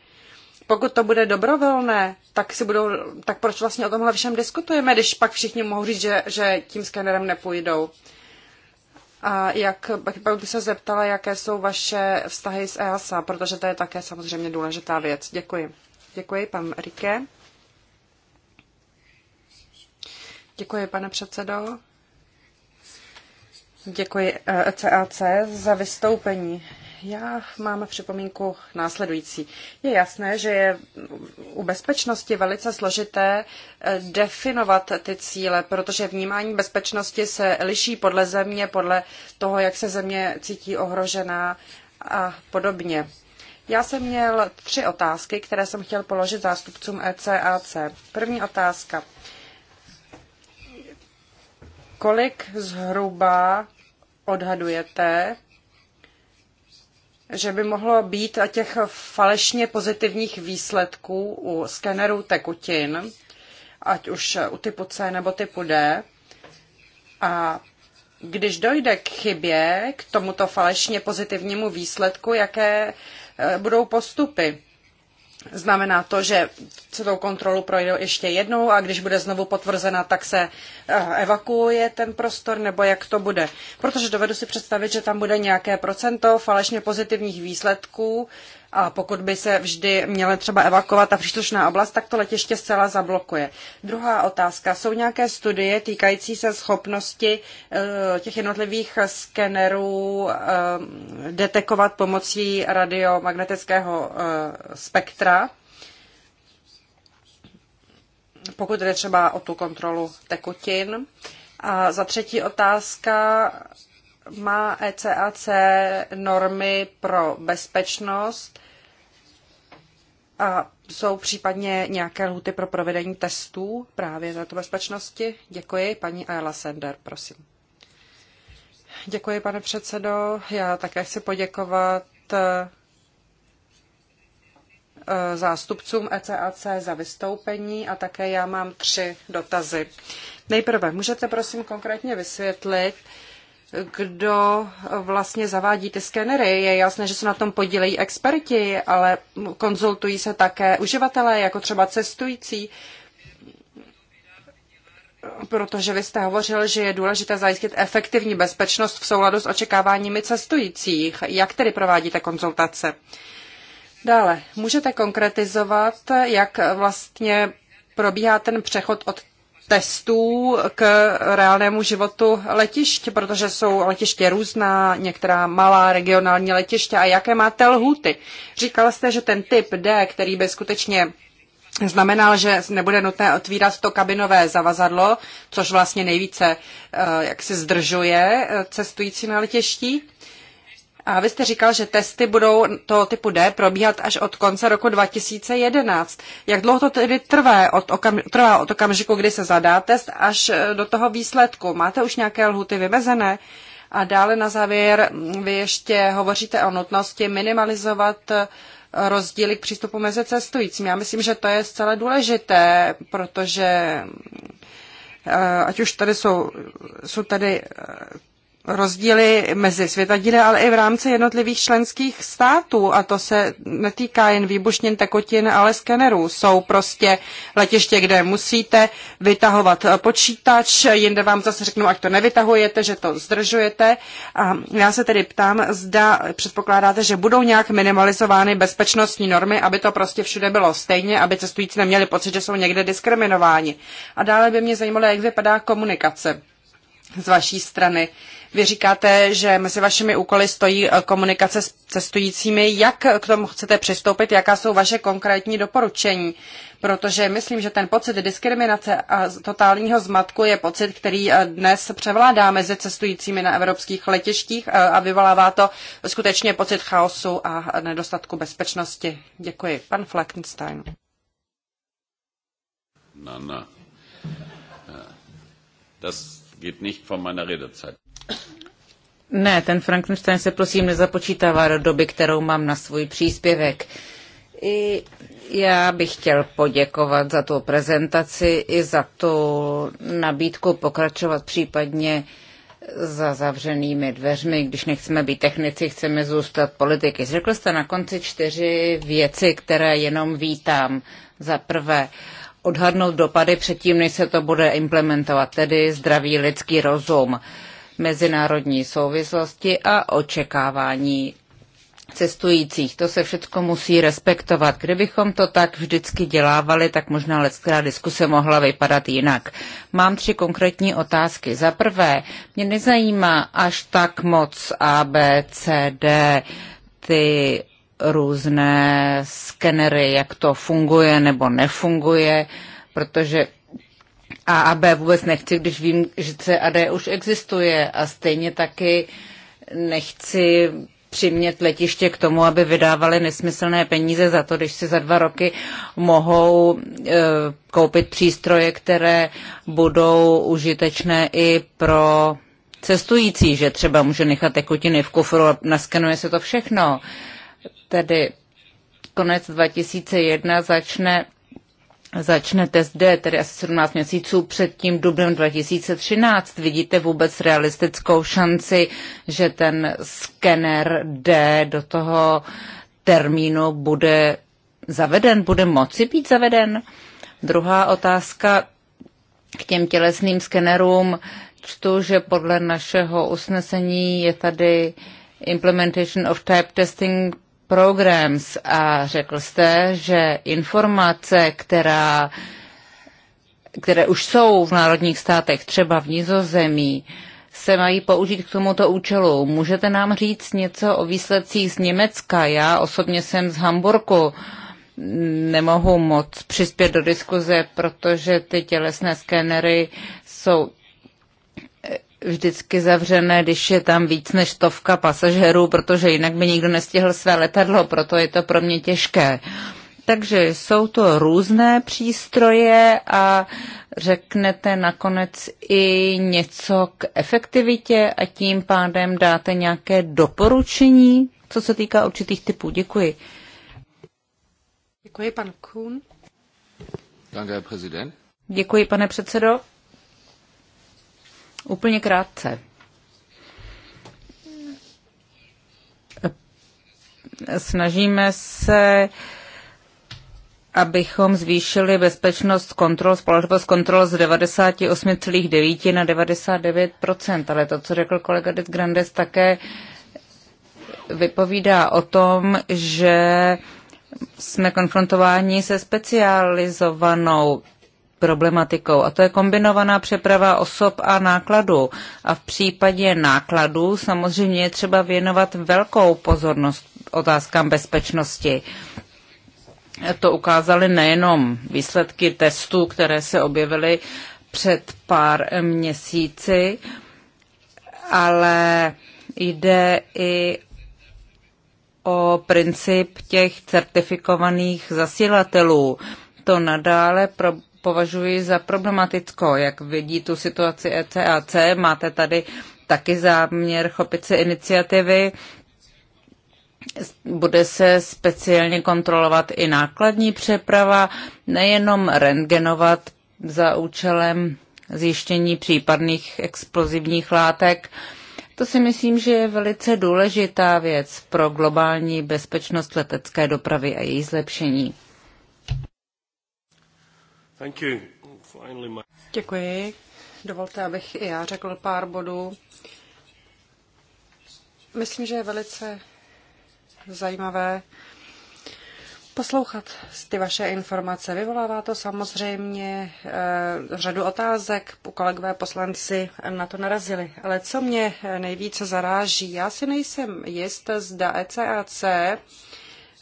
Pokud to bude dobrovolné, tak, si budou, tak proč vlastně o tomhle všem diskutujeme, když pak všichni mohou říct, že, že tím skenerem nepůjdou. A jak, pak bych se zeptala, jaké jsou vaše vztahy s EASA, protože to je také samozřejmě důležitá věc. Děkuji. Děkuji, pan Rike. Děkuji, pane předsedo. Děkuji ECAC eh, e za vystoupení. Já mám připomínku následující. Je jasné, že je u bezpečnosti velice složité eh, definovat ty cíle, protože vnímání bezpečnosti se liší podle země, podle toho, jak se země cítí ohrožená a podobně. Já jsem měl tři otázky, které jsem chtěl položit zástupcům ECAC. První otázka kolik zhruba odhadujete, že by mohlo být a těch falešně pozitivních výsledků u skenerů tekutin, ať už u typu C nebo typu D. A když dojde k chybě, k tomuto falešně pozitivnímu výsledku, jaké eh, budou postupy? Znamená to, že tou kontrolu projdou ještě jednou a když bude znovu potvrzena, tak se eh, evakuuje ten prostor, nebo jak to bude. Protože dovedu si představit, že tam bude nějaké procento falešně pozitivních výsledků, a pokud by se vždy měla třeba evakuovat ta příslušná oblast, tak to letiště zcela zablokuje. Druhá otázka. Jsou nějaké studie týkající se schopnosti eh, těch jednotlivých skenerů eh, detekovat pomocí radiomagnetického eh, spektra? Pokud jde třeba o tu kontrolu tekutin. A za třetí otázka, má ECAC normy pro bezpečnost a jsou případně nějaké lhuty pro provedení testů právě za to bezpečnosti? Děkuji. Paní Ayala Sender, prosím. Děkuji, pane předsedo. Já také chci poděkovat eh, zástupcům ECAC za vystoupení a také já mám tři dotazy. Nejprve, můžete prosím konkrétně vysvětlit, kdo vlastně zavádí ty skenery. Je jasné, že se na tom podílejí experti, ale konzultují se také uživatelé, jako třeba cestující, protože vy jste hovořil, že je důležité zajistit efektivní bezpečnost v souladu s očekáváními cestujících. Jak tedy provádíte konzultace? Dále, můžete konkretizovat, jak vlastně probíhá ten přechod od testů k reálnému životu letišť, protože jsou letiště různá, některá malá regionální letiště a jaké máte lhuty. Říkal jste, že ten typ D, který by skutečně znamenal, že nebude nutné otvírat to kabinové zavazadlo, což vlastně nejvíce eh, jak si zdržuje eh, cestující na letišti, a vy jste říkal, že testy budou toho typu D probíhat až od konce roku 2011. Jak dlouho to tedy trvá od, okam, trvá od okamžiku, kdy se zadá test, až eh, do toho výsledku? Máte už nějaké lhuty vymezené? A dále na závěr mm, vy ještě hovoříte o nutnosti minimalizovat eh, rozdíly k přístupu mezi cestujícím. Já myslím, že to je zcela důležité, protože mm, eh, ať už tady jsou, jsou tady rozdíly mezi světadíly, ale i v rámci jednotlivých členských států. A to se netýká jen výbušnin, tekutin, ale skenerů. Jsou prostě letiště, kde musíte vytahovat počítač, jinde vám zase řeknu, ať to nevytahujete, že to zdržujete. A já se tedy ptám, zda předpokládáte, že budou nějak minimalizovány bezpečnostní normy, aby to prostě všude bylo stejně, aby cestující neměli pocit, že jsou někde diskriminováni. A dále by mě zajímalo, jak vypadá komunikace z vaší strany. Vy říkáte, že mezi vašimi úkoly stojí eh, komunikace s cestujícími. Jak k tomu chcete přistoupit? Jaká jsou vaše konkrétní doporučení? Protože myslím, že ten pocit diskriminace a totálního zmatku je pocit, který eh, dnes převládá mezi cestujícími na evropských letištích eh, a vyvolává to skutečně pocit chaosu a nedostatku bezpečnosti. Děkuji. Pan Fleckenstein. Na, na. Äh, das geht nicht von meiner Redezeit. Ne, ten Frankenstein se prosím nezapočítává do doby, kterou mám na svůj příspěvek. I já bych chtěl poděkovat za tu prezentaci i za tu nabídku pokračovat případně za zavřenými dveřmi, když nechceme být technici, chceme zůstat politiky. Řekl jste na konci čtyři věci, které jenom vítám. Za prvé, odhadnout dopady předtím, než se to bude implementovat, tedy zdravý lidský rozum. Uh, mezinárodní souvislosti a očekávání cestujících. To se všechno musí respektovat. Kdybychom to tak vždycky dělávali, tak možná leckrát diskuse mohla vypadat jinak. Mám tři konkrétní otázky. Za prvé, mě nezajímá až tak moc A, B, C, D, ty různé skenery, jak to funguje nebo nefunguje, protože a B vůbec nechci, když vím, že CAD už existuje a stejně taky nechci přimět letiště k tomu, aby vydávali nesmyslné peníze za to, když si za dva roky mohou e, koupit přístroje, které budou užitečné i pro cestující, že třeba může nechat tekutiny v kufru a naskenuje se to všechno. Tedy konec 2001 začne začnete zde, tedy asi 17 měsíců před tím dubnem 2013, vidíte vůbec realistickou šanci, že ten skener D do toho termínu bude zaveden, bude moci být zaveden? Druhá otázka k těm tělesným skenerům. Čtu, že podle našeho usnesení je tady implementation of type testing Programs a řekl jste, že informace, která, které už jsou v národních státech, třeba v Nizozemí, se mají použít k tomuto účelu. Můžete nám říct něco o výsledcích z Německa? Já osobně jsem z Hamburku. Nemohu moc přispět do diskuze, protože ty tělesné skenery jsou vždycky zavřené, když je tam víc než stovka pasažerů, protože jinak by nikdo nestihl své letadlo, proto je to pro mě těžké. Takže jsou to různé přístroje a řeknete nakonec i něco k efektivitě a tím pádem dáte nějaké doporučení, co se týká určitých typů. Děkuji. Děkuji, pan Kuhn. Děkuji, pane předsedo. Úplně krátce. Snažíme se abychom zvýšili bezpečnost kontrol, spolehlivost kontrol z 98,9 na 99 ale to, co řekl kolega Des Grandes, také vypovídá o tom, že jsme konfrontováni se specializovanou problematikou. A to je kombinovaná přeprava osob a nákladu A v případě nákladu samozřejmě je třeba věnovat velkou pozornost otázkám bezpečnosti. To ukázaly nejenom výsledky testů, které se objevily před pár měsíci, ale jde i o princip těch certifikovaných zasílatelů. To nadále pro, považuji za problematickou. Jak vidí tu situaci ECAC, máte tady taky záměr chopit se iniciativy. Bude se speciálně kontrolovat i nákladní přeprava, nejenom rentgenovat za účelem zjištění případných explozivních látek. To si myslím, že je velice důležitá věc pro globální bezpečnost letecké dopravy a její zlepšení. Děkuji. Dovolte, abych i já řekl pár bodů. Myslím, že je velice zajímavé poslouchat ty vaše informace. Vyvolává to samozřejmě e, řadu otázek, kolegové poslanci na to narazili. Ale co mě eh, nejvíce zaráží, já si nejsem jist, zda ECAC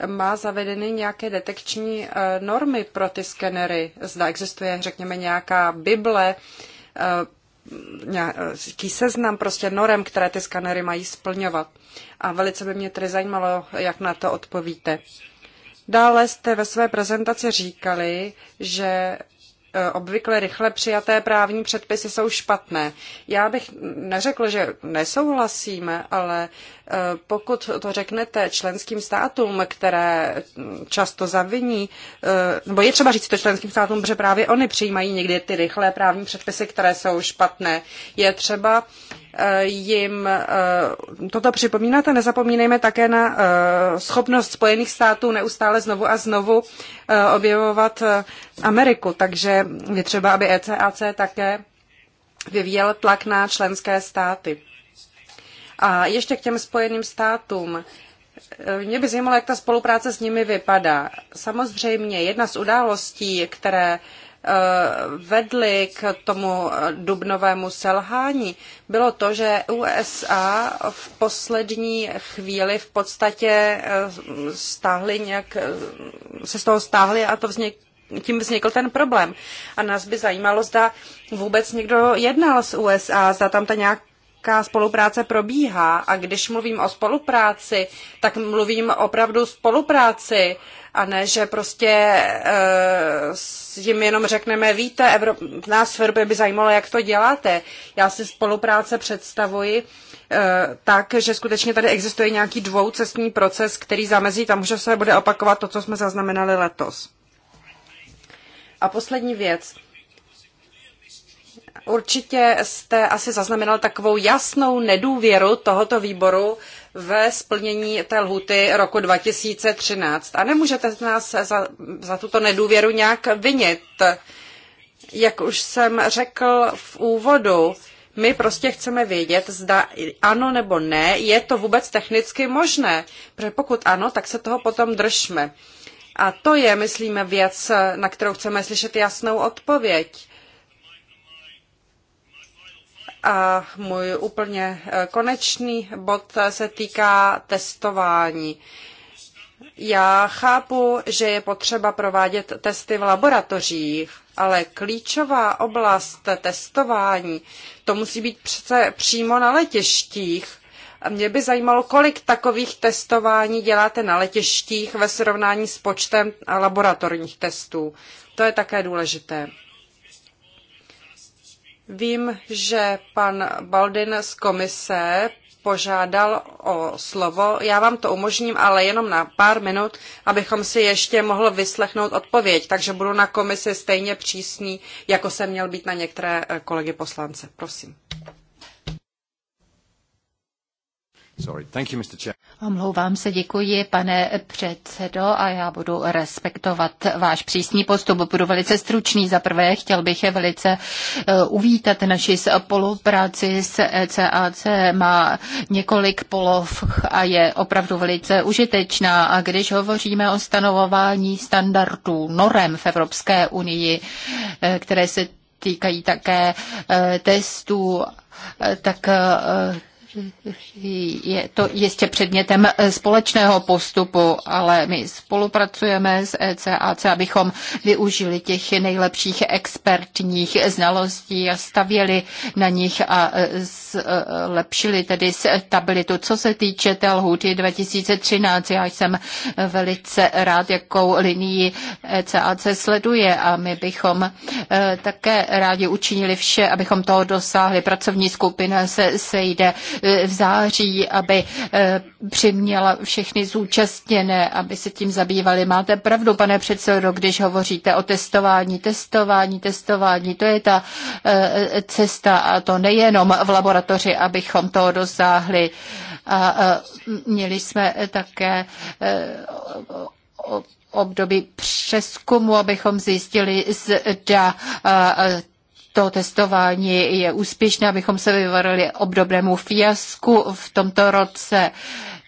má zavedeny nějaké detekční eh, normy pro ty skenery. Zda existuje, řekněme, nějaká bible, eh, nějaký eh, seznam prostě norem, které ty skenery mají splňovat. A velice by mě tedy zajímalo, jak na to odpovíte. Dále jste ve své prezentaci říkali, že obvykle rychle přijaté právní předpisy jsou špatné. Já bych neřekl, že nesouhlasíme, ale pokud to řeknete členským státům, které často zaviní, eh, nebo je třeba říct to členským státům, protože právě oni přijímají někdy ty rychlé právní předpisy, které jsou špatné, je třeba eh, jim eh, toto připomínat a nezapomínejme také na schopnost Spojených států neustále znovu a znovu objevovat Ameriku. Takže je třeba, aby ECAC také vyvíjel tlak na členské státy. A ještě k těm Spojeným státům. Mě by zajímalo, jak ta spolupráce s nimi vypadá. Samozřejmě jedna z událostí, které eh, vedly k tomu eh, dubnovému selhání, bylo to, že USA v poslední chvíli v podstatě eh, stáhly nějak, se z toho stáhly a to vznik, tím vznikl ten problém. A nás by zajímalo, zda vůbec někdo jednal s USA, zda tam ta nějak, jaká spolupráce probíhá. A když mluvím o spolupráci, tak mluvím opravdu spolupráci a ne, že prostě e, eh, jim jenom řekneme, víte, Evrop- nás v Evropě by zajímalo, jak to děláte. Já si spolupráce představuji e, tak, že skutečně tady existuje nějaký dvoucestní proces, který zamezí tam že se bude opakovat to, co jsme zaznamenali letos. A poslední věc. Určitě jste asi zaznamenal takovou jasnou nedůvěru tohoto výboru ve splnění té lhuty roku 2013. A nemůžete nás za, za tuto nedůvěru nějak vinit. Jak už jsem řekl v úvodu, my prostě chceme vědět, zda ano nebo ne, je to vůbec technicky možné. Protože pokud ano, tak se toho potom držme. A to je, myslíme, věc, na kterou chceme slyšet jasnou odpověď a můj úplně eh, konečný bod eh, se týká testování. Já chápu, že je potřeba provádět testy v laboratořích, ale klíčová oblast testování, to musí být přece přímo na letištích. A mě by zajímalo, kolik takových testování děláte na letištích ve srovnání s počtem laboratorních testů. To je také důležité. Vím, že pan Baldin z komise požádal o slovo. Já vám to umožním, ale jenom na pár minut, abychom si ještě mohl vyslechnout odpověď. Takže budu na komisi stejně přísný, jako jsem měl být na některé eh, kolegy poslance. Prosím. Sorry. Thank you, Mr. Chair. Omlouvám se, děkuji, pane předsedo, a já budu respektovat váš přísný postup. Budu velice stručný. Za prvé chtěl bych je velice eh, uvítat naši spolupráci s ECAC. Má několik polov a je opravdu velice užitečná. A když hovoříme o stanovování standardů norem v Evropské unii, eh, které se týkají také eh, testů, tak je to jistě předmětem eh, společného postupu, ale my spolupracujeme s ECAC, abychom využili těch nejlepších expertních znalostí a stavěli na nich a zlepšili eh, eh, tedy stabilitu. Co se týče té lhůty 2013, já jsem velice rád, jakou linii ECAC sleduje a my bychom také rádi učinili vše, abychom toho dosáhli. Pracovní skupina se sejde E, v září, aby e, přiměla všechny zúčastněné, aby se tím zabývali. Máte pravdu, pane předsedo, když hovoříte o testování, testování, testování. To je ta e, cesta a to nejenom v laboratoři, abychom toho dosáhli. A měli jsme také období přeskumu, abychom zjistili, zda to testování je úspěšné, abychom se vyvarili obdobnému fiasku v tomto roce.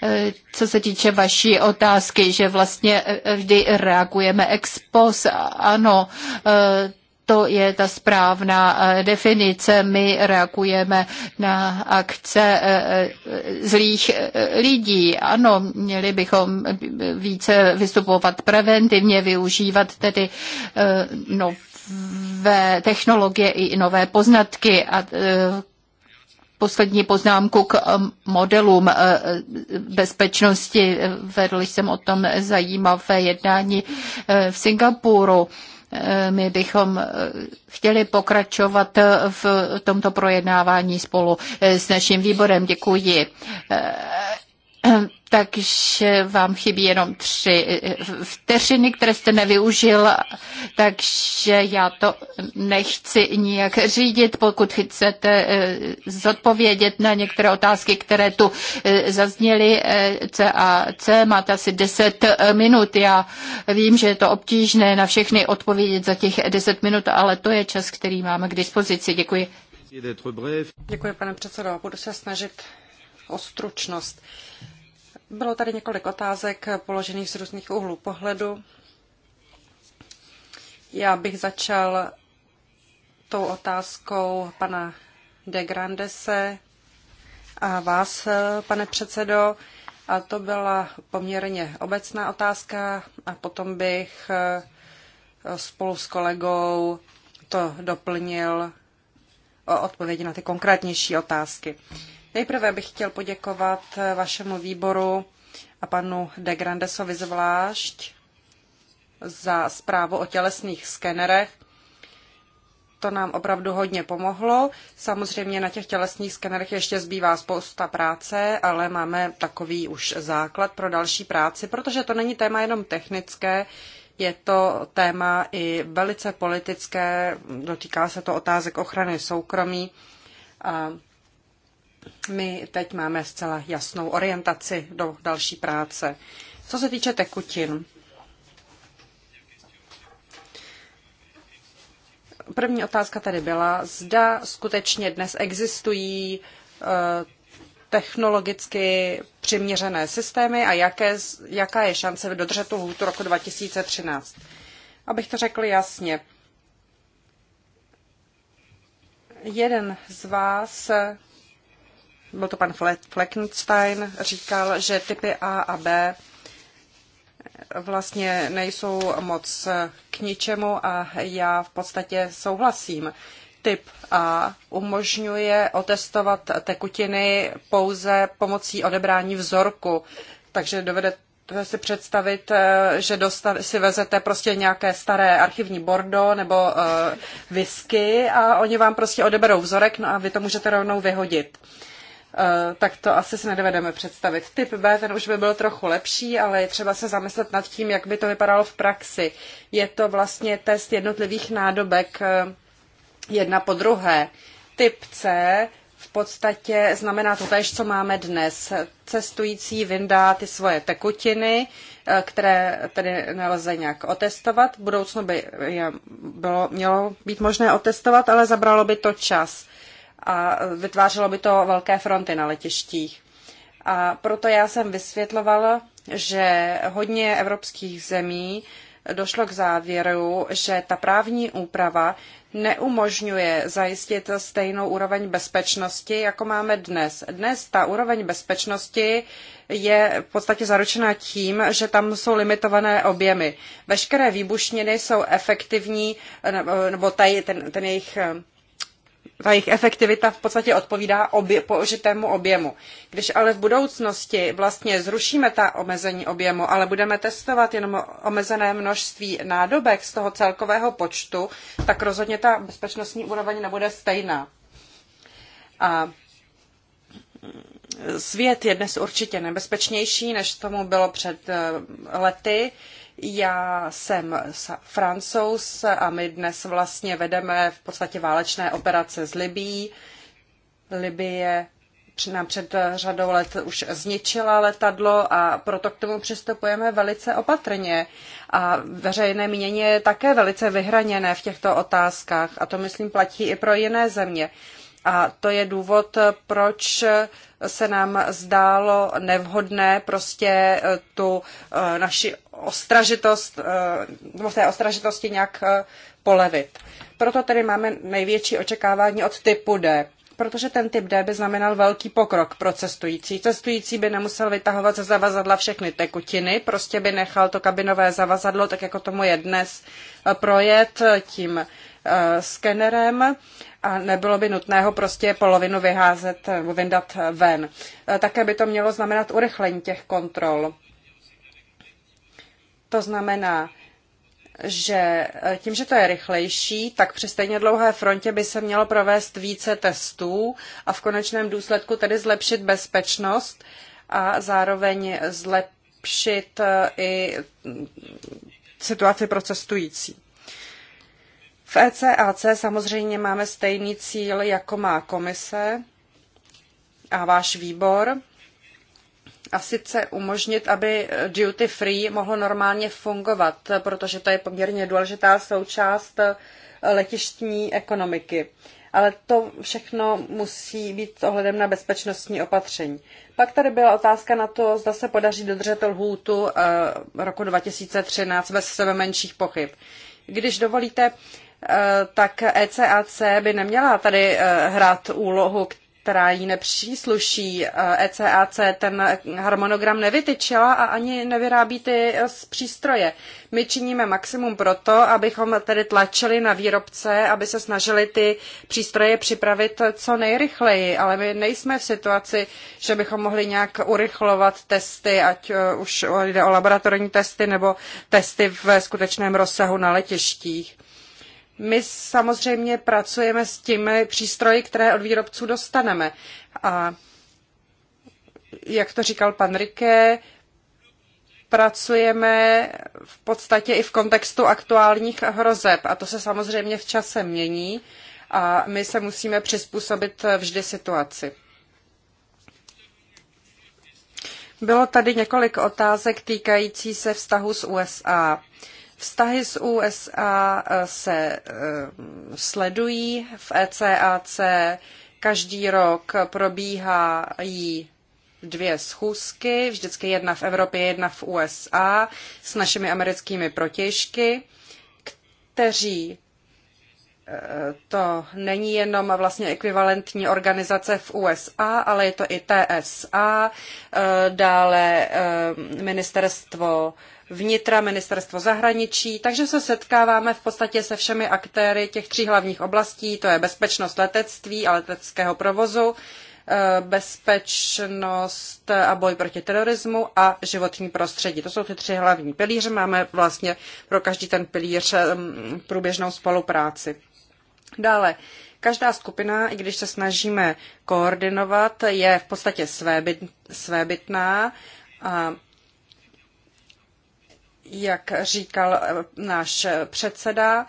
Eh, co se týče vaší otázky, že vlastně eh, vždy reagujeme ex post, ano, eh, to je ta správná definice. My reagujeme na akce zlých lidí. Ano, měli bychom více vystupovat preventivně, využívat tedy no, nové technologie i nové poznatky a e, poslední poznámku k e, modelům e, bezpečnosti. Vedl jsem o tom zajímavé jednání v Singapuru. My bychom chtěli pokračovat v tomto projednávání spolu s naším výborem. Děkuji. takže vám chybí jenom tři eh, vteřiny, které jste nevyužil, takže já to nechci nijak řídit. Pokud chcete eh, zodpovědět na některé otázky, které tu eh, zazněly, CAC, máte asi 10 minut. Já vím, že je to obtížné na všechny odpovědět za těch 10 minut, ale to je čas, který máme k dispozici. Děkuji. Děkuji, pane předsedo. Budu se snažit o stručnost. Uh, bylo tady několik otázek položených z různých úhlů pohledu. Já bych začal tou otázkou pana de Grandese a vás, pane předsedo. A to byla poměrně obecná otázka a potom bych eh, spolu s kolegou to doplnil o odpovědi na ty konkrétnější otázky. Nejprve bych chtěl poděkovat eh, vašemu výboru a panu De Grandesovi zvlášť za zprávu o tělesných skenerech. To nám opravdu hodně pomohlo. Samozřejmě na těch tělesných skenerech ještě zbývá spousta práce, ale máme takový už základ pro další práci, protože to není téma jenom technické, je to téma i velice politické, dotýká se to otázek ochrany soukromí. A my teď máme zcela jasnou orientaci do další práce. Co se týče tekutin, první otázka tady byla, zda skutečně dnes existují eh, technologicky přiměřené systémy a jaké, jaká je šance dodržet tu hůtu roku 2013. Abych to řekl jasně, jeden z vás byl to pan Fleckenstein, říkal, že typy A a B vlastně nejsou moc k ničemu a já v podstatě souhlasím. Typ A umožňuje otestovat tekutiny pouze pomocí odebrání vzorku, takže dovedete si představit, eh, že dostat, si vezete prostě nějaké staré archivní bordo nebo uh, whisky a oni vám prostě odeberou vzorek, no a vy to můžete rovnou vyhodit. Uh, Eh, tak to asi si nedovedeme představit. Typ B, ten už by byl trochu lepší, ale je třeba se zamyslet nad tím, jak by to vypadalo v praxi. Je to vlastně test jednotlivých nádobek eh, jedna po druhé. Typ C v podstatě znamená to tež, co máme dnes. Cestující vyndá ty svoje tekutiny, eh, které tedy nelze nějak otestovat. V budoucnu by je bylo, mělo být možné otestovat, ale zabralo by to čas a vytvářelo by to velké fronty na letištích. A proto já jsem vysvětlovala, že hodně evropských zemí došlo k závěru, že ta právní úprava neumožňuje zajistit stejnou úroveň bezpečnosti, jako máme dnes. Dnes ta úroveň bezpečnosti je v podstatě zaručena tím, že tam jsou limitované objemy. Veškeré výbušniny jsou efektivní, nebo tady ten, ten jejich ta jejich efektivita v podstatě odpovídá obje, použitému objemu. Když ale v budoucnosti vlastně zrušíme ta omezení objemu, ale budeme testovat jenom omezené množství nádobek z toho celkového počtu, tak rozhodně ta bezpečnostní úroveň nebude stejná. A svět je dnes určitě nebezpečnější, než tomu bylo před eh, lety. Já jsem francouz a my dnes vlastně vedeme v podstatě válečné operace z Libí. Libie nám před řadou let už zničila letadlo a proto k tomu přistupujeme velice opatrně. A veřejné mínění je také velice vyhraněné v těchto otázkách a to, myslím, platí i pro jiné země. A to je důvod, proč se nám zdálo nevhodné prostě eh, tu eh, naši ostražitost, eh, nebo té ostražitosti nějak polevit. Proto tedy máme největší očekávání od typu D protože ten typ D by znamenal velký pokrok pro cestující. Cestující by nemusel vytahovat ze zavazadla všechny tekutiny, prostě by nechal to kabinové zavazadlo, tak jako tomu je dnes, projet tím Eh, skenerem a nebylo by nutné ho prostě polovinu vyházet nebo vyndat ven. Eh, také by to mělo znamenat urychlení těch kontrol. To znamená, že eh, tím, že to je rychlejší, tak při stejně dlouhé frontě by se mělo provést více testů a v konečném důsledku tedy zlepšit bezpečnost a zároveň zlepšit i mm, situaci pro cestující. V ECAC samozřejmě máme stejný cíl, jako má komise a váš výbor, a sice umožnit, aby duty free mohlo normálně fungovat, protože to je poměrně důležitá součást eh, letištní ekonomiky. Ale to všechno musí být ohledem na bezpečnostní opatření. Pak tady byla otázka na to, zda se podaří dodržet lhůtu eh, roku 2013 bez sebe menších pochyb. Když dovolíte, Eh, tak ECAC by neměla tady eh, hrát úlohu, která jí nepřísluší. ECAC eh, e ten harmonogram nevytyčila a ani nevyrábí ty z přístroje. My činíme maximum proto, abychom tedy tlačili na výrobce, aby se snažili ty přístroje připravit co nejrychleji, ale my nejsme v situaci, že bychom mohli nějak urychlovat testy, ať už jde o laboratorní testy nebo testy v skutečném rozsahu na letištích. My samozřejmě pracujeme s těmi přístroji, které od výrobců dostaneme. A jak to říkal pan Rike, pracujeme v podstatě i v kontextu aktuálních hrozeb a to se samozřejmě v čase mění a my se musíme přizpůsobit vždy situaci. Bylo tady několik otázek týkající se vztahu s USA. Vztahy s USA eh, se eh, sledují v ECAC. Každý rok probíhají dvě schůzky, vždycky jedna v Evropě, jedna v USA s našimi americkými protěžky, kteří eh, to není jenom vlastně ekvivalentní organizace v USA, ale je to i TSA, dále ministerstvo vnitra, ministerstvo zahraničí, takže se setkáváme v podstatě se všemi aktéry těch tří hlavních oblastí, to je bezpečnost letectví a leteckého provozu, eh, bezpečnost a boj proti terorismu a životní prostředí. To jsou ty tři hlavní pilíře. Máme vlastně pro každý ten pilíř mm, průběžnou spolupráci. Dále, každá skupina, i když se snažíme koordinovat, je v podstatě svébyt, svébytná a jak říkal eh, náš předseda,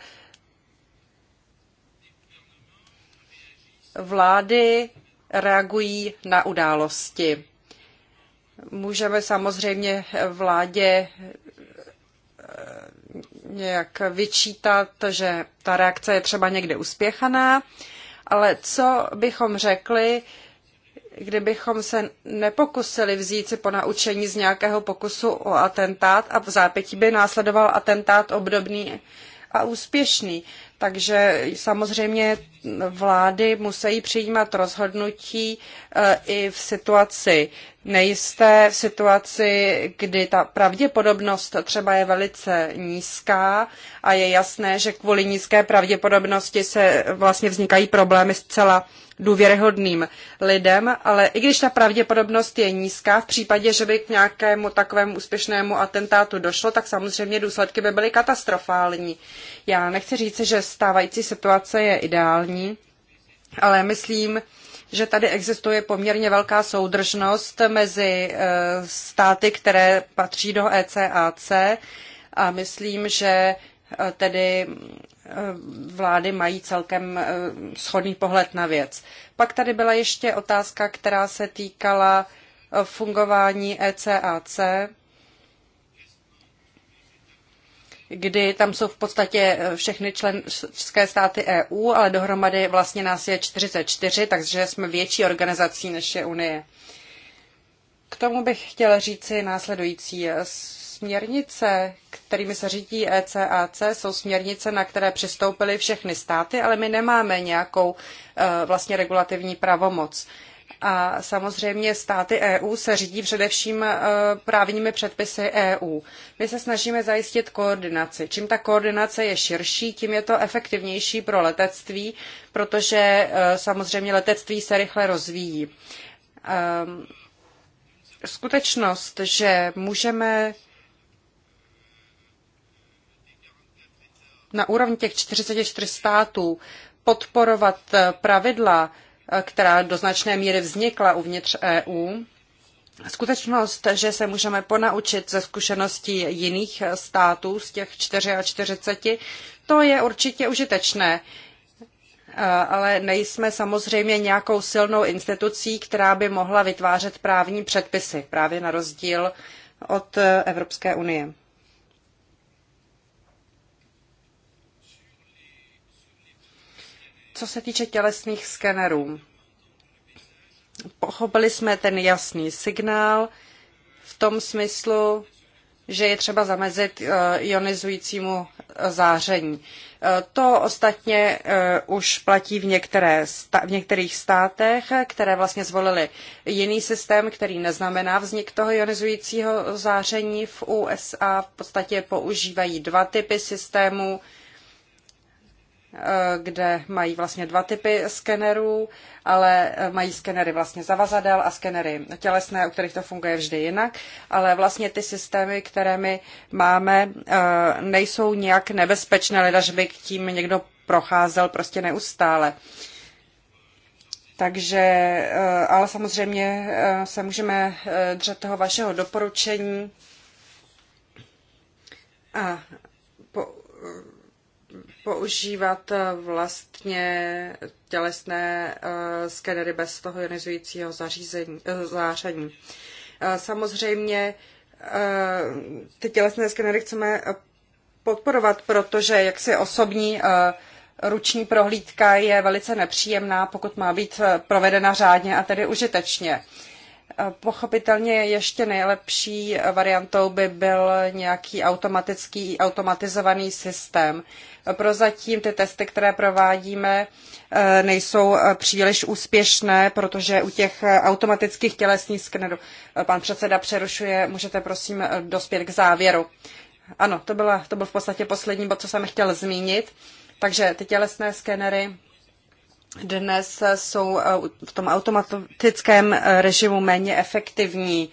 vlády reagují na události. Můžeme samozřejmě vládě eh, nějak vyčítat, že ta reakce je třeba někde uspěchaná, ale co bychom řekli, kdybychom se nepokusili vzít si ponaučení z nějakého pokusu o atentát a v zápětí by následoval atentát obdobný a úspěšný. Takže samozřejmě vlády musí přijímat rozhodnutí eh, i v situaci nejisté, v situaci, kdy ta pravděpodobnost třeba je velice nízká a je jasné, že kvůli nízké pravděpodobnosti se vlastně vznikají problémy zcela důvěryhodným lidem, ale i když ta pravděpodobnost je nízká, v případě, že by k nějakému takovému úspěšnému atentátu došlo, tak samozřejmě důsledky by byly katastrofální. Já nechci říct, že stávající situace je ideální, ale myslím, že tady existuje poměrně velká soudržnost mezi eh, státy, které patří do ECAC a myslím, že eh, tedy Eh, vlády mají celkem eh, shodný pohled na věc. Pak tady byla ještě otázka, která se týkala eh, fungování ECAC, kdy tam jsou v podstatě všechny členské státy EU, ale dohromady vlastně nás je 44, takže jsme větší organizací než je Unie. K tomu bych chtěla říci následující. Směrnice, kterými se řídí ECAC, jsou směrnice, na které přistoupily všechny státy, ale my nemáme nějakou e, vlastně regulativní pravomoc. A samozřejmě státy EU se řídí především e, právními předpisy EU. My se snažíme zajistit koordinaci. Čím ta koordinace je širší, tím je to efektivnější pro letectví, protože e, samozřejmě letectví se rychle rozvíjí ehm, skutečnost, že můžeme na úrovni těch 44 států podporovat eh, pravidla, eh, která do značné míry vznikla uvnitř EU, Skutečnost, že se můžeme ponaučit ze zkušeností jiných eh, států z těch 44, to je určitě užitečné. Ale nejsme samozřejmě nějakou silnou institucí, která by mohla vytvářet právní předpisy, právě na rozdíl od Evropské unie. co se týče tělesných skenerů. Pochopili jsme ten jasný signál v tom smyslu, že je třeba zamezit eh, ionizujícímu eh, záření. Eh, to ostatně už platí v, některé, v některých státech, které vlastně zvolili jiný systém, který neznamená vznik toho ionizujícího záření. V USA v podstatě používají dva typy systémů Eh, kde mají vlastně dva typy skenerů, ale eh, mají skenery vlastně zavazadel a skenery tělesné, u kterých to funguje vždy jinak, ale vlastně ty systémy, které my máme, eh, nejsou nějak nebezpečné, leda, že by k tím někdo procházel prostě neustále. Takže, ale samozřejmě se můžeme držet toho vašeho doporučení a používat eh, vlastně tělesné eh, skenery bez toho ionizujícího zařízení, eh, záření. Samozřejmě ty tělesné skenery chceme podporovat, protože jaksi osobní ruční prohlídka je velice nepříjemná, pokud má být provedena řádně a tedy užitečně. Pochopitelně ještě nejlepší variantou by byl nějaký automatický, automatizovaný systém. Prozatím ty testy, které provádíme, e, nejsou e, příliš úspěšné, protože u těch e, automatických tělesních skenerů pan předseda přerušuje, můžete prosím dospět k závěru. Ano, to, byla, to byl v podstatě poslední bod, co jsem chtěl zmínit. Takže ty tělesné skenery dnes jsou eh, v tom automatickém eh, režimu méně efektivní.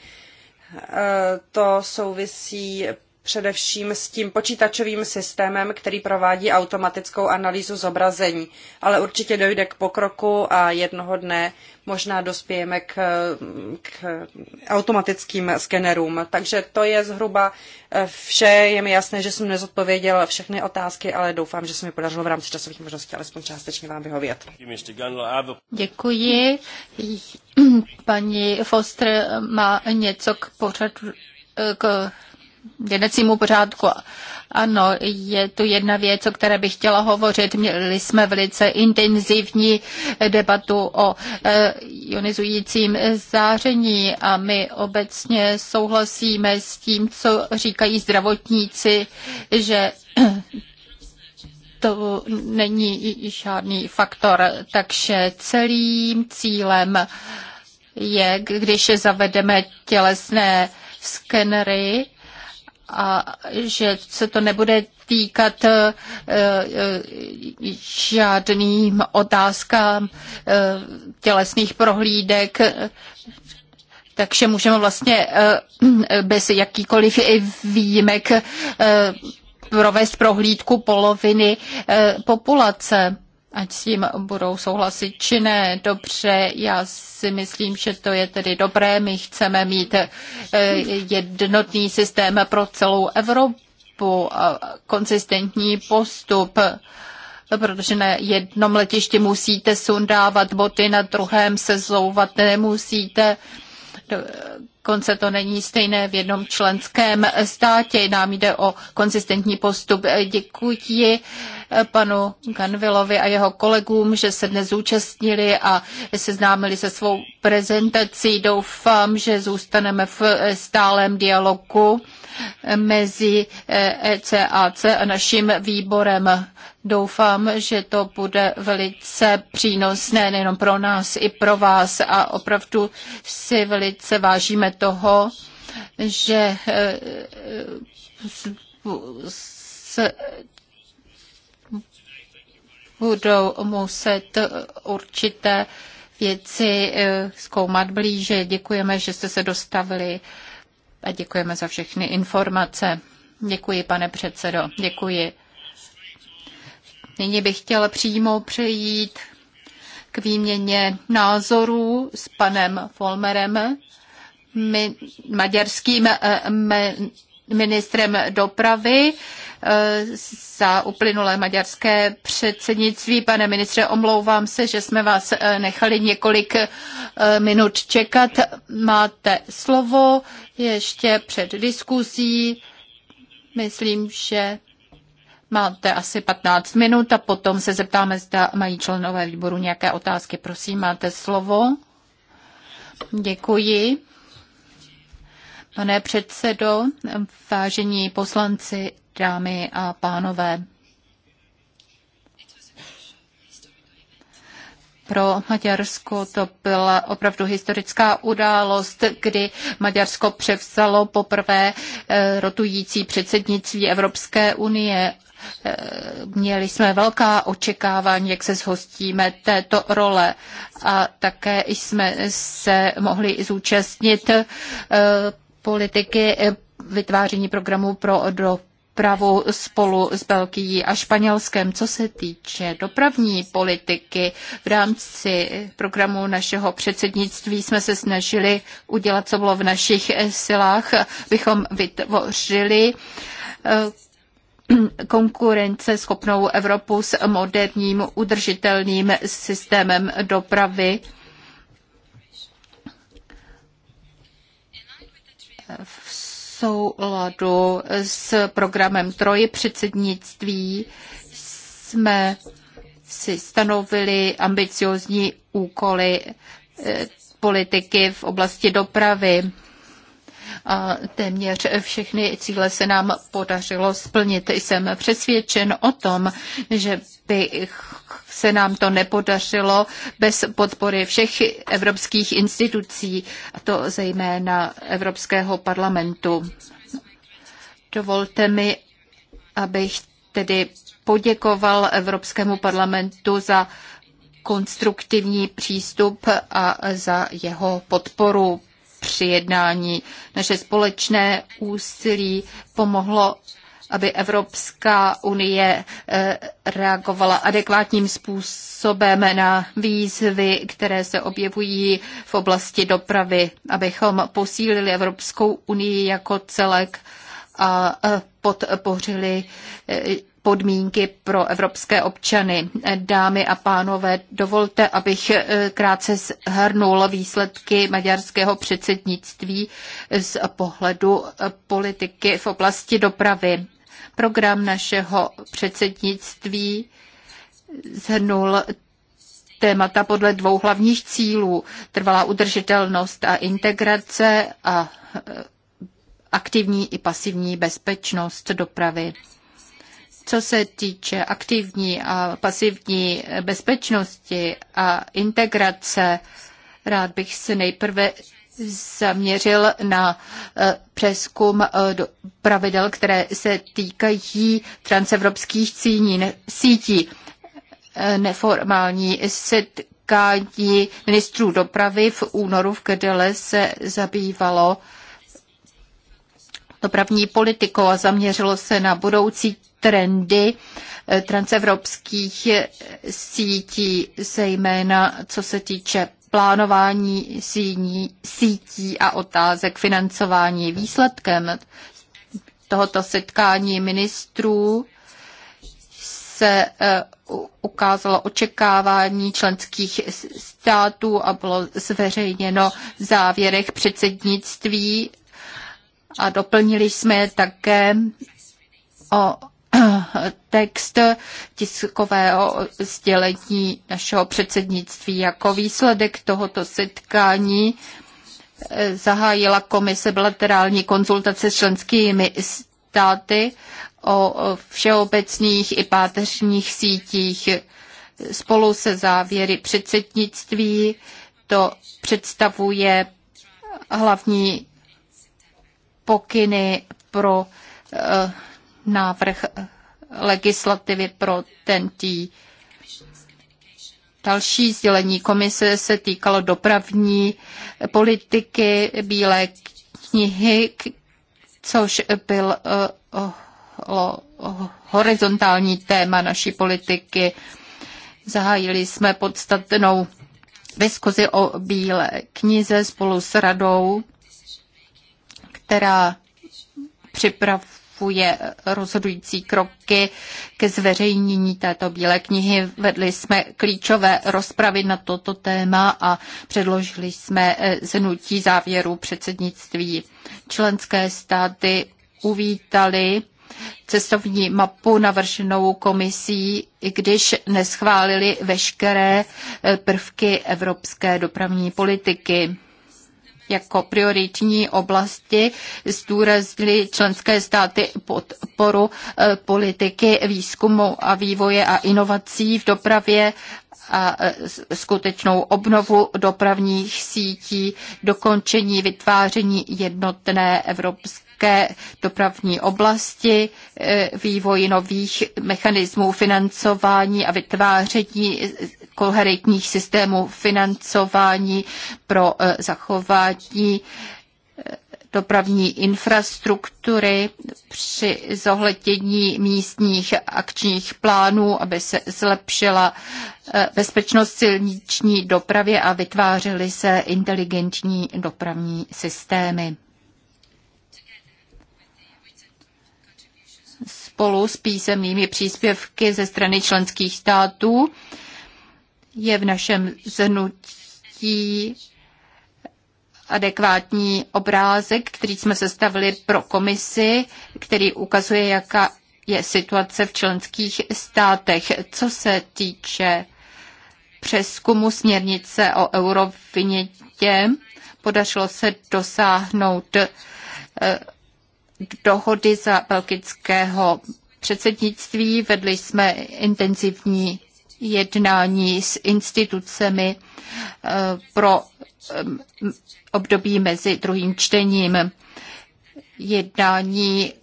Eh, to souvisí především s tím počítačovým systémem, který provádí automatickou analýzu zobrazení. Ale určitě dojde k pokroku a jednoho dne možná dospějeme k, k automatickým skenerům. Takže to je zhruba eh, vše. Je mi jasné, že jsem nezodpověděl všechny otázky, ale doufám, že se mi podařilo v rámci časových možností alespoň částečně vám vyhovět. Děkuji. Paní Foster má něco k pořadu eh, k jednacímu pořádku. Ano, je tu jedna věc, o které bych chtěla hovořit. Měli jsme velice intenzivní debatu o eh, ionizujícím záření a my obecně souhlasíme s tím, co říkají zdravotníci, že to není žádný faktor. Takže celým cílem je, když zavedeme tělesné skenery, a že se to nebude týkat eh, eh, žádným otázkám eh, tělesných prohlídek, takže můžeme vlastně bez jakýkoliv výjimek provést prohlídku poloviny populace ať s tím budou souhlasit či ne. Dobře, já si myslím, že to je tedy dobré. My chceme mít eh, jednotný systém pro celou Evropu, konzistentní postup protože na jednom letišti musíte sundávat boty, na druhém se zouvat nemusíte. Konce to není stejné v jednom členském státě. Nám jde o konsistentní postup. Děkuji panu Kanvilovi a jeho kolegům, že se dnes zúčastnili a seznámili se svou prezentací. Doufám, že zůstaneme v stálém dialogu mezi ECAC a naším výborem. Doufám, že to bude velice přínosné nejenom pro nás, i pro vás a opravdu si velice vážíme toho, že e, e, budou muset určité věci eh, zkoumat blíže. Děkujeme, že jste se dostavili a děkujeme za všechny informace. Děkuji, pane předsedo. Děkuji. Nyní bych chtěla přímo přejít k výměně názorů s panem Folmerem, maďarským eh, ministrem dopravy eh, za uplynulé maďarské předsednictví. Pane ministře, omlouvám se, že jsme vás eh, nechali několik eh, minut čekat. Máte slovo ještě před diskusí. Myslím, že máte asi 15 minut a potom se zeptáme, zda mají členové výboru nějaké otázky. Prosím, máte slovo. Děkuji. Pane předsedo, vážení poslanci, dámy a pánové. Pro Maďarsko to byla opravdu historická událost, kdy Maďarsko převzalo poprvé eh, rotující předsednictví Evropské unie. Eh, měli jsme velká očekávání, jak se zhostíme této role a také jsme se mohli zúčastnit eh, politiky eh, vytváření programů pro dopravu spolu s Belgií a Španělskem. Co se týče dopravní politiky, v rámci programu našeho předsednictví jsme se snažili udělat, co bylo v našich eh, silách, bychom vytvořili eh, konkurenceschopnou Evropu s moderním udržitelným systémem dopravy v souladu s programem Troje předsednictví jsme si stanovili ambiciozní úkoly eh, politiky v oblasti dopravy. A téměř všechny cíle se nám podařilo splnit. Jsem přesvědčen o tom, že bych se nám to nepodařilo bez podpory všech evropských institucí, a to zejména Evropského parlamentu. Dovolte mi, abych tedy poděkoval Evropskému parlamentu za konstruktivní přístup a za jeho podporu při jednání. Naše společné úsilí pomohlo aby Evropská unie eh, reagovala adekvátním způsobem na výzvy, které se objevují v oblasti dopravy, abychom posílili Evropskou unii jako celek a eh, podpořili eh, podmínky pro evropské občany. Dámy a pánové, dovolte, abych krátce shrnul výsledky maďarského předsednictví z pohledu politiky v oblasti dopravy. Program našeho předsednictví zhrnul témata podle dvou hlavních cílů. Trvalá udržitelnost a integrace a e, aktivní i pasivní bezpečnost dopravy. Co se týče aktivní a pasivní bezpečnosti a integrace, rád bych se nejprve zaměřil na eh, přeskum eh, pravidel, které se týkají transevropských cínín, sítí. Eh, neformální setkání ministrů dopravy v únoru v Kedele se zabývalo dopravní politikou a zaměřilo se na budoucí trendy transevropských sítí, zejména co se týče plánování síní, sítí a otázek financování. Výsledkem tohoto setkání ministrů se eh, ukázalo očekávání členských států a bylo zveřejněno v závěrech předsednictví a doplnili jsme je také o text tiskového sdělení našeho předsednictví. Jako výsledek tohoto setkání eh, zahájila komise bilaterální konzultace s členskými státy o všeobecných i páteřních sítích. Spolu se závěry předsednictví to představuje hlavní pokyny pro eh, návrh legislativy pro TNT. Další sdělení komise se týkalo dopravní politiky Bílé knihy, což byl eh, horizontální téma naší politiky. Zahájili jsme podstatnou diskuzi o Bílé knize spolu s radou, která připravuje připravuje rozhodující kroky ke zveřejnění této bílé knihy. Vedli jsme klíčové rozpravy na toto téma a předložili jsme zhnutí eh, závěru předsednictví. Členské státy uvítali cestovní mapu navrženou komisí, i když neschválili veškeré eh, prvky evropské dopravní politiky jako prioritní oblasti zdůrazily členské státy podporu e, politiky výzkumu a vývoje a inovací v dopravě a e, skutečnou obnovu dopravních sítí, dokončení vytváření jednotné evropské dopravní oblasti, e, vývoj nových mechanismů financování a vytváření koherentních systémů financování pro eh, zachování eh, dopravní infrastruktury při zohlednění místních akčních plánů, aby se zlepšila eh, bezpečnost silniční dopravy a vytvářely se inteligentní dopravní systémy. Spolu s písemnými příspěvky ze strany členských států je v našem zhnutí adekvátní obrázek, který jsme sestavili pro komisi, který ukazuje, jaká je situace v členských státech. Co se týče přeskumu směrnice o eurovinětě, podařilo se dosáhnout eh, dohody za belgického předsednictví. Vedli jsme intenzivní jednání s institucemi eh, pro eh, období mezi druhým čtením. Jednání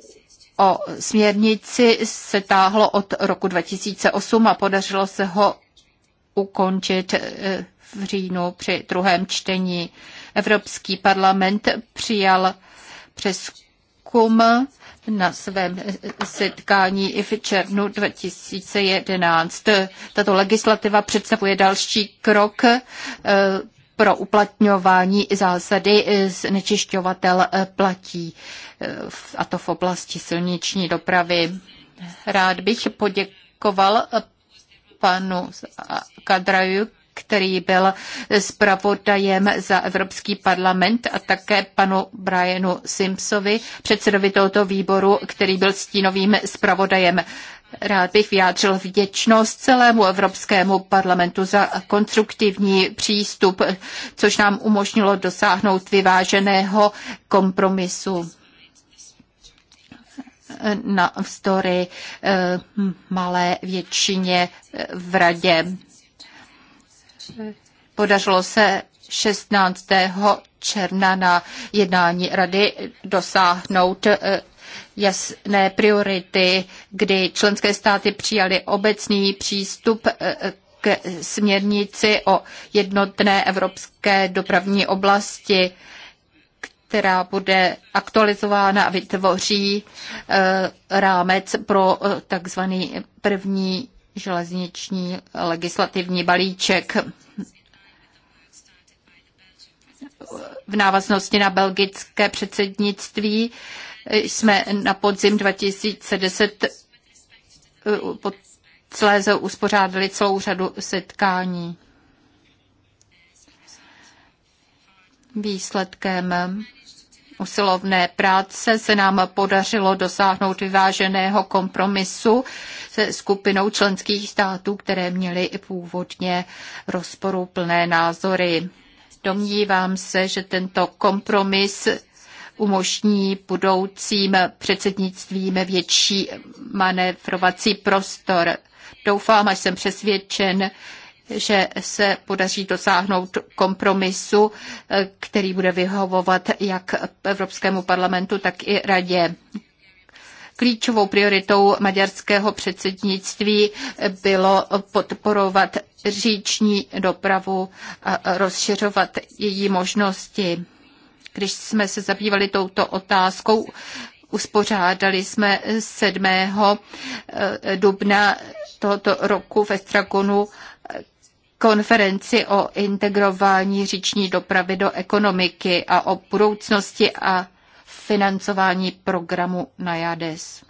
o směrnici se táhlo od roku 2008 a podařilo se ho ukončit eh, v říjnu při druhém čtení. Evropský parlament přijal přeskum na svém setkání i v červnu 2011. Tato legislativa představuje další krok eh, pro uplatňování zásady znečišťovatel eh, platí, eh, a to v oblasti silniční dopravy. Rád bych poděkoval panu Kadraju, který byl zpravodajem za Evropský parlament a také panu Brianu Simpsovi, předsedovi tohoto výboru, který byl stínovým zpravodajem. Rád bych vyjádřil vděčnost celému Evropskému parlamentu za konstruktivní přístup, což nám umožnilo dosáhnout vyváženého kompromisu na vzdory eh, malé většině v radě. Podařilo se 16. června na jednání rady dosáhnout eh, jasné priority, kdy členské státy přijaly obecný přístup eh, k směrnici o jednotné evropské dopravní oblasti, která bude aktualizována a vytvoří eh, rámec pro takzvaný první železniční legislativní balíček v návaznosti na belgické předsednictví jsme na podzim 2010 eh, pod celé uspořádali celou řadu setkání. Výsledkem usilovné práce se nám podařilo dosáhnout vyváženého kompromisu se skupinou členských států, které měly i původně rozporuplné názory. Domnívám se, že tento kompromis umožní budoucím předsednictvím větší manévrovací prostor. Doufám, až jsem přesvědčen, že se podaří dosáhnout kompromisu, který bude vyhovovat jak Evropskému parlamentu, tak i radě. Klíčovou prioritou maďarského předsednictví bylo podporovat říční dopravu a rozšiřovat její možnosti. Když jsme se zabývali touto otázkou, uspořádali jsme 7. Eh, dubna tohoto roku ve Stragonu konferenci o integrování říční dopravy do ekonomiky a o budoucnosti a financování programu Najades.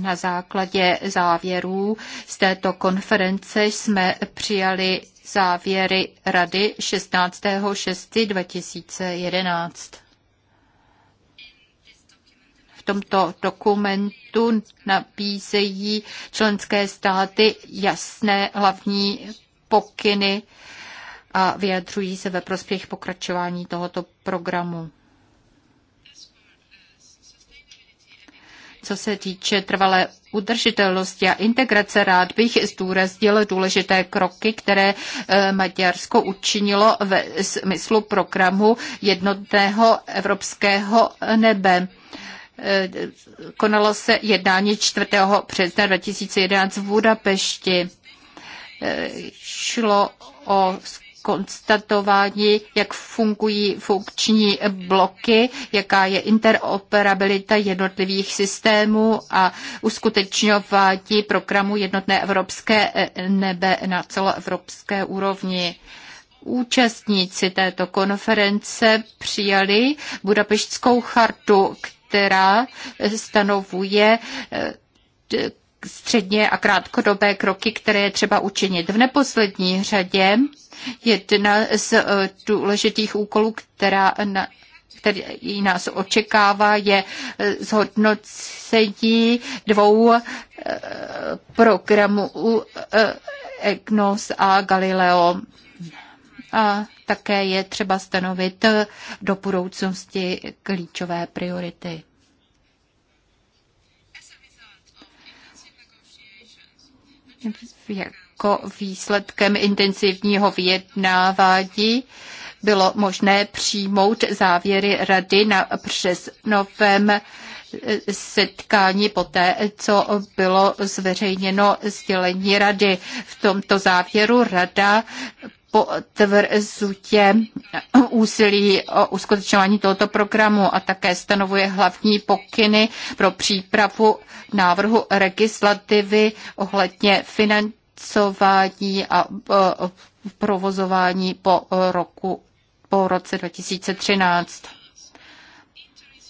Na základě závěrů z této konference jsme přijali závěry Rady 16.6.2011. V tomto dokumentu paktu nabízejí členské státy jasné hlavní pokyny a vyjadřují se ve prospěch pokračování tohoto programu. Co se týče trvalé udržitelnosti a integrace, rád bych zdůraznil důležité kroky, které eh, Maďarsko učinilo ve smyslu programu jednotného evropského nebe. Eh, konalo se jednání 4. března 2011 v Budapešti. Eh, šlo o konstatování, jak fungují funkční bloky, jaká je interoperabilita jednotlivých systémů a uskutečňování programu jednotné evropské eh, nebe na celoevropské úrovni. Účastníci této konference přijali Budapeštskou chartu, která stanovuje eh, středně a krátkodobé kroky, které je třeba učinit. V neposlední řadě jedna z eh, důležitých úkolů, která na který nás očekává, je eh, zhodnocení dvou programů EGNOS a Galileo a také je třeba stanovit do budoucnosti klíčové priority. Jako výsledkem intenzivního vyjednávání bylo možné přijmout závěry rady na přesnovém setkání poté, co bylo zveřejněno sdělení rady. V tomto závěru rada potvrzutě úsilí o uskutečňování tohoto programu a také stanovuje hlavní pokyny pro přípravu návrhu legislativy ohledně financování a e, provozování po, roku, po roce 2013.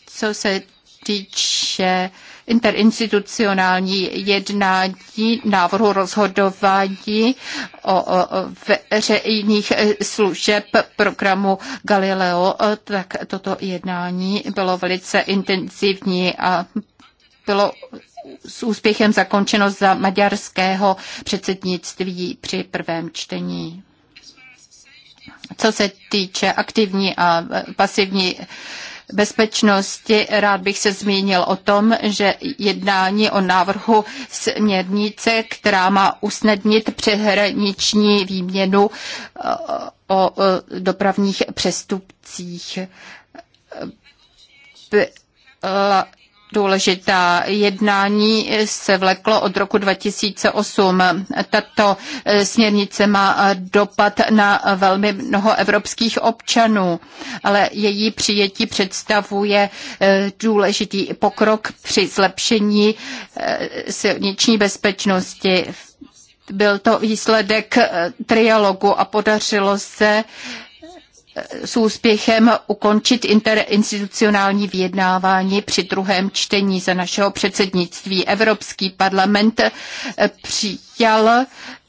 Co se týče interinstitucionální jednání, návrhu rozhodování o veřejných služeb programu Galileo, tak toto jednání bylo velice intenzivní a bylo s úspěchem zakončeno za maďarského předsednictví při prvém čtení. Co se týče aktivní a pasivní bezpečnosti. Rád bych se zmínil o tom, že jednání o návrhu směrnice, která má usnadnit přehraniční výměnu eh, o eh, dopravních přestupcích, eh, byla důležitá. Jednání se vleklo od roku 2008. Tato eh, směrnice má eh, dopad na eh, velmi mnoho evropských občanů, ale její přijetí představuje důležitý pokrok při zlepšení silniční bezpečnosti. Byl to výsledek trialogu a podařilo se s úspěchem ukončit interinstitucionální vyjednávání při druhém čtení za našeho předsednictví. Evropský parlament při chtěl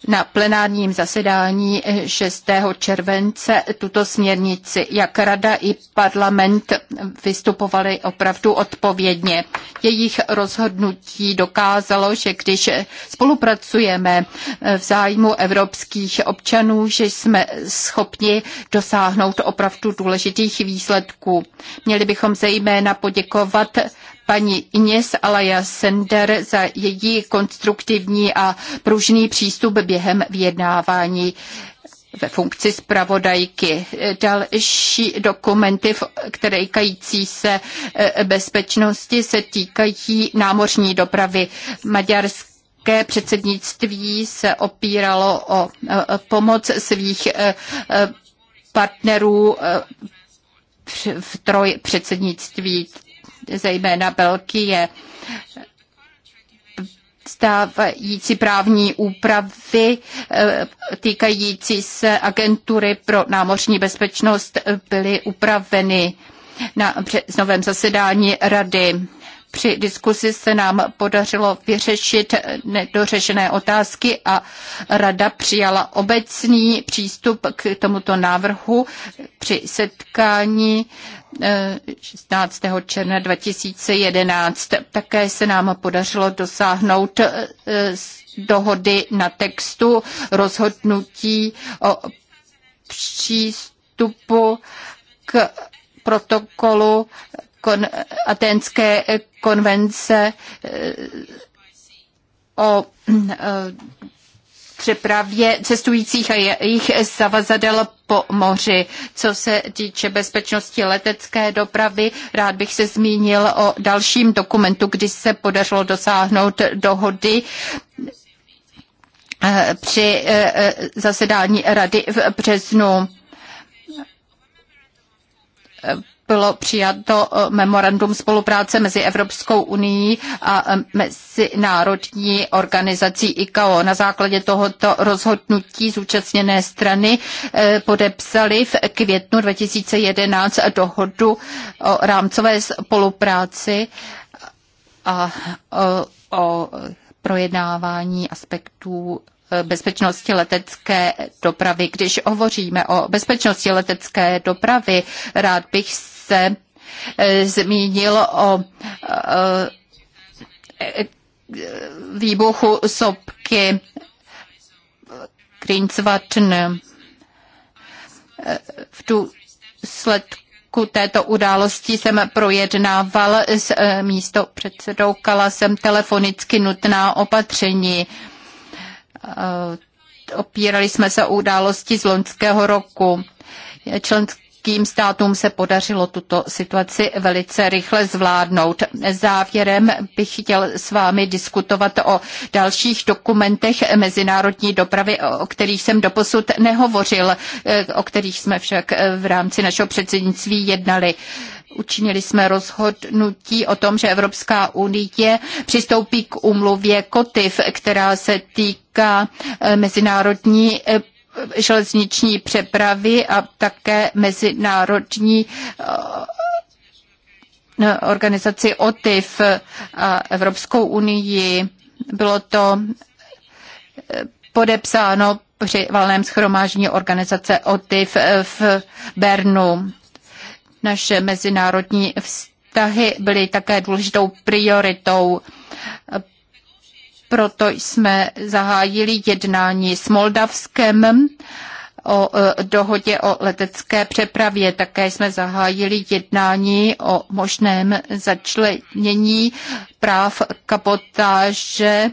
na plenárním zasedání 6. Eh, července tuto směrnici. Jak rada i parlament vystupovali opravdu odpovědně. Jejich rozhodnutí dokázalo, že když spolupracujeme eh, v zájmu evropských občanů, že jsme schopni dosáhnout opravdu důležitých výsledků. Měli bychom zejména poděkovat paní Ines Alaya Sender za její konstruktivní a pružný přístup během vyjednávání ve funkci zpravodajky. Další dokumenty, které týkající se e, bezpečnosti, se týkají námořní dopravy Maďarské předsednictví se opíralo o e, e, pomoc svých partnerů v troj předsednictví zejména Belgie. Stávající právní úpravy eh, týkající se agentury pro námořní bezpečnost byly upraveny na novém zasedání rady. Při diskusi se nám podařilo vyřešit nedořešené otázky a rada přijala obecný přístup k tomuto návrhu při setkání 16. Eh, června 2011. Také se nám podařilo dosáhnout eh, dohody na textu rozhodnutí o přístupu k protokolu kon- Atenské konvence eh, o přepravě cestujících a jejich zavazadel po moři. Co se týče bezpečnosti letecké dopravy, rád bych se zmínil o dalším dokumentu, kdy se podařilo dosáhnout dohody eh, při eh, zasedání rady v březnu bylo přijato eh, memorandum spolupráce mezi Evropskou unii a eh, mezinárodní organizací ICAO. Na základě tohoto rozhodnutí zúčastněné strany eh, podepsali v květnu 2011 dohodu o rámcové spolupráci a o, o projednávání aspektů bezpečnosti letecké dopravy. Když hovoříme o bezpečnosti letecké dopravy, rád bych se eh, zmínil o eh, výbuchu sopky Grinsvatn. V tu sledku této události jsem projednával s eh, místo předsedou jsem telefonicky nutná opatření. Eh, opírali jsme se o události z loňského roku. Členské členským státům se podařilo tuto situaci velice rychle zvládnout. Závěrem bych chtěl s vámi diskutovat o dalších dokumentech mezinárodní dopravy, o kterých jsem doposud nehovořil, e, o kterých jsme však e, v rámci našeho předsednictví jednali. Učinili jsme rozhodnutí o tom, že Evropská unie přistoupí k úmluvě KOTIV, která se týká e, mezinárodní železniční přepravy a také mezinárodní eh, organizaci OTIF a Evropskou unii. Bylo to eh, podepsáno při valném schromáždění organizace OTIF eh, v Bernu. Naše mezinárodní vztahy byly také důležitou prioritou proto jsme zahájili jednání s Moldavskem o e, dohodě o letecké přepravě. Také jsme zahájili jednání o možném začlenění práv kapotáže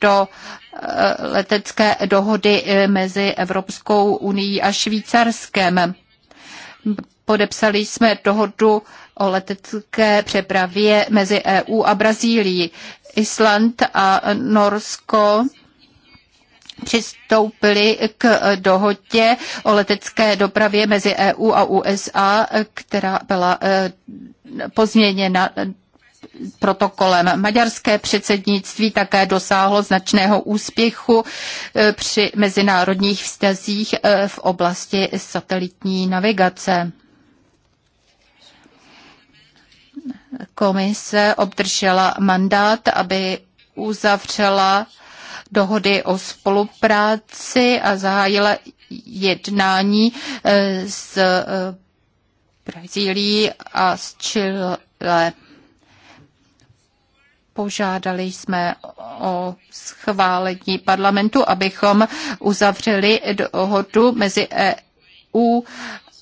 do e, letecké dohody e, mezi Evropskou unii a Švýcarskem. Podepsali jsme dohodu o letecké přepravě mezi EU a Brazílií. Island a Norsko přistoupili k dohodě o letecké dopravě mezi EU a USA, která byla e, pozměněna protokolem. Maďarské předsednictví také dosáhlo značného úspěchu e, při mezinárodních vztazích e, v oblasti satelitní navigace. Komise obdržela mandát, aby uzavřela dohody o spolupráci a zahájila jednání eh, s eh, Brazílií a s Chile. Požádali jsme o schválení parlamentu, abychom uzavřeli dohodu mezi EU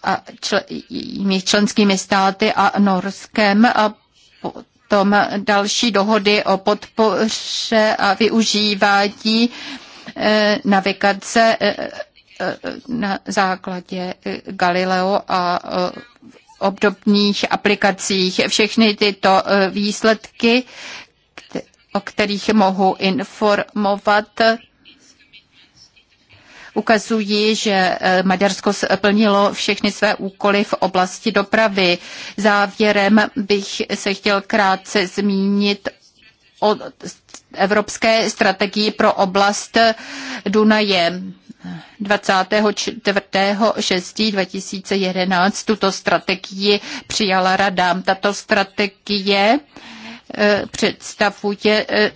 a čl- členskými státy a Norskem a potom další dohody o podpoře a využívání eh, navigace eh, eh, na základě Galileo a obdobných aplikacích. Všechny tyto výsledky, o kterých mohu informovat, ukazují, že eh, Maďarsko splnilo všechny své úkoly v oblasti dopravy. Závěrem bych se chtěl krátce zmínit o evropské strategii pro oblast Dunaje. 24.6.2011 tuto strategii přijala rada. Tato strategie eh, představuje eh,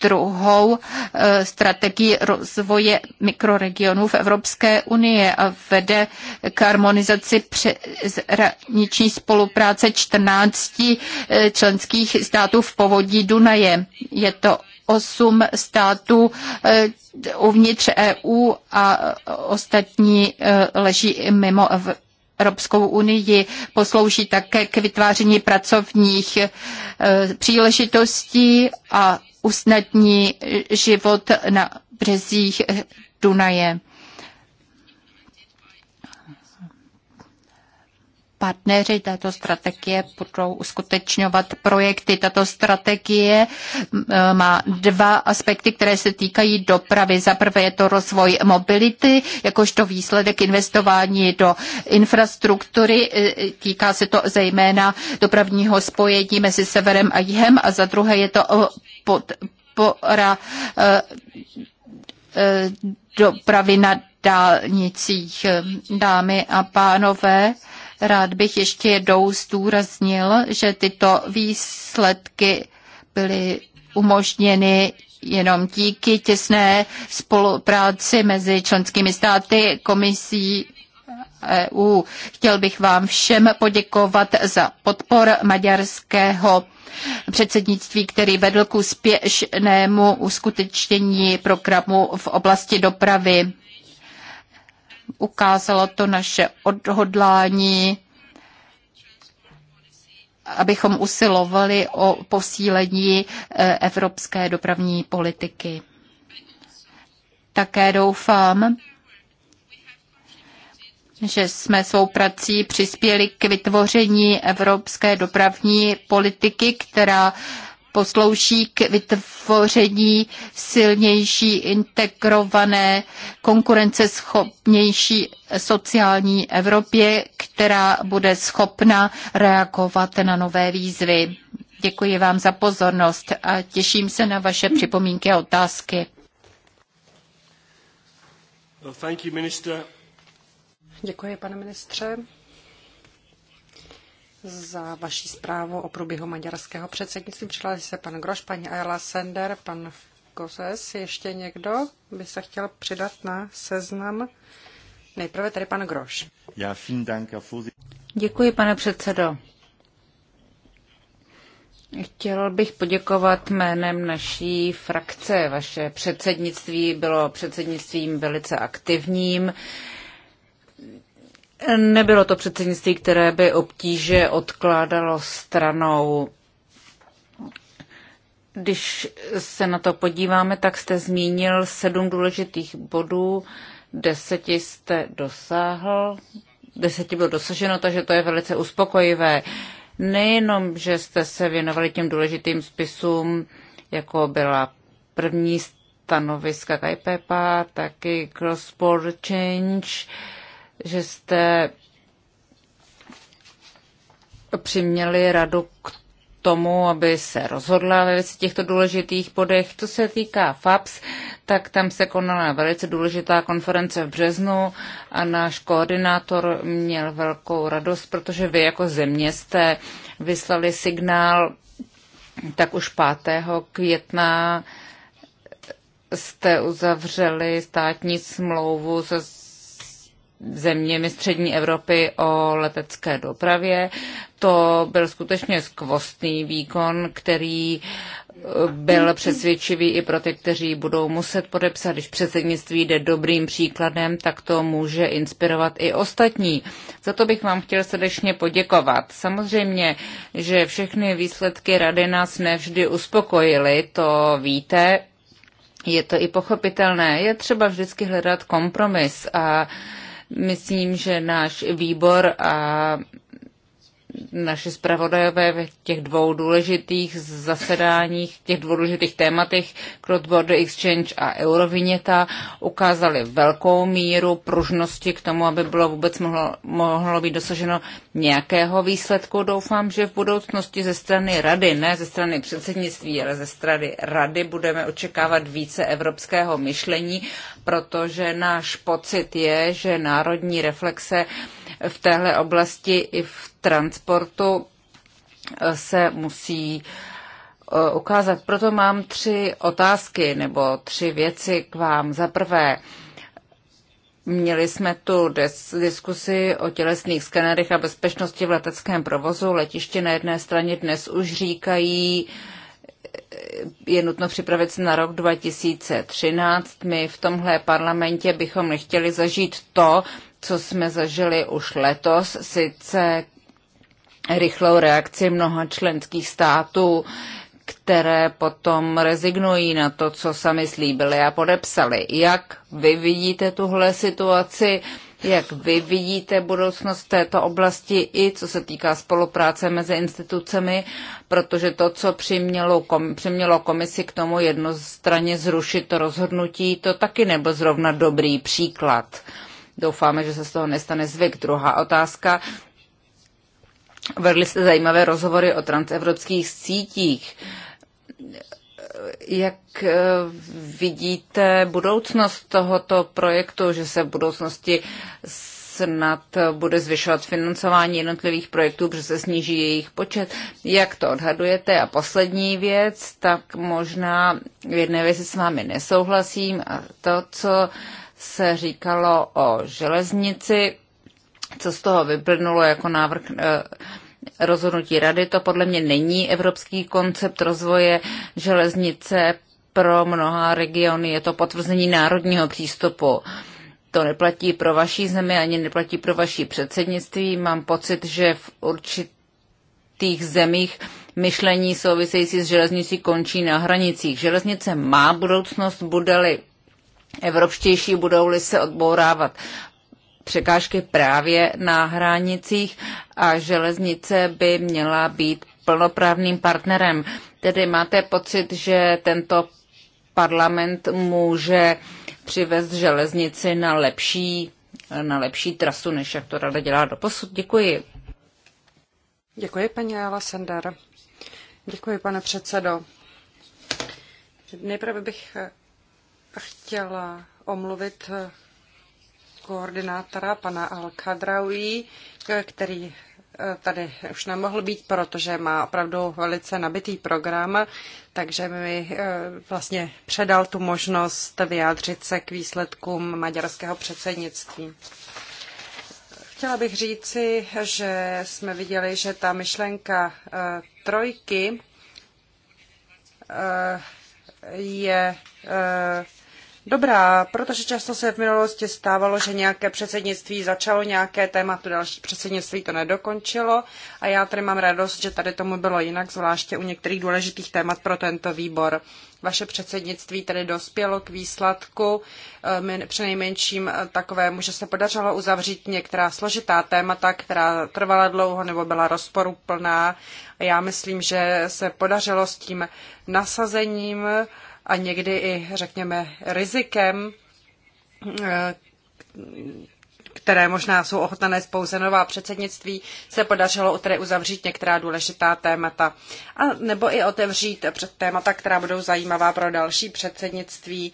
druhou eh, strategii rozvoje mikroregionů v Evropské unie a vede k harmonizaci přeshraniční spolupráce 14 eh, členských států v povodí Dunaje. Je to osm států eh, uvnitř EU a ostatní leží mimo Evropskou unii. Poslouží také k vytváření pracovních příležitostí a usnadní život na březích Dunaje. partneři této strategie budou uskutečňovat projekty. Tato strategie e, má dva aspekty, které se týkají dopravy. Za prvé je to rozvoj mobility, jakožto výsledek investování do infrastruktury. E, e, týká se to zejména dopravního spojení mezi severem a jihem. A za druhé je to podpora dopravy na dálnicích. Dámy a pánové, Rád bych ještě jednou zdůraznil, že tyto výsledky byly umožněny jenom díky těsné spolupráci mezi členskými státy, komisí EU. Chtěl bych vám všem poděkovat za podpor maďarského předsednictví, který vedl k úspěšnému uskutečnění programu v oblasti dopravy. Ukázalo to naše odhodlání, abychom usilovali o posílení eh, evropské dopravní politiky. Také doufám, že jsme svou prací přispěli k vytvoření evropské dopravní politiky, která poslouší k vytvoření silnější, integrované, konkurenceschopnější sociální Evropě, která bude schopna reagovat na nové výzvy. Děkuji vám za pozornost a těším se na vaše připomínky a otázky. Děkuji, pane ministře za vaši zprávu o průběhu maďarského předsednictví. Přihlásil se pan Groš, paní Ayala Sender, pan Kozes. Ještě někdo by se chtěl přidat na seznam? Nejprve tady pan Groš. Já Děkuji, pane předsedo. Chtěl bych poděkovat jménem naší frakce. Vaše předsednictví bylo předsednictvím velice aktivním. Nebylo to předsednictví, které by obtíže odkládalo stranou. Když se na to podíváme, tak jste zmínil sedm důležitých bodů, deseti jste dosáhl, deseti bylo dosaženo, takže to je velice uspokojivé. Nejenom, že jste se věnovali těm důležitým spisům, jako byla první stanoviska k IPPA, taky Cross Border Change, že jste přiměli radu k tomu, aby se rozhodla ve věci těchto důležitých bodech. Co se týká FAPS, tak tam se konala velice důležitá konference v březnu a náš koordinátor měl velkou radost, protože vy jako země jste vyslali signál, tak už 5. května jste uzavřeli státní smlouvu se zeměmi střední Evropy o letecké dopravě. To byl skutečně skvostný výkon, který eh, byl přesvědčivý i pro ty, kteří budou muset podepsat. Když předsednictví jde dobrým příkladem, tak to může inspirovat i ostatní. Za to bych vám chtěl srdečně poděkovat. Samozřejmě, že všechny výsledky rady nás nevždy uspokojily, to víte. Je to i pochopitelné. Je třeba vždycky hledat kompromis a Myslím, že náš výbor a naši zpravodajové v těch dvou důležitých zasedáních, těch dvou důležitých tématech, Cross Border Exchange a Euroviněta, ukázali velkou míru pružnosti k tomu, aby bylo vůbec mohlo, mohlo být dosaženo nějakého výsledku. Doufám, že v budoucnosti ze strany rady, ne ze strany předsednictví, ale ze strany rady budeme očekávat více evropského myšlení, protože náš pocit je, že národní reflexe v téhle oblasti i v transportu eh, se musí eh, ukázat. Proto mám tři otázky nebo tři věci k vám. Za prvé, Měli jsme tu diskusi o tělesných skenerech a bezpečnosti v leteckém provozu. Letiště na jedné straně dnes už říkají, eh, je nutno připravit se na rok 2013. My v tomhle parlamentě bychom nechtěli zažít to, co jsme zažili už letos, sice rychlou reakci mnoha členských států, které potom rezignují na to, co sami slíbili a podepsali. Jak vy vidíte tuhle situaci? Jak vy vidíte budoucnost této oblasti i co se týká spolupráce mezi institucemi, protože to, co přimělo, kom, přimělo komisi k tomu jednostranně zrušit to rozhodnutí, to taky nebyl zrovna dobrý příklad. Uh, Doufáme, že se z toho nestane zvyk. Druhá otázka. Vedli jste zajímavé rozhovory o transevropských sítích. Jak eh, vidíte budoucnost tohoto projektu, že se v budoucnosti snad bude zvyšovat financování jednotlivých projektů, protože se sníží jejich počet. Jak to odhadujete? A poslední věc, tak možná v jedné věci s vámi nesouhlasím, a to, co se říkalo o železnici, co z toho vyplnulo jako návrh eh, rozhodnutí rady. To podle mě není evropský koncept rozvoje železnice. Pro mnoha regiony je to potvrzení národního přístupu. To neplatí pro vaší zemi, ani neplatí pro vaší předsednictví. Mám pocit, že v určitých zemích myšlení související s železnicí končí na hranicích. Železnice má budoucnost, bude-li evropštější, budou-li se odbourávat překážky právě na hranicích a železnice by měla být plnoprávným partnerem. Tedy máte pocit, že tento parlament může přivést železnici na lepší, na lepší trasu, než jak to rada dělá do posud. Děkuji. Děkuji, paní Jala Sender. Děkuji, pane předsedo. Nejprve bych chtěla omluvit koordinátora pana al Khadraoui, který eh, tady už nemohl být, protože má opravdu velice nabitý program, takže mi eh, vlastně předal tu možnost vyjádřit se k výsledkům maďarského předsednictví. Chtěla bych říci, že jsme viděli, že ta myšlenka eh, trojky je dobrá, protože často se v minulosti stávalo, že nějaké předsednictví začalo nějaké téma, to další předsednictví to nedokončilo a já tady mám radost, že tady tomu bylo jinak, zvláště u některých důležitých témat pro tento výbor. Vaše předsednictví tedy dospělo k výsledku, eh, přinejmenším eh, takovému, že se podařilo uzavřít některá složitá témata, která trvala dlouho nebo byla rozporuplná. Já myslím, že se podařilo s tím nasazením a někdy i, řekněme, rizikem, eh, které možná jsou ochotné nést pouze nová předsednictví, se podařilo tedy uzavřít některá důležitá témata. A nebo i otevřít před témata, která budou zajímavá pro další předsednictví.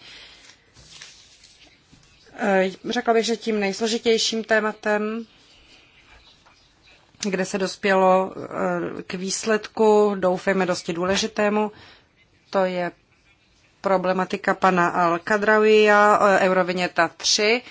Eh, řekla bych, že tím nejsložitějším tématem, kde se dospělo eh, k výsledku, doufejme dosti důležitému, to je problematika pana Al-Kadrauia, e, Euroviněta 3,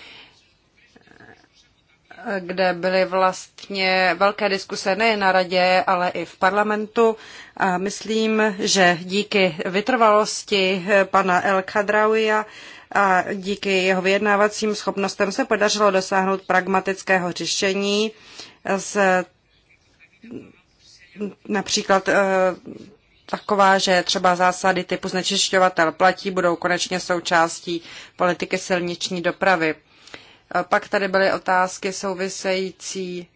kde byly vlastně velké diskuse nejen na radě, ale i v parlamentu. A myslím, že díky vytrvalosti e, pana El Kadrauia a díky jeho vyjednávacím schopnostem se podařilo dosáhnout pragmatického řešení z například e, taková, že třeba zásady typu znečišťovatel platí budou konečně součástí politiky silniční dopravy. Pak tady byly otázky související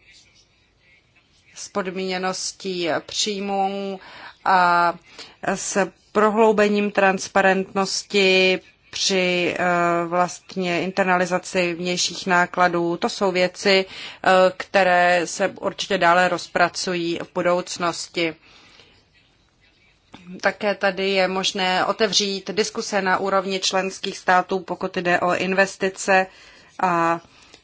s podmíněností příjmů a s prohloubením transparentnosti při e, vlastně internalizaci vnějších nákladů. To jsou věci, e, které se určitě dále rozpracují v budoucnosti. Také tady je možné otevřít diskuse na úrovni členských států, pokud jde o investice a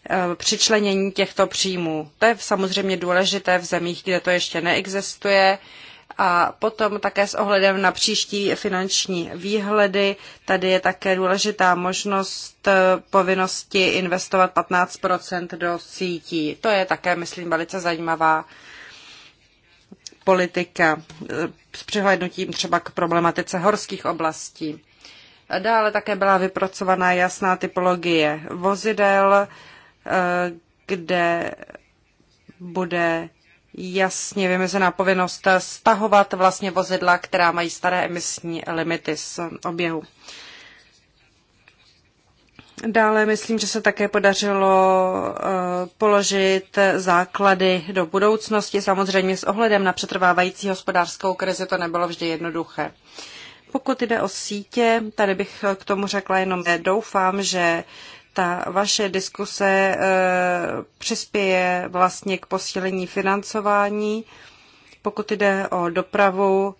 e, přičlenění těchto příjmů. To je samozřejmě důležité v zemích, kde to ještě neexistuje. A potom také s ohledem na příští finanční výhledy, tady je také důležitá možnost e, povinnosti investovat 15 do sítí. To je také, myslím, velice zajímavá politika e, s přihlednutím třeba k problematice horských oblastí. Dále také byla vypracovaná jasná typologie vozidel, e, kde bude jasně vymezená povinnost stahovat vlastně vozidla, která mají staré emisní limity z oběhu. Dále myslím, že se také podařilo eh, položit základy do budoucnosti. Samozřejmě s ohledem na přetrvávající hospodářskou krizi to nebylo vždy jednoduché. Pokud jde o sítě, tady bych k tomu řekla jenom, že doufám, že ta vaše diskuse eh, přispěje vlastně k posílení financování. Pokud jde o dopravu,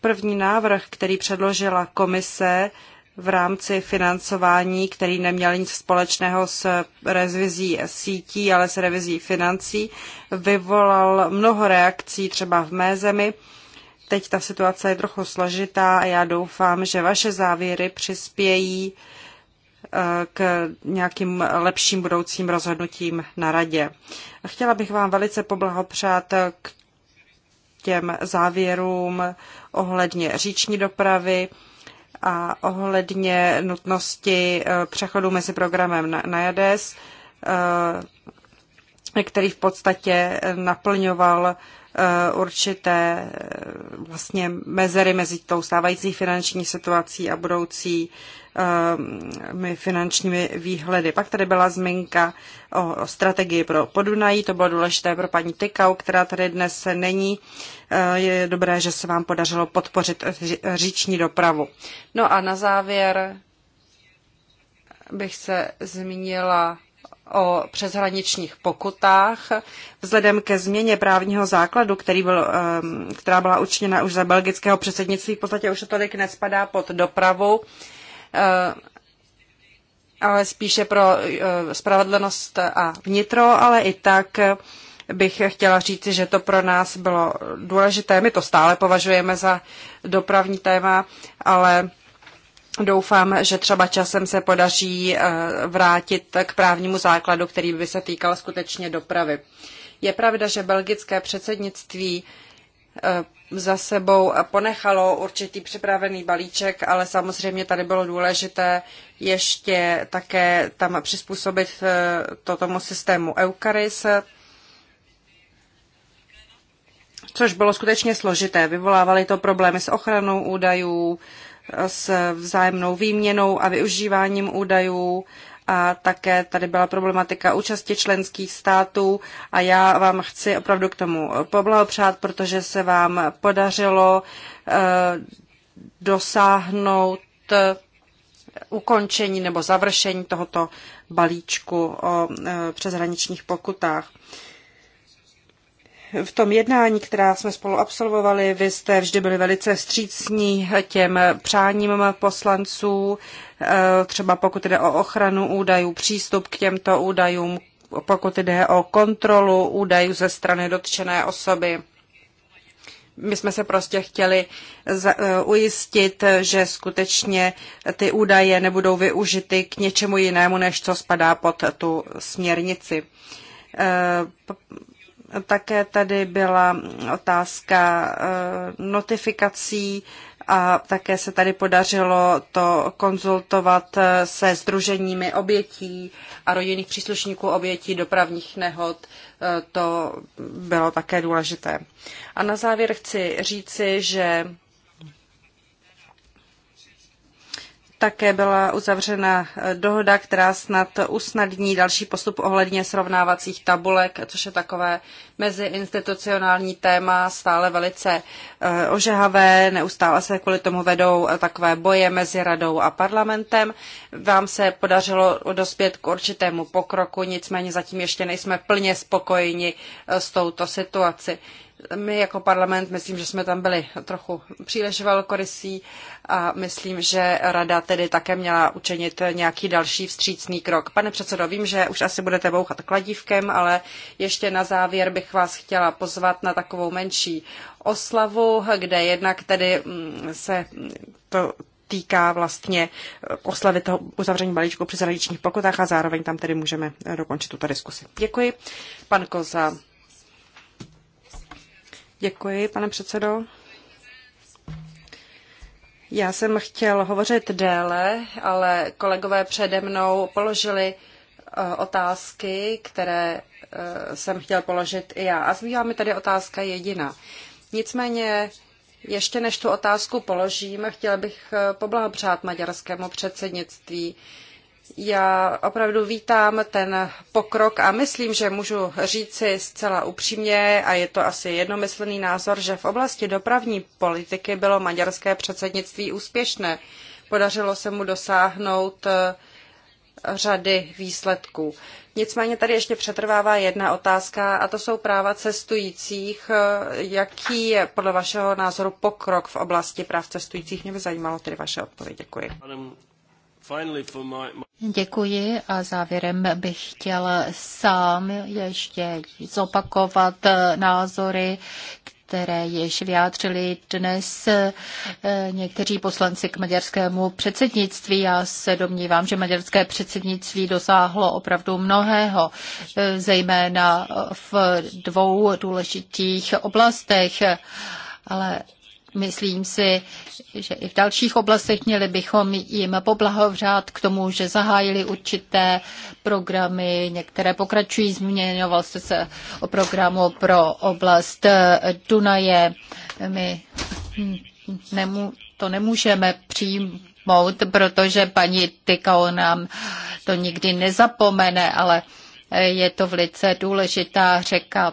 první návrh, který předložila komise, v rámci financování, který neměl nic společného s revizí sítí, ale s revizí financí, vyvolal mnoho reakcí třeba v mé zemi. Teď ta situace je trochu složitá a já doufám, že vaše závěry přispějí eh, k nějakým lepším budoucím rozhodnutím na radě. Chtěla bych vám velice poblahopřát k těm závěrům ohledně říční dopravy a ohledně nutnosti eh, přechodu mezi programem na, JADES, eh, který v podstatě naplňoval Eh, určité eh, vlastně mezery mezi tou stávající finanční situací a budoucí eh, finančními výhledy. Pak tady byla zmínka o, strategii pro Podunají, to bylo důležité pro paní Tykau, která tady dnes není. Je dobré, že se vám podařilo podpořit říční dopravu. No a na závěr bych se zmínila o přeshraničních pokutách. Vzhledem ke změně právního základu, který byl, která byla učiněna už za belgického předsednictví, v podstatě už to tolik nespadá pod dopravu, eh, ale spíše pro eh, spravedlnost a vnitro, ale i tak bych chtěla říct, že to pro nás bylo důležité. My to stále považujeme za dopravní téma, ale Doufám, že třeba časem se podaří eh, vrátit k právnímu základu, který by se týkal skutečně dopravy. Je pravda, že belgické předsednictví eh, za sebou ponechalo určitý připravený balíček, ale samozřejmě tady bylo důležité ještě také tam přizpůsobit eh, to tomu systému EuCaris, což bylo skutečně složité. Vyvolávaly to problémy s ochranou údajů, s vzájemnou výměnou a využíváním údajů a také tady byla problematika účasti členských států a já vám chci opravdu k tomu poblahopřát, protože se vám podařilo eh, dosáhnout eh, ukončení nebo završení tohoto balíčku o eh, přeshraničních pokutách v tom jednání, která jsme spolu absolvovali, vy jste vždy byli velice vstřícní těm přáním poslanců, eh, třeba pokud jde o ochranu údajů, přístup k těmto údajům, pokud jde o kontrolu údajů ze strany dotčené osoby. My jsme se prostě chtěli eh, ujistit, že skutečně ty údaje nebudou využity k něčemu jinému, než co spadá pod tu směrnici eh, také tady byla otázka eh, notifikací a také se tady podařilo to konzultovat eh, se združeními obětí a rodinných příslušníků obětí dopravních nehod. Eh, to bylo také důležité. A na závěr chci říci, že Také byla uzavřena eh, dohoda, která snad usnadní další postup ohledně srovnávacích tabulek, což je takové meziinstitucionální téma, stále velice eh, ožehavé, neustále se kvůli tomu vedou eh, takové boje mezi radou a parlamentem. Vám se podařilo dospět k určitému pokroku, nicméně zatím ještě nejsme plně spokojeni s touto situací. My jako parlament myslím, že jsme tam byli trochu příliš velkorysí a myslím, že rada tedy také měla učinit nějaký další vstřícný krok. Pane předsedo, vím, že už asi budete bouchat kladívkem, ale ještě na závěr bych vás chtěla pozvat na takovou menší oslavu, kde jednak tedy mm, se to týká vlastně oslavy toho uzavření balíčku při zahraničních pokutách a zároveň tam tedy můžeme dokončit tuto diskusi. Děkuji. Pan Koza Děkuji, pane předsedo. Já jsem chtěl hovořit déle, ale kolegové přede mnou položili eh, otázky, které eh, jsem chtěl položit i já. A zbývá mi tady otázka jediná. Nicméně, ještě než tu otázku položím, chtěl bych eh, poblahopřát maďarskému předsednictví. Já opravdu vítám ten pokrok a myslím, že můžu říci zcela upřímně, a je to asi jednomyslný názor, že v oblasti dopravní politiky bylo maďarské předsednictví úspěšné. Podařilo se mu dosáhnout eh, řady výsledků. Nicméně tady ještě přetrvává jedna otázka a to jsou práva cestujících. Eh, jaký je podle vašeho názoru pokrok v oblasti práv cestujících? Mě by zajímalo tedy vaše odpověď. Děkuji. Děkuji a závěrem bych chtěl sám ještě zopakovat názory, které již vyjádřili dnes eh, někteří poslanci k maďarskému předsednictví. Já se domnívám, že maďarské předsednictví dosáhlo opravdu mnohého, eh, zejména v dvou důležitých oblastech ale Myslím si, že i v dalších oblastech měli bychom jim poblahovřát k tomu, že zahájili určité programy, některé pokračují, změňoval jste se o programu pro oblast eh, Dunaje. My nemů- to nemůžeme přijmout, protože paní Tykao nám to nikdy nezapomene, ale je to velice důležitá řeka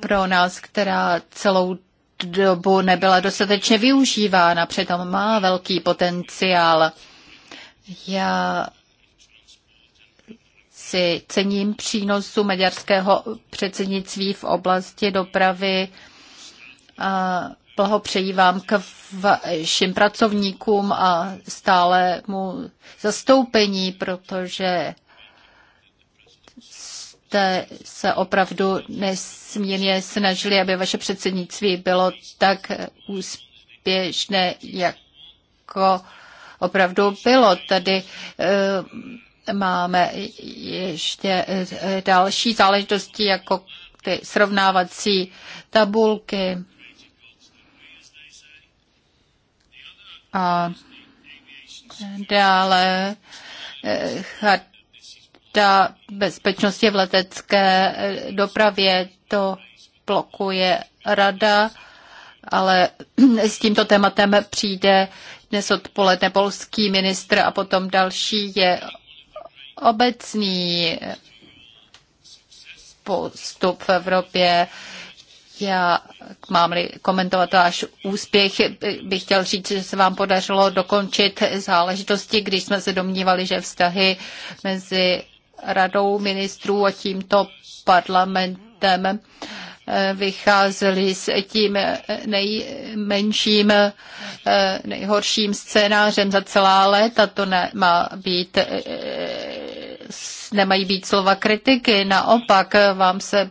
pro nás, která celou dobu nebyla dostatečně využívána, přitom má velký potenciál. Já si cením přínosu maďarského předsednictví v oblasti dopravy a blahopřeji vám k vašim pracovníkům a stálému zastoupení, protože jste se opravdu nesmírně snažili, aby vaše předsednictví bylo tak úspěšné, jako opravdu bylo. Tady eh, máme ještě eh, další záležitosti, jako ty srovnávací tabulky. A dále charta eh, bezpečnost je v letecké eh, dopravě. To blokuje rada, ale s tímto tématem přijde dnes odpoledne polský ministr a potom další je obecný postup v Evropě. Já mám-li komentovat váš úspěch, bych chtěl říct, že se vám podařilo dokončit záležitosti, když jsme se domnívali, že vztahy mezi radou ministrů a tímto parlamentem eh, vycházeli s tím nejmenším, eh, nejhorším scénářem za celá léta. To nemá být, eh, nemají být slova kritiky, naopak vám se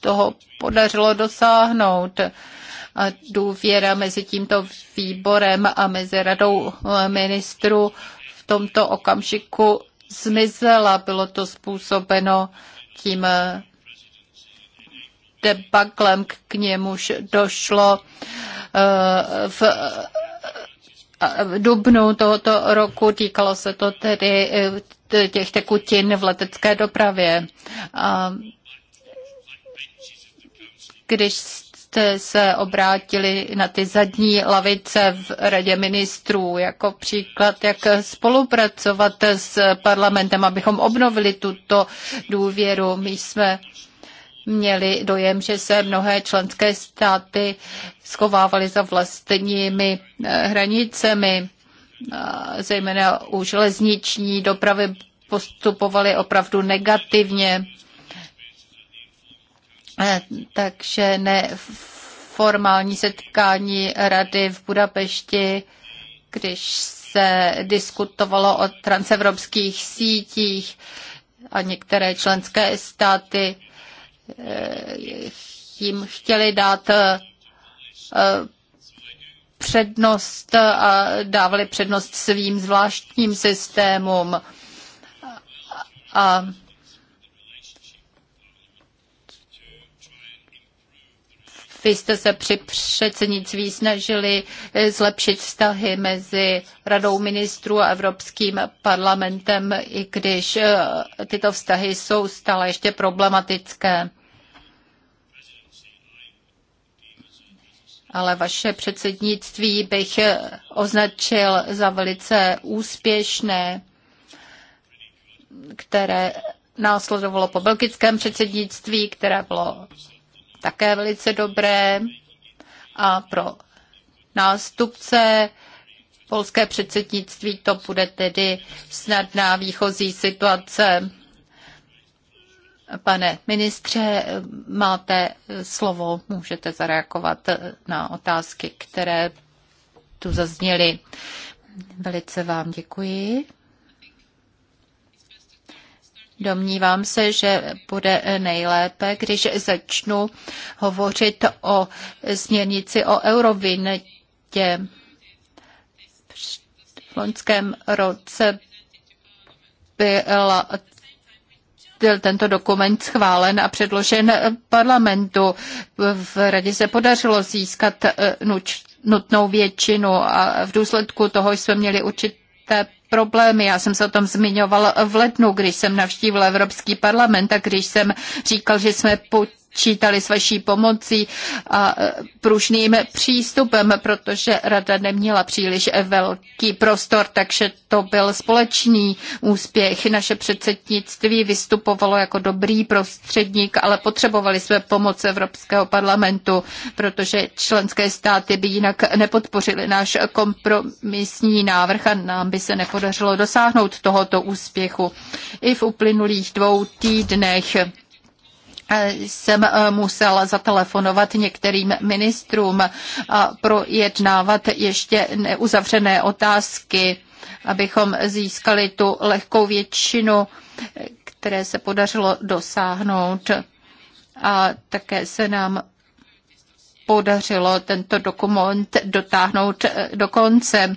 toho podařilo dosáhnout. A důvěra mezi tímto výborem a mezi radou ministrů v tomto okamžiku zmizela. Bylo to způsobeno tím eh, debaklem, k němuž došlo eh, eh, v dubnu tohoto roku. Týkalo se to tedy těch tekutin v letecké dopravě. A když se obrátili na ty zadní lavice v radě ministrů, jako příklad, jak spolupracovat s parlamentem, abychom obnovili tuto důvěru. My jsme měli dojem, že se mnohé členské státy schovávaly za vlastními eh, hranicemi, zejména u železniční dopravy postupovali opravdu negativně. Eh, takže neformální setkání rady v Budapešti, když se diskutovalo o transevropských sítích a některé členské státy eh, jim chtěli dát eh, přednost a dávali přednost svým zvláštním systémům. A Vy jste se při předsednictví snažili eh, zlepšit vztahy mezi Radou ministrů a Evropským parlamentem, i když eh, tyto vztahy jsou stále ještě problematické. ale vaše předsednictví bych eh, označil za velice úspěšné, které následovalo po belgickém předsednictví, které bylo také velice dobré a pro nástupce polské předsednictví to bude tedy snadná výchozí situace. Pane ministře, máte slovo, můžete zareagovat na otázky, které tu zazněly. Velice vám děkuji. Domnívám se, že bude nejlépe, když začnu hovořit o změnici o eurovinetě. V loňském roce byla byl tento dokument schválen a předložen parlamentu. V radě se podařilo získat nutnou většinu a v důsledku toho jsme měli určité problémy. Já jsem se o tom zmiňoval v lednu, když jsem navštívil Evropský parlament a když jsem říkal, že jsme po počítali s vaší pomocí a e, pružným přístupem, protože rada neměla příliš velký prostor, takže to byl společný úspěch. Naše předsednictví vystupovalo jako dobrý prostředník, ale potřebovali jsme pomoc Evropského parlamentu, protože členské státy by jinak nepodpořili náš kompromisní návrh a nám by se nepodařilo dosáhnout tohoto úspěchu. I v uplynulých dvou týdnech jsem eh, musel zatelefonovat některým ministrům a projednávat ještě neuzavřené otázky, abychom získali tu lehkou většinu, které se podařilo dosáhnout. A také se nám podařilo tento dokument dotáhnout eh, do konce.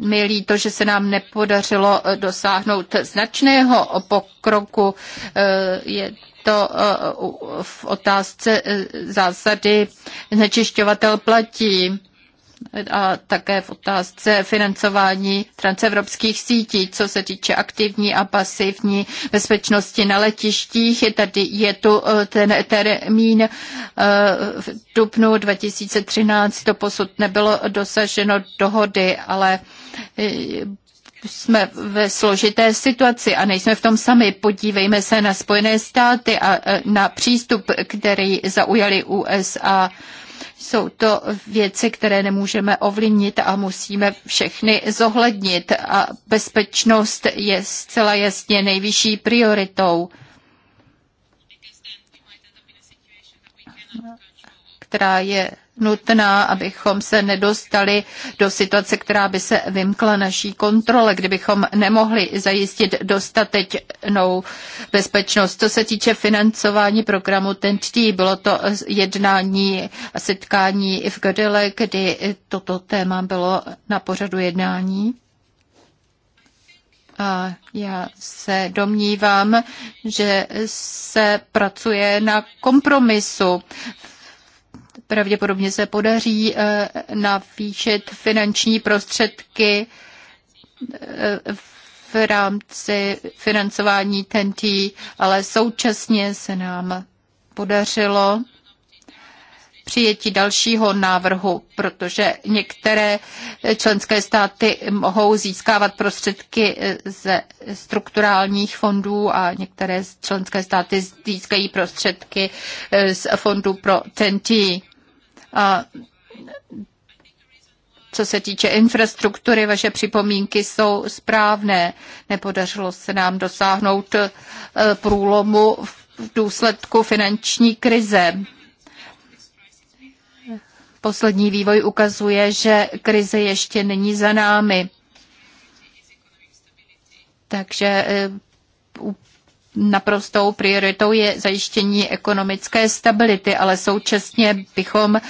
Mi líto, že se nám nepodařilo eh, dosáhnout značného pokroku. Je to eh, v otázce eh, zásady znečišťovatel platí a také v otázce financování transevropských sítí, co se týče aktivní a pasivní bezpečnosti na letištích. Tady je tu eh, ten termín v dubnu 2013, to posud nebylo dosaženo dohody, ale jsme ve složité situaci a nejsme v tom sami. Podívejme se na Spojené státy a e, na přístup, který zaujali USA. Jsou to věci, které nemůžeme ovlivnit a musíme všechny zohlednit. A bezpečnost je zcela jasně nejvyšší prioritou která je nutná, abychom se nedostali do situace, která by se vymkla naší kontrole, kdybychom nemohli zajistit dostatečnou bezpečnost. Co se týče financování programu TNT, bylo to jednání a setkání v Godele, kdy toto téma bylo na pořadu jednání. A já se domnívám, že se pracuje na kompromisu pravděpodobně se podaří eh, navýšit finanční prostředky eh, v rámci financování TNT, ale současně se nám podařilo přijetí dalšího návrhu, protože některé členské státy mohou získávat prostředky eh, ze strukturálních fondů a některé členské státy získají prostředky z fondu pro TNT co se týče infrastruktury, vaše připomínky jsou správné. Nepodařilo se nám dosáhnout e, průlomu v důsledku finanční krize. Poslední vývoj ukazuje, že krize ještě není za námi. Takže e, naprostou prioritou je zajištění ekonomické stability, ale současně bychom eh,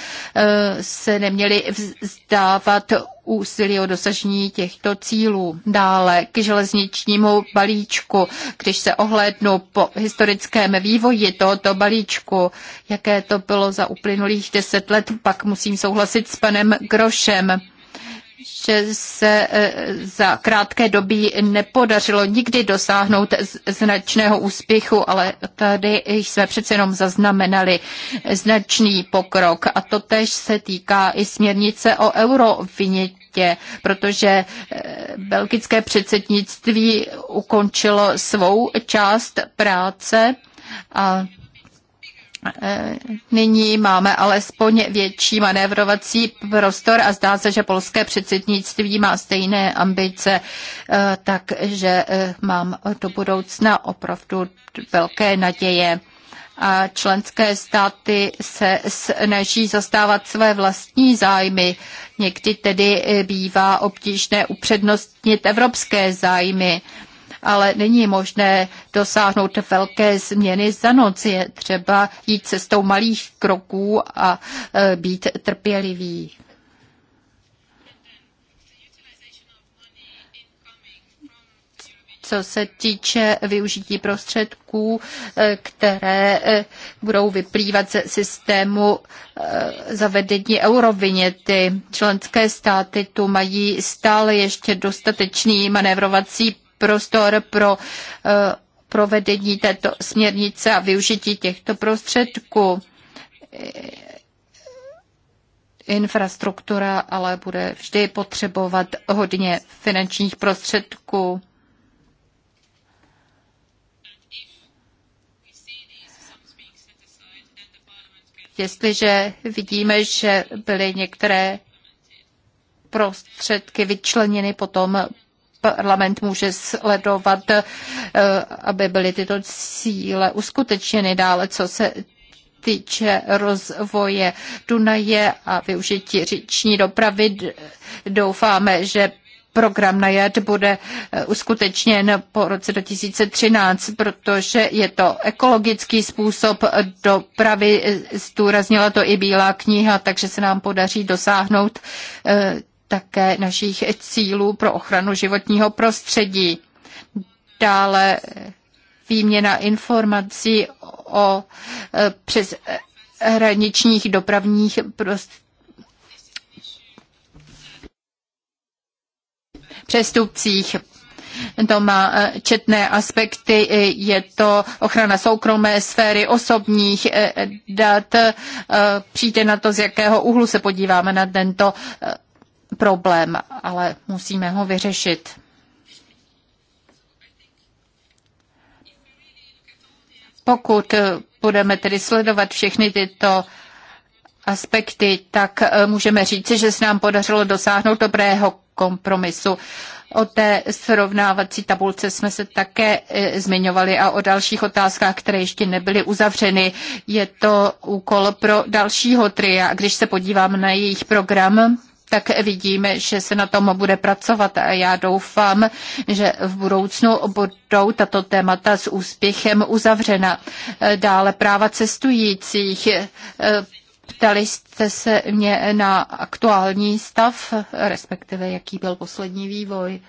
se neměli vzdávat úsilí o dosažení těchto cílů. Dále k železničnímu balíčku, když se ohlédnu po historickém vývoji tohoto balíčku, jaké to bylo za uplynulých deset let, pak musím souhlasit s panem Grošem že se e, za krátké doby nepodařilo nikdy dosáhnout značného úspěchu, ale tady jsme přece jenom zaznamenali značný pokrok a to tež se týká i směrnice o eurovinětě, protože e, belgické předsednictví ukončilo svou část práce a Eh, nyní máme alespoň větší manévrovací prostor a zdá se, že polské předsednictví má stejné ambice, eh, takže eh, mám do budoucna opravdu velké naděje. A členské státy se snaží zastávat své vlastní zájmy. Někdy tedy bývá obtížné upřednostnit evropské zájmy ale není možné dosáhnout velké změny za noc. Je třeba jít cestou malých kroků a e, být trpělivý. co se týče využití prostředků, e, které e, budou vyplývat ze systému zavedení eurovinety. Členské státy tu mají stále ještě dostatečný manévrovací prostor pro eh, provedení této směrnice a využití těchto prostředků. Eh, infrastruktura ale bude vždy potřebovat hodně finančních prostředků. Jestliže vidíme, že byly některé prostředky vyčleněny potom parlament může sledovat, eh, aby byly tyto cíle uskutečněny dále, co se týče rozvoje Dunaje a využití říční dopravy. Doufáme, že program na JED bude eh, uskutečněn po roce 2013, protože je to ekologický způsob dopravy, eh, zdůraznila to i Bílá kniha, takže se nám podaří dosáhnout také našich cílů pro ochranu životního prostředí. Dále výměna informací o e, přes e, hraničních dopravních přestupcích. To má e, četné aspekty, je to ochrana soukromé sféry, osobních dat. Přijde na to, z jakého úhlu se podíváme na tento problém, ale musíme ho vyřešit. Pokud budeme tedy sledovat všechny tyto aspekty, tak eh, můžeme říci, že se nám podařilo dosáhnout dobrého kompromisu. O té srovnávací tabulce jsme se také eh, zmiňovali a o dalších otázkách, které ještě nebyly uzavřeny. Je to úkol pro dalšího tria. Když se podívám na jejich program, tak vidíme, že se na tom bude pracovat a já doufám, že v budoucnu budou tato témata s úspěchem uzavřena. Dále práva cestujících. Ptali jste se mě na aktuální stav, respektive jaký byl poslední vývoj.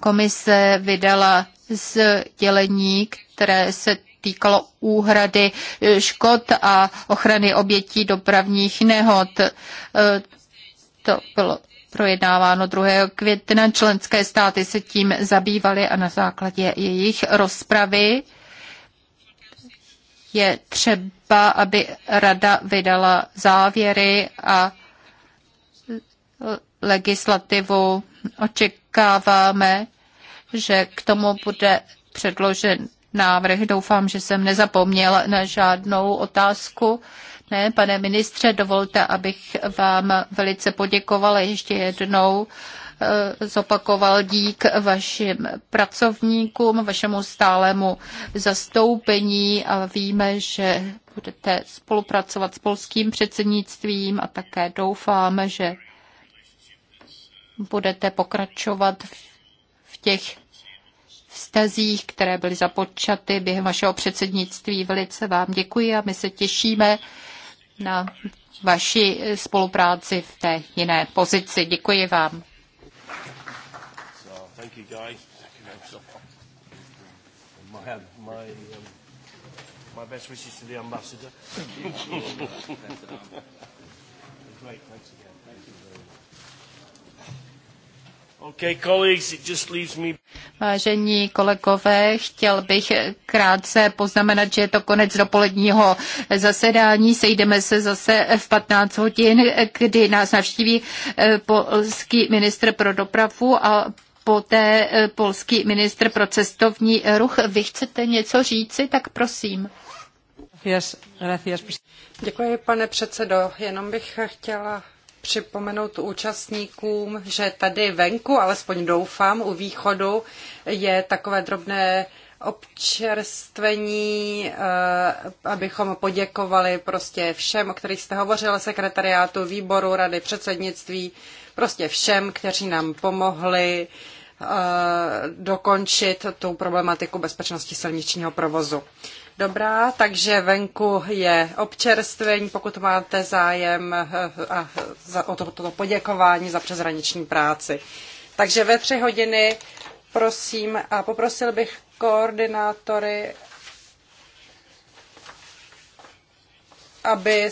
Komise vydala sdělení, které se týkalo úhrady eh, škod a ochrany obětí dopravních nehod. Eh, to bylo projednáváno 2. května. Členské státy se tím zabývaly a na základě jejich rozpravy je třeba, aby rada vydala závěry a legislativu. Očekáváme, že k tomu bude předložen návrh. Doufám, že jsem nezapomněl na žádnou otázku. Ne, pane ministře, dovolte, abych vám velice poděkovala ještě jednou eh, zopakoval dík vašim pracovníkům, vašemu stálemu zastoupení a víme, že budete spolupracovat s polským předsednictvím a také doufáme, že budete pokračovat v těch vztazích, které byly započaty během vašeho předsednictví. Velice vám děkuji a my se těšíme na vaši spolupráci v té jiné pozici. Děkuji vám. Um, Great, thanks again. Vážení kolegové, chtěl bych krátce poznamenat, že je to konec dopoledního zasedání. Sejdeme se zase v 15 hodin, kdy nás navštíví eh, polský ministr pro dopravu a poté eh, polský ministr pro cestovní ruch. Vy chcete něco říci, tak prosím. Děkuji, pane předsedo. Jenom bych chtěla připomenout účastníkům, že tady venku, alespoň doufám, u východu je takové drobné občerstvení, eh, abychom poděkovali prostě všem, o kterých jste hovořil, sekretariátu, výboru, rady, předsednictví, prostě všem, kteří nám pomohli eh, dokončit tu problematiku bezpečnosti silničního provozu. Dobrá, takže venku je občerstvení, pokud máte zájem eh, a za, o toto to poděkování za přeshraniční práci. Takže ve tři hodiny prosím a poprosil bych koordinátory, aby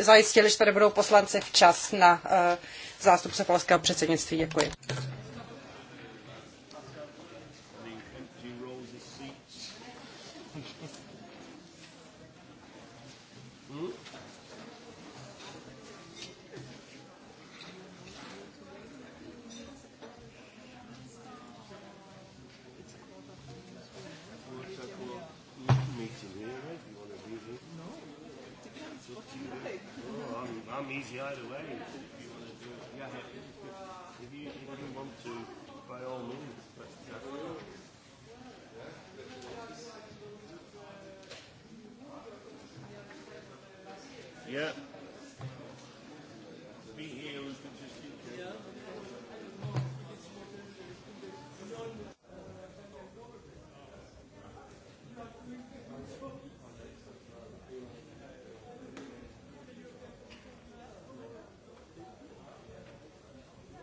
zajistili, že tady budou poslanci včas na eh, zástupce polského předsednictví. Děkuji.